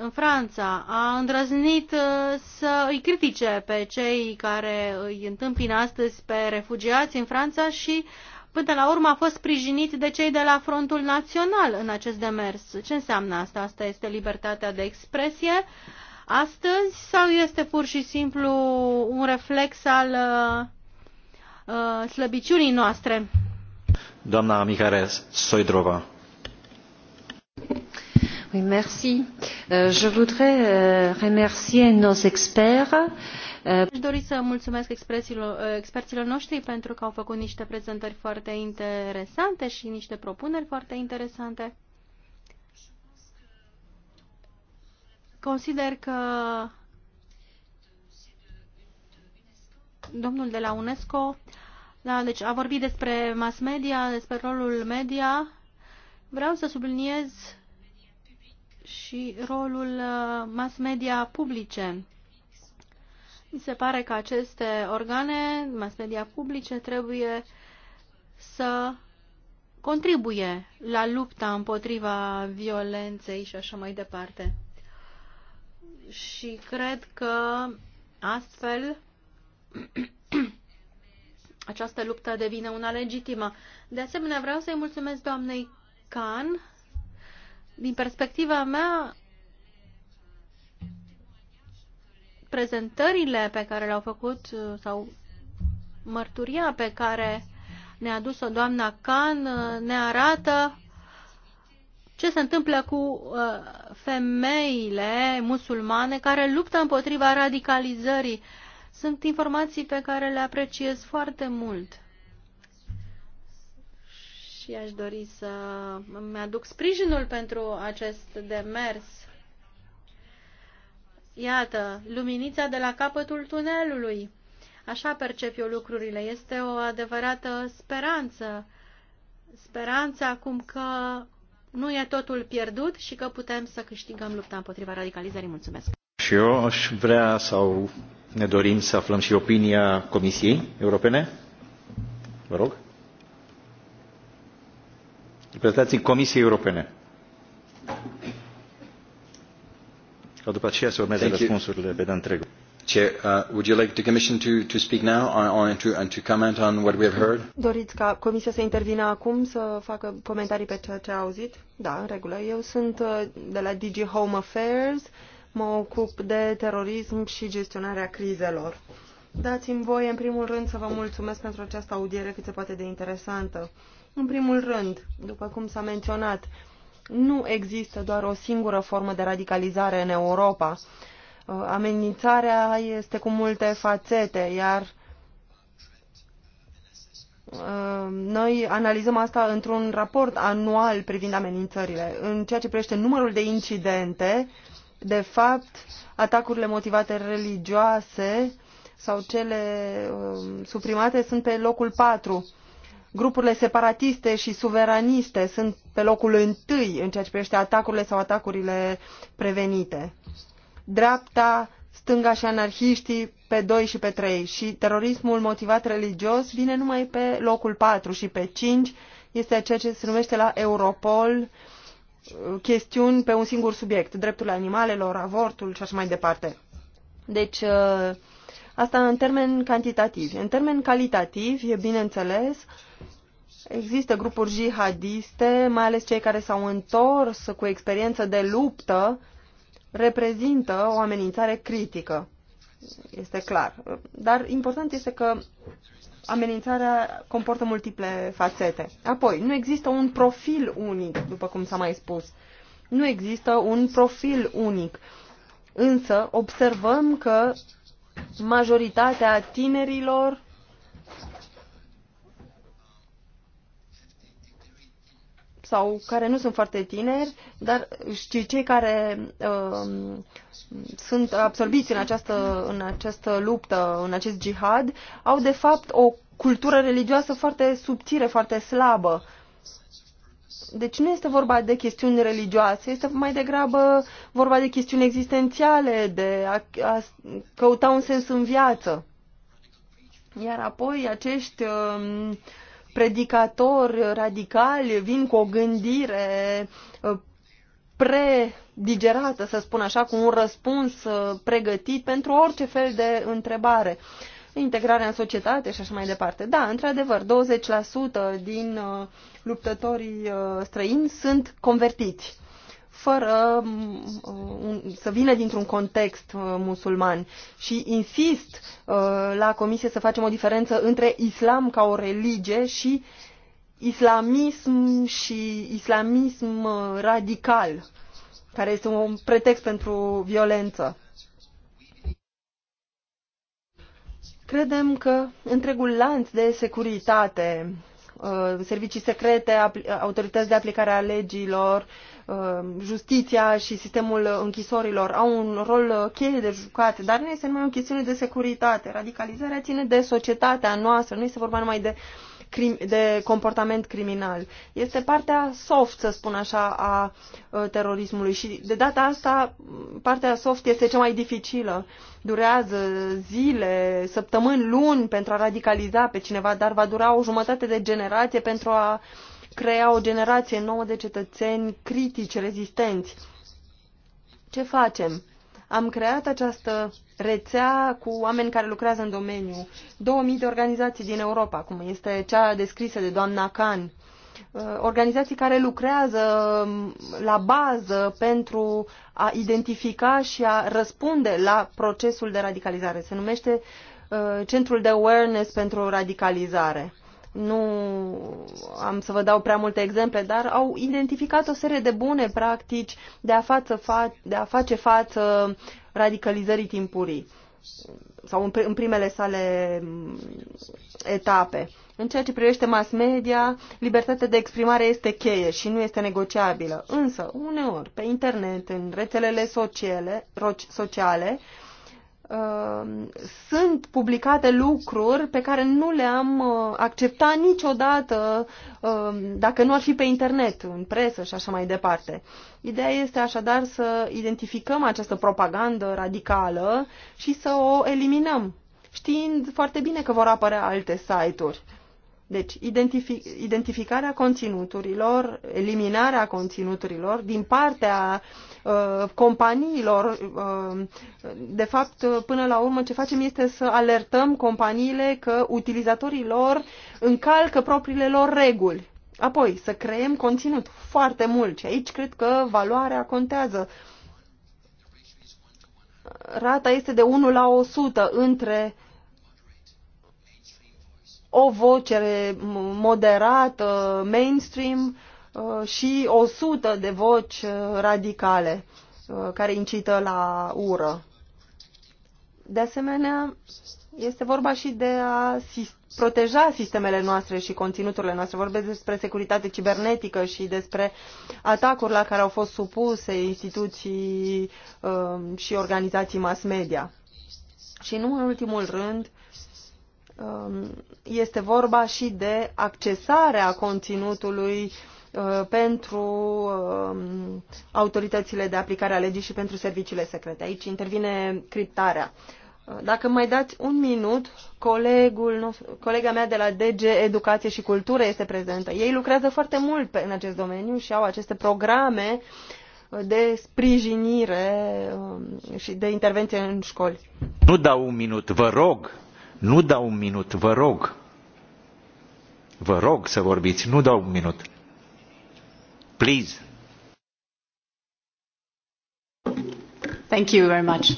în Franța, a îndrăznit uh, să îi critique pe cei care îi întâmpină astăzi pe refugiați în Franța și până la urmă a fost sprijinit de cei de la Frontul Național în acest demers. Ce înseamnă asta? Asta este libertatea de expresie. Uh, astăzi sau este pur și simplu un reflex al uh, uh slăbiciunii noastre? Doamna Mihare Soidrova. Oui, merci. Euh, je voudrais euh, remercier nos experts. Euh, Aș dori să mulțumesc uh, experților noștri pentru că au făcut niște prezentări foarte interesante și niște propuneri foarte interesante. Consider că domnul de la UNESCO da, deci a vorbit despre mass media, despre rolul media. Vreau să subliniez și rolul uh, mass media publice. Mi se pare că aceste organe, mass media publice, trebuie să contribuie la lupta împotriva violenței și așa mai departe și cred că astfel această luptă devine una legitimă. De asemenea, vreau să-i mulțumesc doamnei Can. Din perspectiva mea, prezentările pe care le-au făcut uh, sau mărturia pe care ne-a dus-o doamna Can uh, ne arată ce se întâmplă cu uh, femeile musulmane care luptă împotriva radicalizării. Sunt informații pe care le apreciez foarte mult. Și aș dori să mi-aduc sprijinul pentru acest demers. Iată, luminița de la capătul tunelului. Așa percep eu lucrurile. Este o adevărată speranță. Speranța acum că nu e totul pierdut și că putem să câștigăm lupta împotriva radicalizării. Mulțumesc! Și eu aș vrea sau ne dorim să aflăm și opinia Comisiei Europene. Vă rog. Reprezentații Comisiei Europene. Ca după aceea să urmeze răspunsurile pe de întregul. Chair, uh, would you like the Commission to, to speak now to, and to comment on what we have heard? Doriți ca Comisia să intervină acum, să facă comentarii pe ceea ce a auzit? Da, în regulă. Eu sunt uh, de la DG Home Affairs, mă ocup de terorism și gestionarea crizelor. Dați-mi voie, în primul rând, să vă mulțumesc pentru această audiere cât se poate de interesantă. În primul rând, după cum s-a menționat, nu există doar o singură formă de radicalizare în Europa Uh, amenințarea este cu multe fațete, iar uh, noi analizăm asta într-un raport anual privind amenințările. În ceea ce privește numărul de incidente, de fapt, atacurile motivate religioase sau cele uh, suprimate sunt pe locul 4. Grupurile separatiste și suveraniste sunt pe locul întâi în ceea ce privește atacurile sau atacurile prevenite dreapta, stânga și anarhiștii pe 2 și pe 3 și terorismul motivat religios vine numai pe locul 4 și pe 5 este ceea ce se numește la Europol chestiuni pe un singur subiect, dreptul animalelor, avortul și așa mai departe. Deci, ă, asta în termeni cantitativi. În termeni calitativi, e bineînțeles, există grupuri jihadiste, mai ales cei care s-au întors cu experiență de luptă reprezintă o amenințare critică. Este clar. Dar important este că amenințarea comportă multiple fațete. Apoi, nu există un profil unic, după cum s-a mai spus. Nu există un profil unic. Însă, observăm că majoritatea tinerilor sau care nu sunt foarte tineri, dar și cei care uh, sunt absorbiți în această, în această luptă, în acest jihad, au de fapt o cultură religioasă foarte subțire, foarte slabă. Deci nu este vorba de chestiuni religioase, este mai degrabă vorba de chestiuni existențiale, de a, a căuta un sens în viață. Iar apoi acești uh, predicatori radicali vin cu o gândire uh, predigerată, să spun așa, cu un răspuns uh, pregătit pentru orice fel de întrebare. Integrarea în societate și așa mai departe. Da, într-adevăr, 20% din uh, luptătorii străini sunt convertiți fără să vină dintr-un context uh, musulman. Și insist uh, la comisie să facem o diferență între islam ca o religie și islamism și islamism uh, radical, care este un pretext pentru violență. Credem că întregul lanț de securitate, servicii secrete, autorități de aplicare a legilor, Um, justiția și sistemul închisorilor au un rol cheie de jucat, dar nu este numai o chestiune de securitate. Radicalizarea ține de societatea noastră, nu este vorba numai de, de comportament criminal. Este partea soft, să spun așa, a uh, terorismului și de data asta partea soft este cea mai dificilă. Durează zile, săptămâni, luni pentru a radicaliza pe cineva, dar va dura o jumătate de generație pentru a uh, crea o generație nouă de cetățeni critici, rezistenți. Ce facem? Am creat această rețea cu oameni care lucrează în domeniu. 2000 de organizații din Europa, cum este cea descrisă de doamna Can. Uh, organizații care lucrează um, la bază pentru a identifica și a răspunde la procesul de radicalizare. Se numește uh, Centrul de Awareness pentru Radicalizare nu am să vă dau prea multe exemple, dar au identificat o serie de bune practici de a, față, de a face față radicalizării timpurii sau în primele sale mm, etape. În ceea ce privește mass media, libertatea de exprimare este cheie și nu este negociabilă. Însă, uneori, pe internet, în rețelele sociale, sociale Uh, sunt publicate lucruri pe care nu le-am uh, acceptat niciodată uh, dacă nu ar fi pe internet, în presă și așa mai departe. Ideea este așadar să identificăm această propagandă radicală și să o eliminăm, știind foarte bine că vor apărea alte site-uri. Deci, identific identificarea conținuturilor, eliminarea conținuturilor din partea uh, companiilor. Uh, de fapt, până la urmă, ce facem este să alertăm companiile că utilizatorii lor încalcă propriile lor reguli. Apoi, să creăm conținut foarte mult și aici cred că valoarea contează. Rata este de 1 la 100 între o voce moderată, mainstream uh, și 100 de voci uh, radicale uh, care incită la ură. De asemenea, este vorba și de a proteja sistemele noastre și conținuturile noastre. Vorbesc despre securitate cibernetică și despre atacuri la care au fost supuse instituții și organizații mass media. Și nu în ultimul rând, Um, este vorba și de accesarea conținutului uh, pentru um, autoritățile de aplicare a legii și pentru serviciile secrete. Aici intervine criptarea. Uh, dacă mai dați un minut, colegul colega mea de la DG Educație și Cultură este prezentă. Ei lucrează foarte mult în acest domeniu și au aceste programe uh, de sprijinire um, și de intervenție în școli. Nu dau un minut, vă rog, nu dau un minut, vă rog. Vă rog să vorbiți, nu dau un minut. Please. Thank you very much.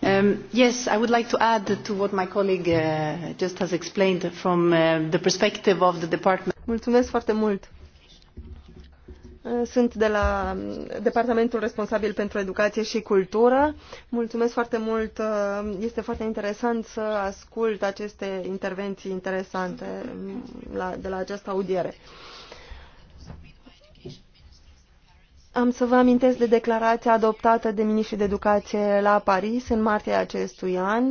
Um, yes, I would like to add to what my colleague uh, just has explained from uh, the perspective of the department. Mulțumesc foarte mult. Sunt de la departamentul responsabil pentru educație și cultură. Mulțumesc foarte mult. Este foarte interesant să ascult aceste intervenții interesante la, de la această audiere. Am să vă amintesc de declarația adoptată de ministrii de educație la Paris în martie acestui an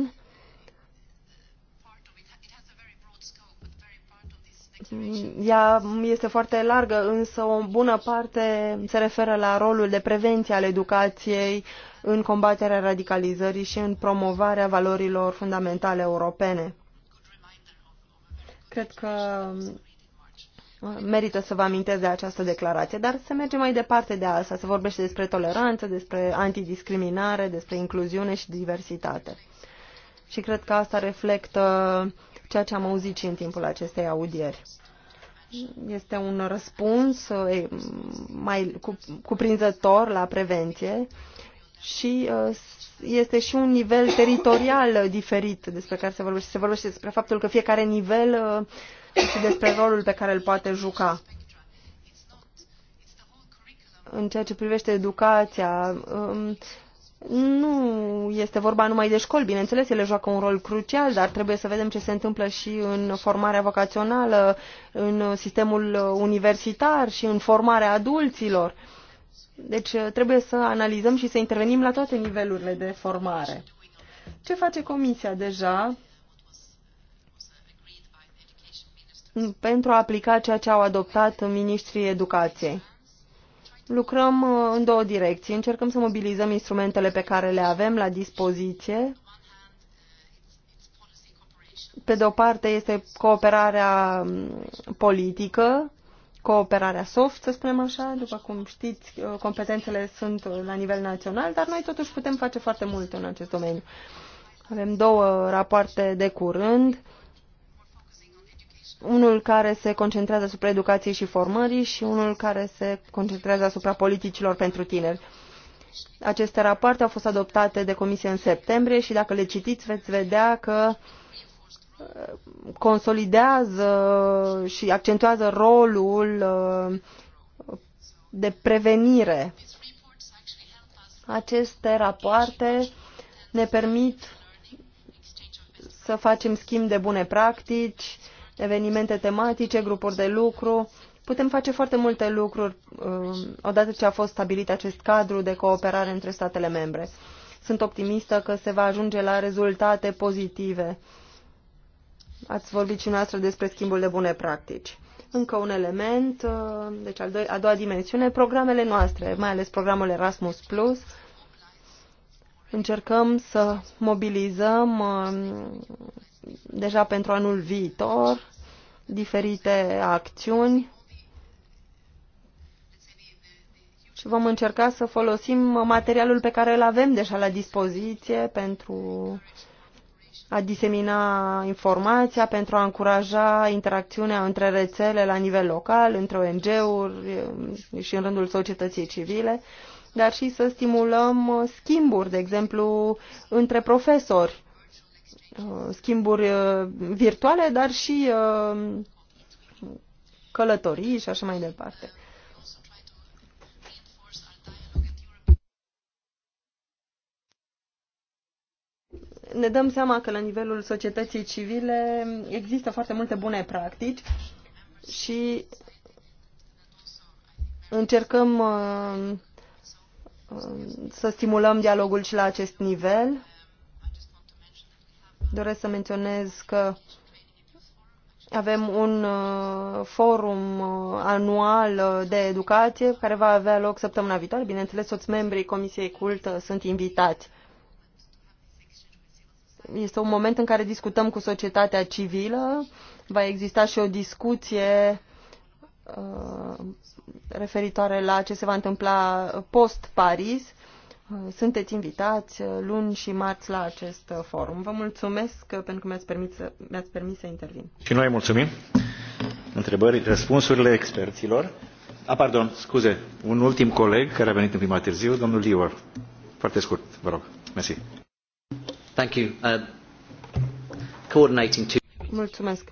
ea este foarte largă, însă o bună parte se referă la rolul de prevenție al educației în combaterea radicalizării și în promovarea valorilor fundamentale europene. Cred că merită să vă amintesc de această declarație, dar să mergem mai departe de asta, să vorbește despre toleranță, despre antidiscriminare, despre incluziune și diversitate. Și cred că asta reflectă ceea ce am auzit și în timpul acestei audieri. Este un răspuns eh, mai cuprinzător la prevenție și eh, este și un nivel teritorial diferit despre care se vorbește. Se vorbește despre faptul că fiecare nivel eh, și despre rolul pe care îl poate juca în ceea ce privește educația, nu este vorba numai de școli, bineînțeles, ele joacă un rol crucial, dar trebuie să vedem ce se întâmplă și în formarea vocațională, în sistemul universitar și în formarea adulților. Deci trebuie să analizăm și să intervenim la toate nivelurile de formare. Ce face Comisia deja pentru a aplica ceea ce au adoptat ministrii educației? lucrăm uh, în două direcții. Încercăm să mobilizăm instrumentele pe care le avem la dispoziție. Pe de o parte este cooperarea um, politică, cooperarea soft, să spunem așa. După cum știți, uh, competențele sunt uh, la nivel național, dar noi totuși putem face foarte mult în acest domeniu. Avem două rapoarte de curând unul care se concentrează asupra educației și formării și unul care se concentrează asupra politicilor pentru tineri. Aceste rapoarte au fost adoptate de comisie în septembrie și dacă le citiți veți vedea că uh, consolidează și accentuează rolul uh, de prevenire. Aceste rapoarte ne permit să facem schimb de bune practici, evenimente tematice, grupuri de lucru. Putem face foarte multe lucruri um, odată ce a fost stabilit acest cadru de cooperare între statele membre. Sunt optimistă că se va ajunge la rezultate pozitive. Ați vorbit și noastră despre schimbul de bune practici. Încă un element, uh, deci a doua dimensiune, programele noastre, mai ales programul Erasmus+, Încercăm să mobilizăm um, deja pentru anul viitor diferite acțiuni și vom încerca să folosim materialul pe care îl avem deja la dispoziție pentru a disemina informația, pentru a încuraja interacțiunea între rețele la nivel local, între ONG-uri um, și în rândul societății civile dar și să stimulăm uh, schimburi, de exemplu, între profesori, uh, schimburi uh, virtuale, dar și călătorii și așa mai departe. ne dăm seama că la nivelul societății civile există foarte multe bune practici și încercăm Um, să stimulăm dialogul și la acest nivel. Doresc să menționez că avem un uh, forum uh, anual uh, de educație care va avea loc săptămâna viitoare. Bineînțeles, toți membrii Comisiei Cult sunt invitați. Este un moment în care discutăm cu societatea civilă. Va exista și o discuție referitoare la ce se va întâmpla post-Paris. Sunteți invitați luni și marți la acest forum. Vă mulțumesc pentru că mi-ați permis, mi permis să intervin. Și noi mulțumim. Întrebări, răspunsurile experților. A, ah, pardon, scuze, un ultim coleg care a venit în prima târziu, domnul Lior. Foarte scurt, vă rog. Mersi. Thank you. Uh, coordinating to... Mulțumesc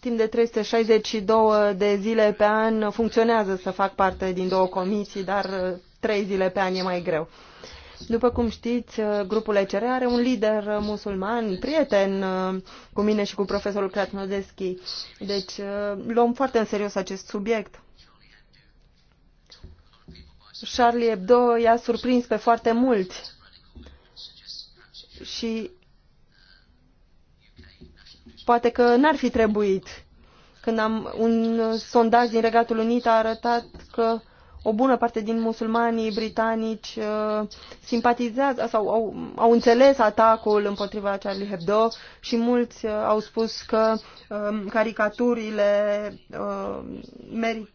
timp de 362 de zile pe an funcționează să fac parte din două comisii, dar uh, trei zile pe an e mai greu. După cum știți, uh, grupul ECR are un lider uh, musulman, prieten cu mine și cu profesorul Kratnodeschi. Deci luăm foarte în serios acest subiect. Charlie Hebdo i-a surprins pe foarte mulți și Poate că n-ar fi trebuit. Când am, un sondaj din Regatul Unit a arătat că o bună parte din musulmanii britanici uh, simpatizează sau au, au înțeles atacul împotriva Charlie Hebdo și mulți uh, au spus că uh, caricaturile uh, merit,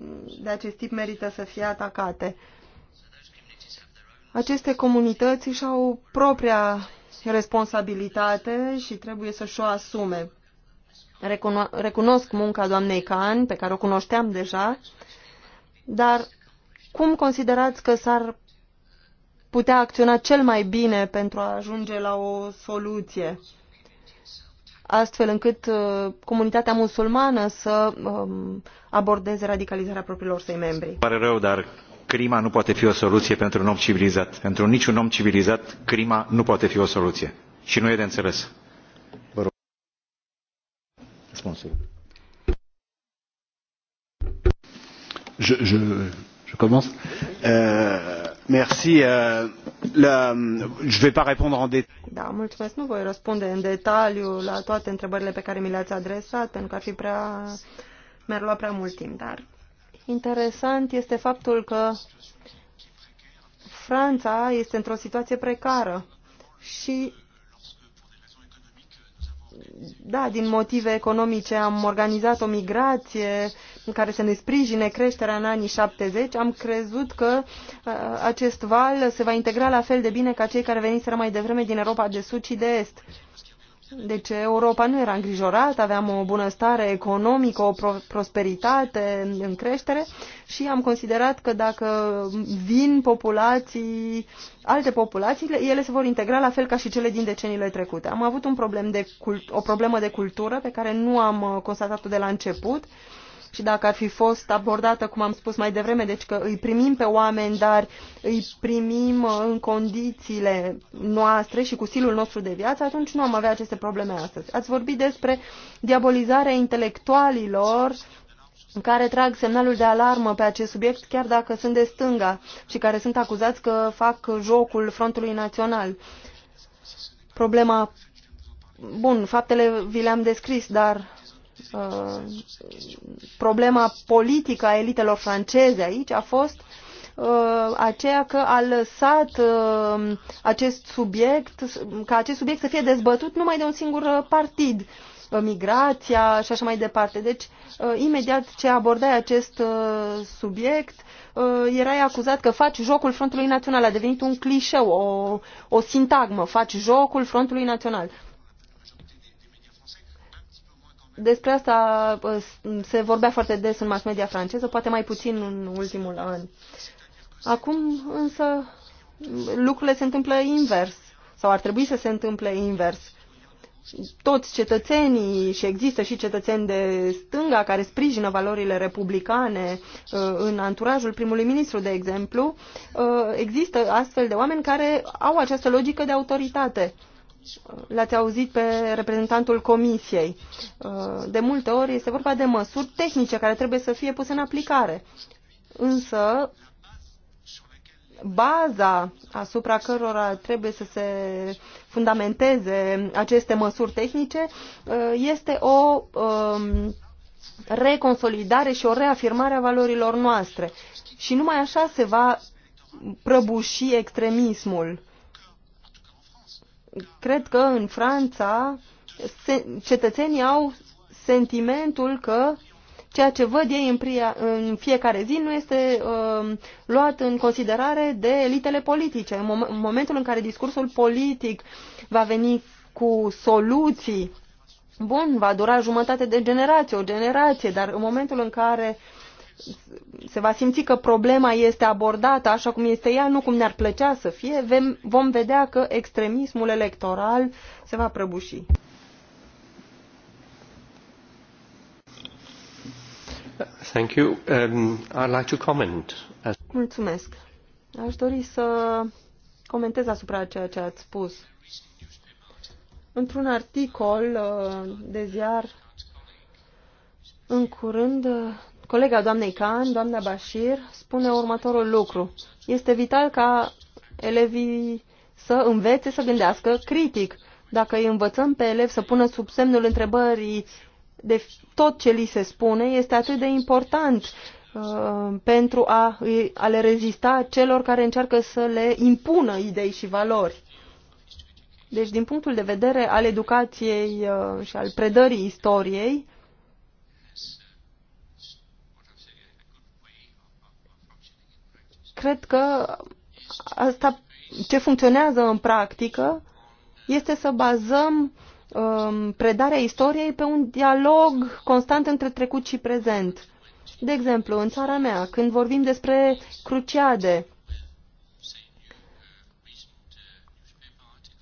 de acest tip merită să fie atacate. Aceste comunități și au propria responsabilitate și trebuie să-și o asume. Recuno recunosc munca doamnei Can, pe care o cunoșteam deja, dar cum considerați că s-ar putea acționa cel mai bine pentru a ajunge la o soluție, astfel încât uh, comunitatea musulmană să um, abordeze radicalizarea propriilor săi membri? Pare rău, dar crima nu poate fi o soluție pentru un om civilizat. Pentru niciun om civilizat, crima nu poate fi o soluție. Și nu e de înțeles răspunsul. Je, je, je commence. Euh, merci. Euh, la, je ne vais pas répondre en détail. Da, mulțumesc. Nu voi răspunde în detaliu la toate întrebările pe care mi le-ați adresat, pentru că ar fi prea mi-ar lua prea mult timp, dar interesant este faptul că Franța este într-o situație precară și da, din motive economice am organizat o migrație în care să ne sprijine creșterea în anii 70, am crezut că uh, acest val se va integra la fel de bine ca cei care veniseră mai devreme din Europa de Sud și de Est. Deci Europa nu era îngrijorată, aveam o bunăstare economică, o pro prosperitate în creștere și am considerat că dacă vin populații, alte populații, ele se vor integra la fel ca și cele din deceniile trecute. Am avut un problem de cult o problemă de cultură pe care nu am uh, constatat-o de la început. Uh, și dacă ar fi fost abordată, cum am spus mai devreme, deci că îi primim pe oameni, dar îi primim uh, în condițiile noastre și cu silul nostru de viață, atunci nu am avea aceste probleme astăzi. Ați vorbit despre diabolizarea intelectualilor care trag semnalul de alarmă pe acest subiect, chiar dacă sunt de stânga și care sunt acuzați că fac jocul Frontului Național. Problema Bun, faptele vi le-am descris, dar Uh, problema politică a elitelor franceze aici a fost uh, aceea că a lăsat uh, acest subiect, ca acest subiect să fie dezbătut numai de un singur partid, migrația și așa mai departe. Deci, imediat ce abordai acest subiect, erai acuzat că faci jocul Frontului Național. A devenit un clișeu, o, o sintagmă, faci jocul Frontului Național. Despre asta uh, se vorbea foarte des în mass media franceză, poate mai puțin în ultimul an. Acum însă lucrurile se întâmplă invers sau ar trebui să se întâmple invers. Toți cetățenii și există și cetățeni de stânga care sprijină valorile republicane uh, în anturajul primului ministru, de exemplu, uh, există astfel de oameni care au această logică de autoritate l-ați auzit pe reprezentantul Comisiei. Uh, de multe ori este vorba de măsuri tehnice care trebuie să fie puse în aplicare. Însă, baza asupra cărora trebuie să se fundamenteze aceste măsuri tehnice uh, este o um, reconsolidare și o reafirmare a valorilor noastre. Și numai așa se va prăbuși extremismul cred că în Franța cetățenii au sentimentul că ceea ce văd ei în, pria, în fiecare zi nu este uh, luat în considerare de elitele politice. În, mom în momentul în care discursul politic va veni cu soluții, bun, va dura jumătate de generație, o generație, dar în momentul în care uh, se va simți că problema este abordată așa cum este ea, nu cum ne-ar plăcea să fie, vom vedea că extremismul electoral se va prăbuși. Thank you. Um, I'd like to comment. Mulțumesc. Aș dori să comentez asupra ceea ce ați spus. Într-un articol uh, de ziar în curând, uh, colega doamnei Khan, doamna Bashir, spune următorul lucru. Este vital ca elevii să învețe să gândească critic. Dacă îi învățăm pe elevi să pună sub semnul întrebării de tot ce li se spune, este atât de important uh, pentru a, a le rezista celor care încearcă să le impună idei și valori. Deci, din punctul de vedere al educației uh, și al predării istoriei, cred că asta ce funcționează în practică este să bazăm um, predarea istoriei pe un dialog constant între trecut și prezent. De exemplu, în țara mea, când vorbim despre cruciade,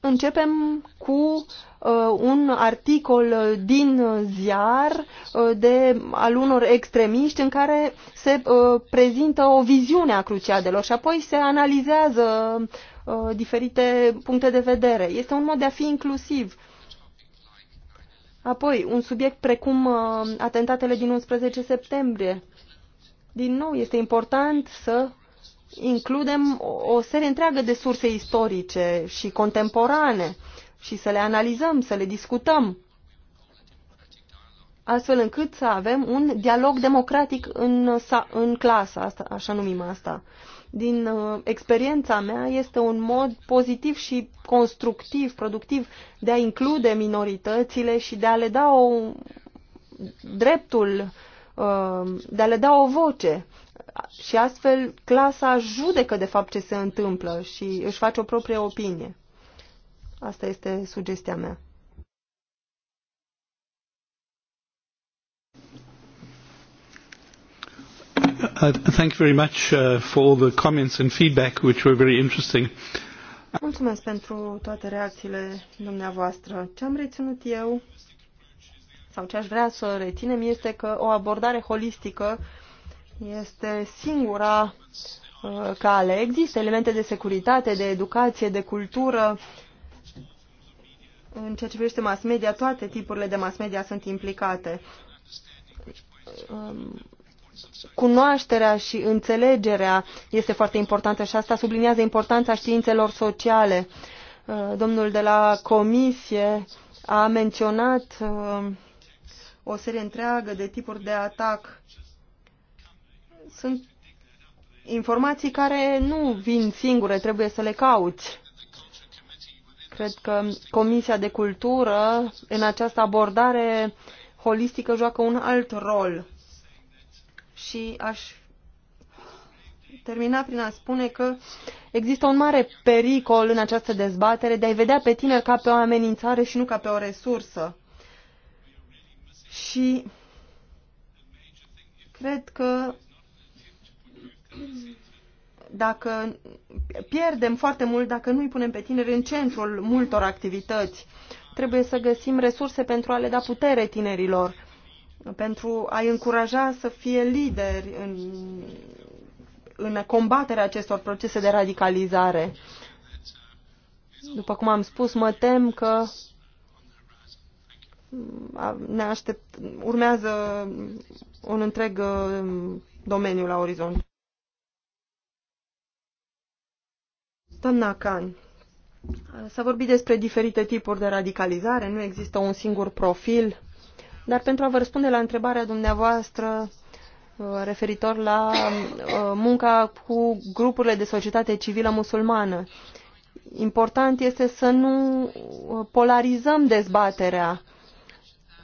începem cu Uh, un articol din ziar uh, de al unor extremiști în care se uh, prezintă o viziune a cruciadelor și apoi se analizează diferite puncte de vedere. Este un mod de a fi inclusiv. Apoi, un subiect precum atentatele din 11 septembrie. Din nou, este important să includem o serie întreagă de surse istorice și contemporane și să le analizăm, să le discutăm, astfel încât să avem un dialog democratic în, în clasă, asta, așa numim asta. Din uh, experiența mea este un mod pozitiv și constructiv, productiv de a include minoritățile și de a le da o dreptul, uh, de a le da o voce. Și astfel clasa judecă de fapt ce se întâmplă și își face o proprie opinie. Asta este sugestia mea. Uh, thank very much uh, for the comments and feedback, which were very interesting. Mulțumesc pentru toate reacțiile dumneavoastră. Ce am reținut eu, sau ce aș vrea să reținem, este că o abordare holistică este singura uh, cale. Există elemente de securitate, de educație, de cultură, uh, în ceea ce privește mass media, toate tipurile de mass media sunt implicate. Um, cunoașterea și înțelegerea este foarte importantă și asta subliniază importanța științelor sociale. Uh, domnul de la comisie a menționat uh, o serie întreagă de tipuri de atac. Sunt informații care nu vin singure, trebuie să le cauți Cred că Comisia de Cultură, în această abordare holistică, joacă un alt rol. Și aș termina prin a spune că există un mare pericol în această dezbatere de a-i vedea pe tineri ca pe o amenințare și nu ca pe o resursă. Și cred că dacă pierdem foarte mult dacă nu îi punem pe tineri în centrul multor activități. Trebuie să găsim resurse pentru a le da putere tinerilor, pentru a-i încuraja să fie lideri în, în combaterea acestor procese de radicalizare. După cum am spus, mă tem că ne aștept, urmează un întreg uh, domeniu la orizont. Doamna Can, s-a vorbit despre diferite tipuri de radicalizare, nu există un singur profil, dar pentru a vă răspunde la întrebarea dumneavoastră uh, referitor la uh, munca cu grupurile de societate civilă musulmană, important este să nu uh, polarizăm dezbaterea.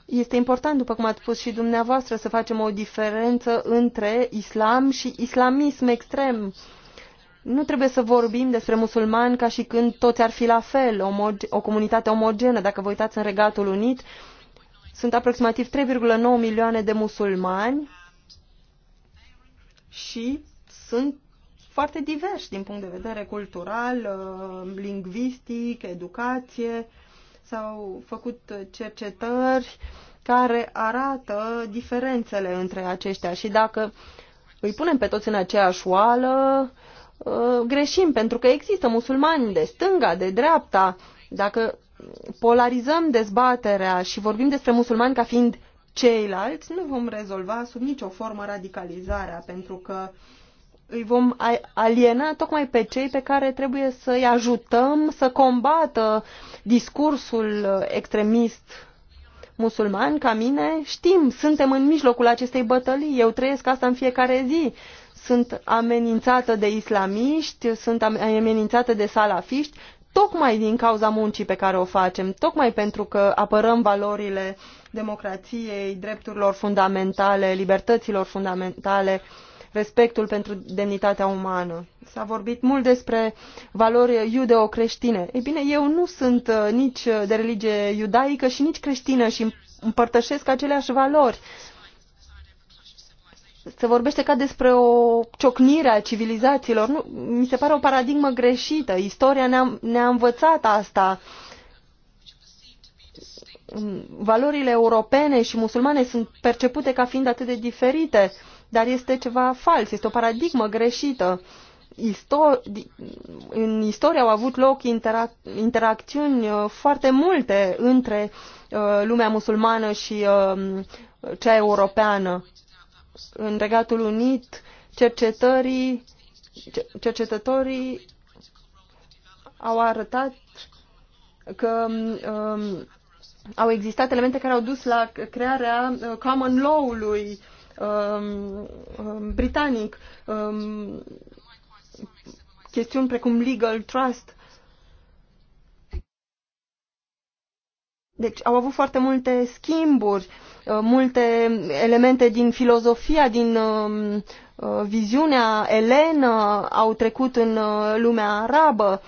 Este important, după cum ați spus și dumneavoastră, să facem o diferență între islam și islamism extrem nu trebuie să vorbim despre musulmani ca și când toți ar fi la fel, o comunitate omogenă. Dacă vă uitați în Regatul Unit, sunt aproximativ 3,9 milioane de musulmani și sunt foarte diversi din punct de vedere cultural, uh, lingvistic, educație. S-au făcut cercetări care arată diferențele între aceștia și dacă îi punem pe toți în aceeași oală, Uh, greșim, pentru că există musulmani de stânga, de dreapta. Dacă polarizăm dezbaterea și vorbim despre musulmani ca fiind ceilalți, nu vom rezolva sub nicio formă radicalizarea, pentru că îi vom aliena tocmai pe cei pe care trebuie să-i ajutăm să combată discursul extremist musulman ca mine, știm, suntem în mijlocul acestei bătălii, eu trăiesc asta în fiecare zi sunt amenințată de islamiști, sunt amenințată de salafiști, tocmai din cauza muncii pe care o facem, tocmai pentru că apărăm valorile democrației, drepturilor fundamentale, libertăților fundamentale, respectul pentru demnitatea umană. S-a vorbit mult despre valori iudeo-creștine. Ei bine, eu nu sunt uh, nici de religie iudaică și nici creștină și împărtășesc aceleași valori se vorbește ca despre o ciocnire a civilizațiilor. Nu, mi se pare o paradigmă greșită. Istoria ne-a, ne-a învățat asta. Valorile europene și musulmane sunt percepute ca fiind atât de diferite, dar este ceva fals, este o paradigmă greșită. Istor- în istorie au avut loc interac- interacțiuni uh, foarte multe între uh, lumea musulmană și uh, cea europeană în Regatul Unit cercetării, cercetătorii au arătat că um, au existat elemente care au dus la crearea uh, common law-ului um, um, britanic, um, chestiuni precum legal trust Deci au avut foarte multe schimburi, uh, multe elemente din filozofia, din um, uh, viziunea elenă au trecut în uh, lumea arabă.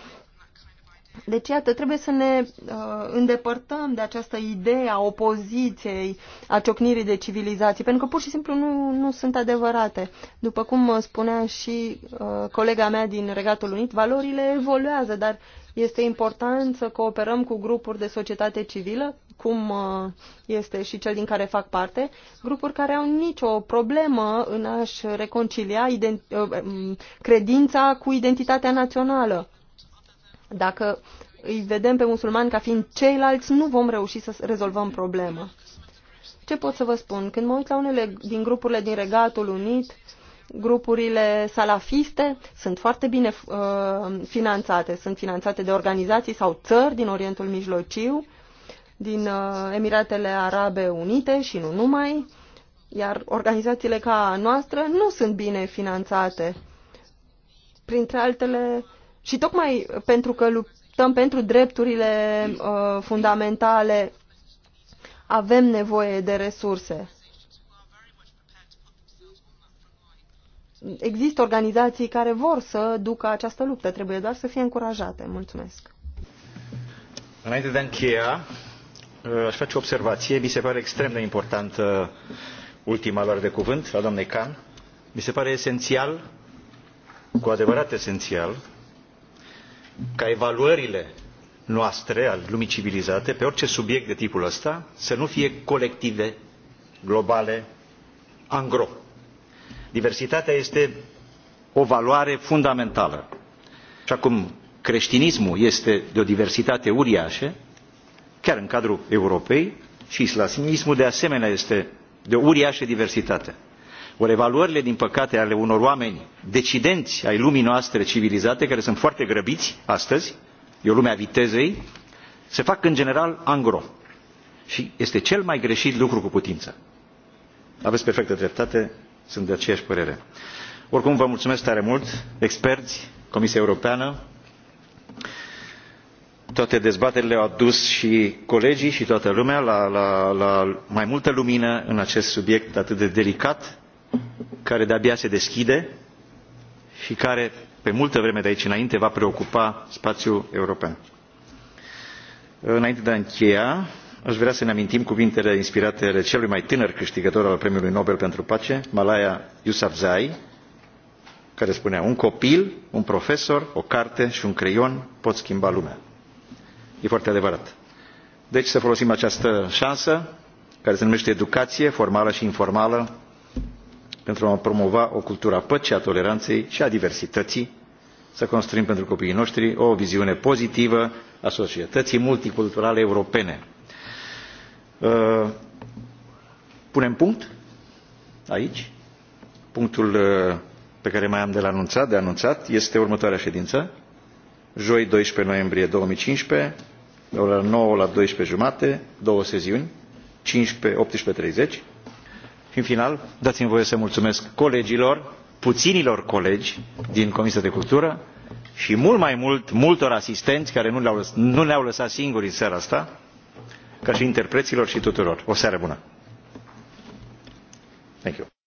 Deci, iată, trebuie să ne uh, îndepărtăm de această idee a opoziției, a ciocnirii de civilizații, pentru că pur și simplu nu, nu sunt adevărate. După cum spunea și uh, colega mea din Regatul Unit, valorile evoluează, dar este important să cooperăm cu grupuri de societate civilă, cum uh, este și cel din care fac parte, grupuri care au nicio problemă în a-și reconcilia uh, um, credința cu identitatea națională. Dacă îi vedem pe musulmani ca fiind ceilalți, nu vom reuși să rezolvăm problema. Ce pot să vă spun? Când mă uit la unele din grupurile din Regatul Unit, uh, grupurile salafiste sunt foarte bine uh, finanțate. Sunt finanțate de organizații sau țări din Orientul Mijlociu, din uh, Emiratele Arabe Unite și nu numai, iar organizațiile ca a noastră nu sunt bine finanțate. Printre altele, și tocmai pentru că luptăm pentru drepturile uh, fundamentale, avem nevoie de resurse există organizații care vor să ducă această luptă, trebuie doar să fie încurajate. Mulțumesc. Înainte de a încheia, uh, aș face o observație. Mi se pare extrem de importantă ultima luare de cuvânt la doamnei Can. Mi se pare esențial, cu adevărat esențial, ca evaluările noastre al lumii civilizate, pe orice subiect de tipul ăsta, să nu fie colective, globale, angro diversitatea este o valoare fundamentală. Așa cum creștinismul este de o diversitate uriașă, chiar în cadrul Europei, și islamismul de asemenea este de o uriașă diversitate. Ori evaluările, din păcate, ale unor oameni decidenți ai lumii noastre civilizate, care sunt foarte grăbiți astăzi, e o lume a vitezei, se fac în general angro. Și este cel mai greșit lucru cu putință. Aveți perfectă dreptate, sunt de aceeași părere. Oricum, vă mulțumesc tare mult, experți, Comisia Europeană, toate dezbaterile au adus și colegii și toată lumea la, la, la mai multă lumină în acest subiect atât de delicat, care de-abia se deschide și care pe multă vreme de aici înainte va preocupa spațiul european. Înainte de a încheia, Aș vrea să ne amintim cuvintele inspirate ale celui mai tânăr câștigător al Premiului Nobel pentru Pace, Malaya Yousafzai, care spunea, un copil, un profesor, o carte și un creion pot schimba lumea. E foarte adevărat. Deci să folosim această șansă, care se numește educație formală și informală, pentru a promova o cultură a păcii, a toleranței și a diversității, să construim pentru copiii noștri o viziune pozitivă a societății multiculturale europene Uh, punem punct aici. Punctul uh, pe care mai am de, anunțat, de anunțat este următoarea ședință. Joi 12 noiembrie 2015, de la 9 la 12 jumate, două seziuni, 15-18.30. Și în final, dați-mi voie să mulțumesc colegilor, puținilor colegi din Comisia de Cultură și mult mai mult multor asistenți care nu, le-au, nu ne-au lăsat singuri în seara asta ca și interpreților și tuturor. O seară bună! Thank you.